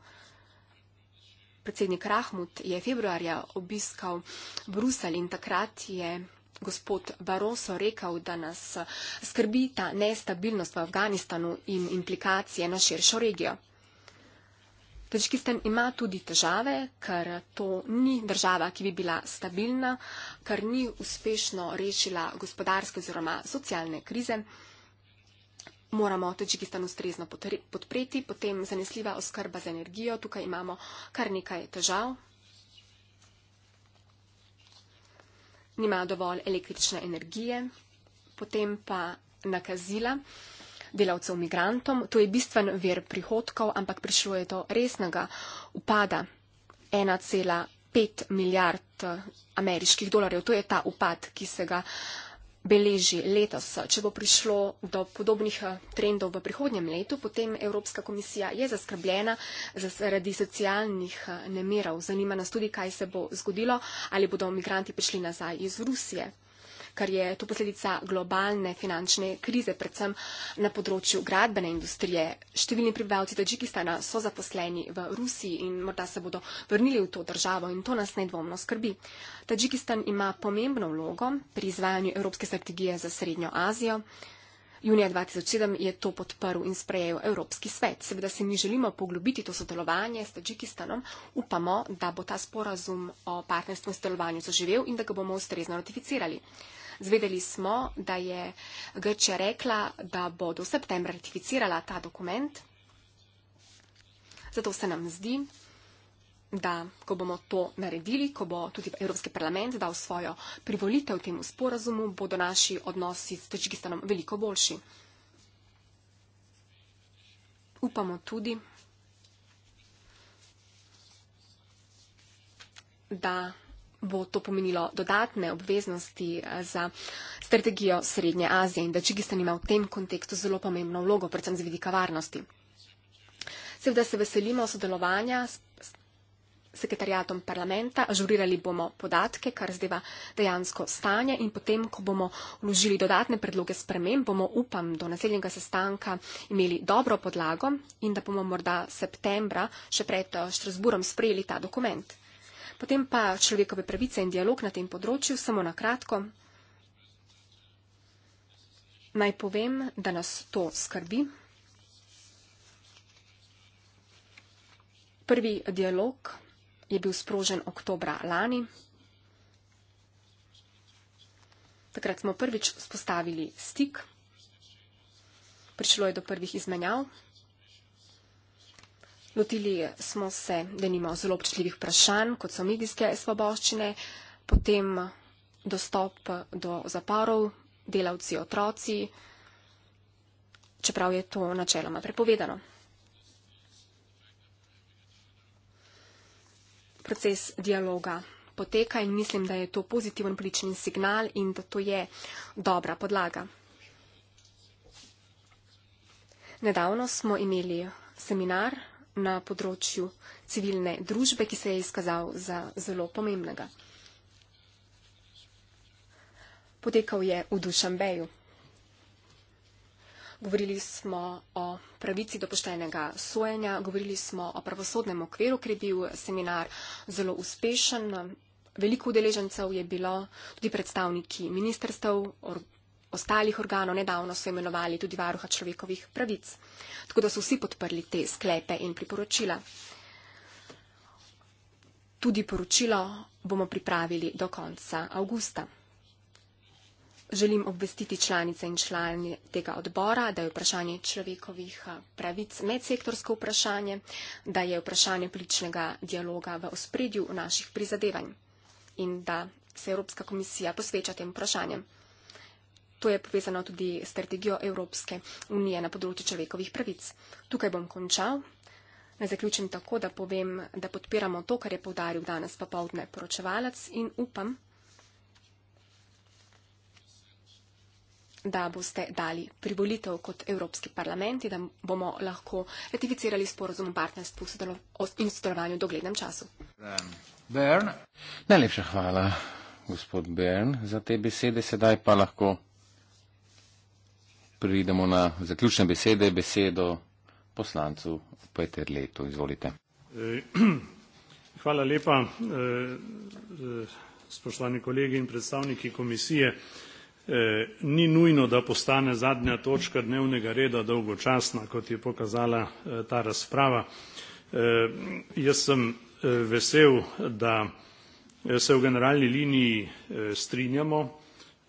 predsednik Rahmut je februarja obiskal Brusel in takrat je gospod Barroso rekel, da nas skrbi ta nestabilnost v Afganistanu in implikacije na širšo regijo. Tačkisten ima tudi težave, ker to ni država, ki bi bila stabilna, ker ni uspešno rešila gospodarske oziroma socialne krize moramo Tačikistan ustrezno podpreti, potem zanesljiva oskrba z energijo, tukaj imamo kar nekaj težav. Nima dovolj električne energije, potem pa nakazila delavcev migrantom. To je bistven ver prihodkov, ampak prišlo je do resnega upada 1,5 milijard eh, ameriških dolarjev. To je ta upad, ki se ga uh, beleži letos. Če bo prišlo do podobnih eh, trendov v prihodnjem letu, potem Evropska komisija je zaskrbljena zaradi socialnih eh, nemirov. Zanima nas tudi, kaj se bo zgodilo, ali bodo migranti prišli nazaj iz Rusije ker je to posledica globalne finančne krize, predvsem na področju gradbene industrije. Številni prebivalci Tadžikistana so zaposleni v Rusiji in morda se bodo vrnili v to državo in to nas nedvomno skrbi. Tadžikistan ima pomembno vlogo pri izvajanju Evropske strategije za Srednjo Azijo. Junija 2007 je to podprl in sprejel Evropski svet. Seveda se mi želimo poglobiti to sodelovanje s Tadžikistanom. Upamo, da bo ta sporazum o partnerstvu in sodelovanju zaživel in da ga bomo ustrezno ratificirali. Zvedeli smo, da je Grčija rekla, da bo do septembra ratificirala ta dokument. Zato se nam zdi, da ko bomo to naredili, ko bo tudi Evropski parlament dal svojo privolitev temu sporazumu, bodo naši odnosi s Tačikistanom veliko boljši. Upamo tudi, da bo to pomenilo dodatne obveznosti eh, za strategijo Srednje Azije in da Čigistan ima v tem kontekstu zelo pomembno vlogo, predvsem z vidika varnosti. Seveda se veselimo sodelovanja s sekretarjatom parlamenta, ažurirali bomo podatke, kar zdeva dejansko stanje in potem, ko bomo vložili dodatne predloge sprememb, bomo upam do naslednjega sestanka imeli dobro podlago in da bomo morda septembra še pred Štrasburom eh, sprejeli ta dokument. Potem pa človekove pravice in dialog na tem področju, samo na kratko. Naj povem, da nas to skrbi. Prvi dialog je bil sprožen oktobra lani. Takrat smo prvič spostavili stik. Prišlo je do prvih izmenjav. Lotili smo se, da nima zelo občutljivih vprašanj, kot so medijske svoboščine, potem dostop do zaporov, delavci, otroci, čeprav je to načeloma prepovedano. Proces dialoga poteka in mislim, da je to pozitiven politični signal in da to je dobra podlaga. Nedavno smo imeli seminar na področju civilne družbe, ki se je izkazal za zelo pomembnega. Potekal je v Dušanbeju. Govorili smo o pravici do poštenega sojenja, govorili smo o pravosodnem okviru, ker je bil seminar zelo uspešen. Veliko udeležencev je bilo tudi predstavniki ministrstv, ostalih organov nedavno so imenovali tudi varuha človekovih pravic. Tako da so vsi podprli te sklepe in priporočila. Tudi poročilo bomo pripravili do konca avgusta. Želim obvestiti članice in člani tega odbora, da je vprašanje človekovih pravic medsektorsko vprašanje, da je vprašanje političnega dialoga v ospredju naših prizadevanj in da se Evropska komisija posveča tem vprašanjem. To je povezano tudi s strategijo Evropske unije na področju človekovih pravic. Tukaj bom končal. Ne zaključim tako, da povem, da podpiramo to, kar je povdaril danes popovdne poročevalec in upam, da boste dali privolitev kot Evropski parlament in da bomo lahko ratificirali sporozum o partnerstvu in sodelovanju v doglednem času. Najlepša hvala, gospod Bern, za te besede. Sedaj pa lahko. Pridemo na zaključne besede, besedo poslancu Peter Leto. Izvolite. Eh, hvala lepa, eh, eh, spoštovani kolegi in predstavniki komisije. Ni nujno, da postane zadnja točka dnevnega reda dolgočasna, kot je pokazala ta razprava. Jaz sem vesel, da se v generalni liniji strinjamo,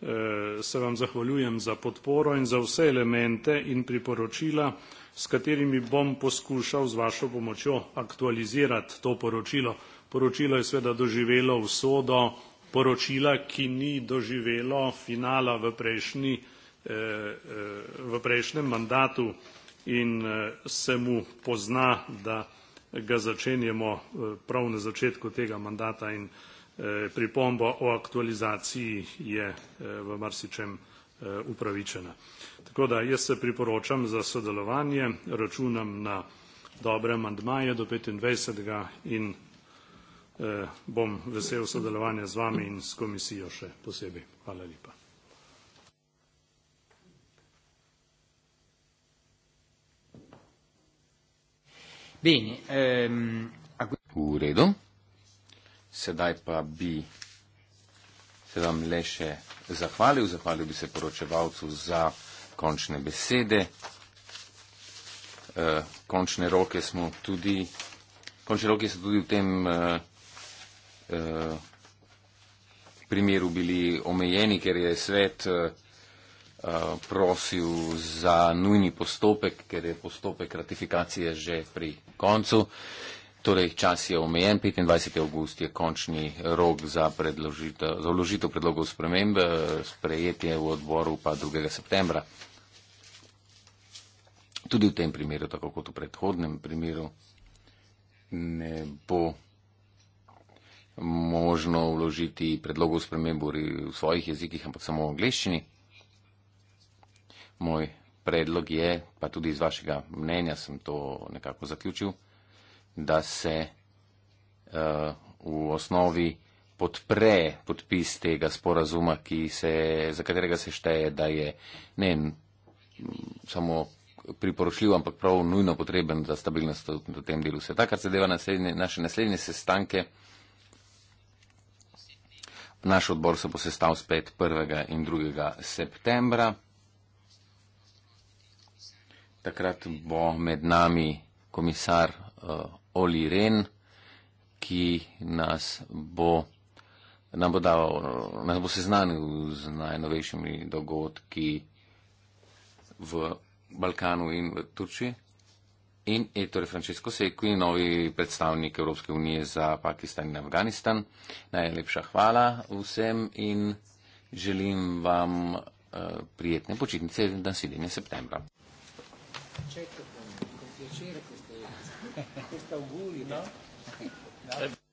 Eh, se vam zahvaljujem za podporo in za vse elemente in priporočila, s katerimi bom poskušal z vašo pomočjo aktualizirati to poročilo. Poročilo je sveda doživelo vsodo poročila, ki ni doživelo finala v, prejšnji, eh, eh, v prejšnjem mandatu in se mu pozna, da ga začenjamo prav na začetku tega mandata in Eh, pripombo o aktualizaciji je eh, v marsičem eh, upravičena. Tako da jaz se priporočam za sodelovanje, računam na dobre amandmaje do 25. in bom vesel sodelovanja z vami in s komisijo še posebej. Hvala lepa. Bene, ehm, a... V redu sedaj pa bi se vam le še zahvalil, zahvalil bi se poročevalcu za končne besede. Eh, končne roke smo tudi, končne roke so tudi v tem eh, eh, primeru bili omejeni, ker je svet prosil za nujni postopek, ker je postopek ratifikacije že pri koncu Torej, čas je omejen, 25. august je končni rok za, za vložitev predlogov sprememb, sprejetje v odboru pa 2. septembra. Tudi v tem primeru, tako kot v predhodnem primeru, ne bo možno vložiti predlogov sprememb v svojih jezikih, ampak samo v angliščini. Moj predlog je, pa tudi iz vašega mnenja sem to nekako zaključil, da se uh, v osnovi podpre podpis tega sporazuma, se, za katerega se šteje, da je ne samo priporočljiv, ampak prav nujno potreben za stabilnost v, v tem delu sveta, kar zadeva naslednje, naše naslednje sestanke. Naš odbor se bo sestal spet 1. in 2. septembra. Takrat bo med nami komisar uh, Oliren, ki nas bo, nam bo dal, nas bo seznanil z najnovejšimi dogodki v Balkanu in v Turčiji. In je torej Francesco Sekuji, novi predstavnik Evropske unije za Pakistan in Afganistan. Najlepša hvala vsem in želim vam uh, prijetne počitnice in naslednje septembra. Čekaj, ste v guli, no? Ja.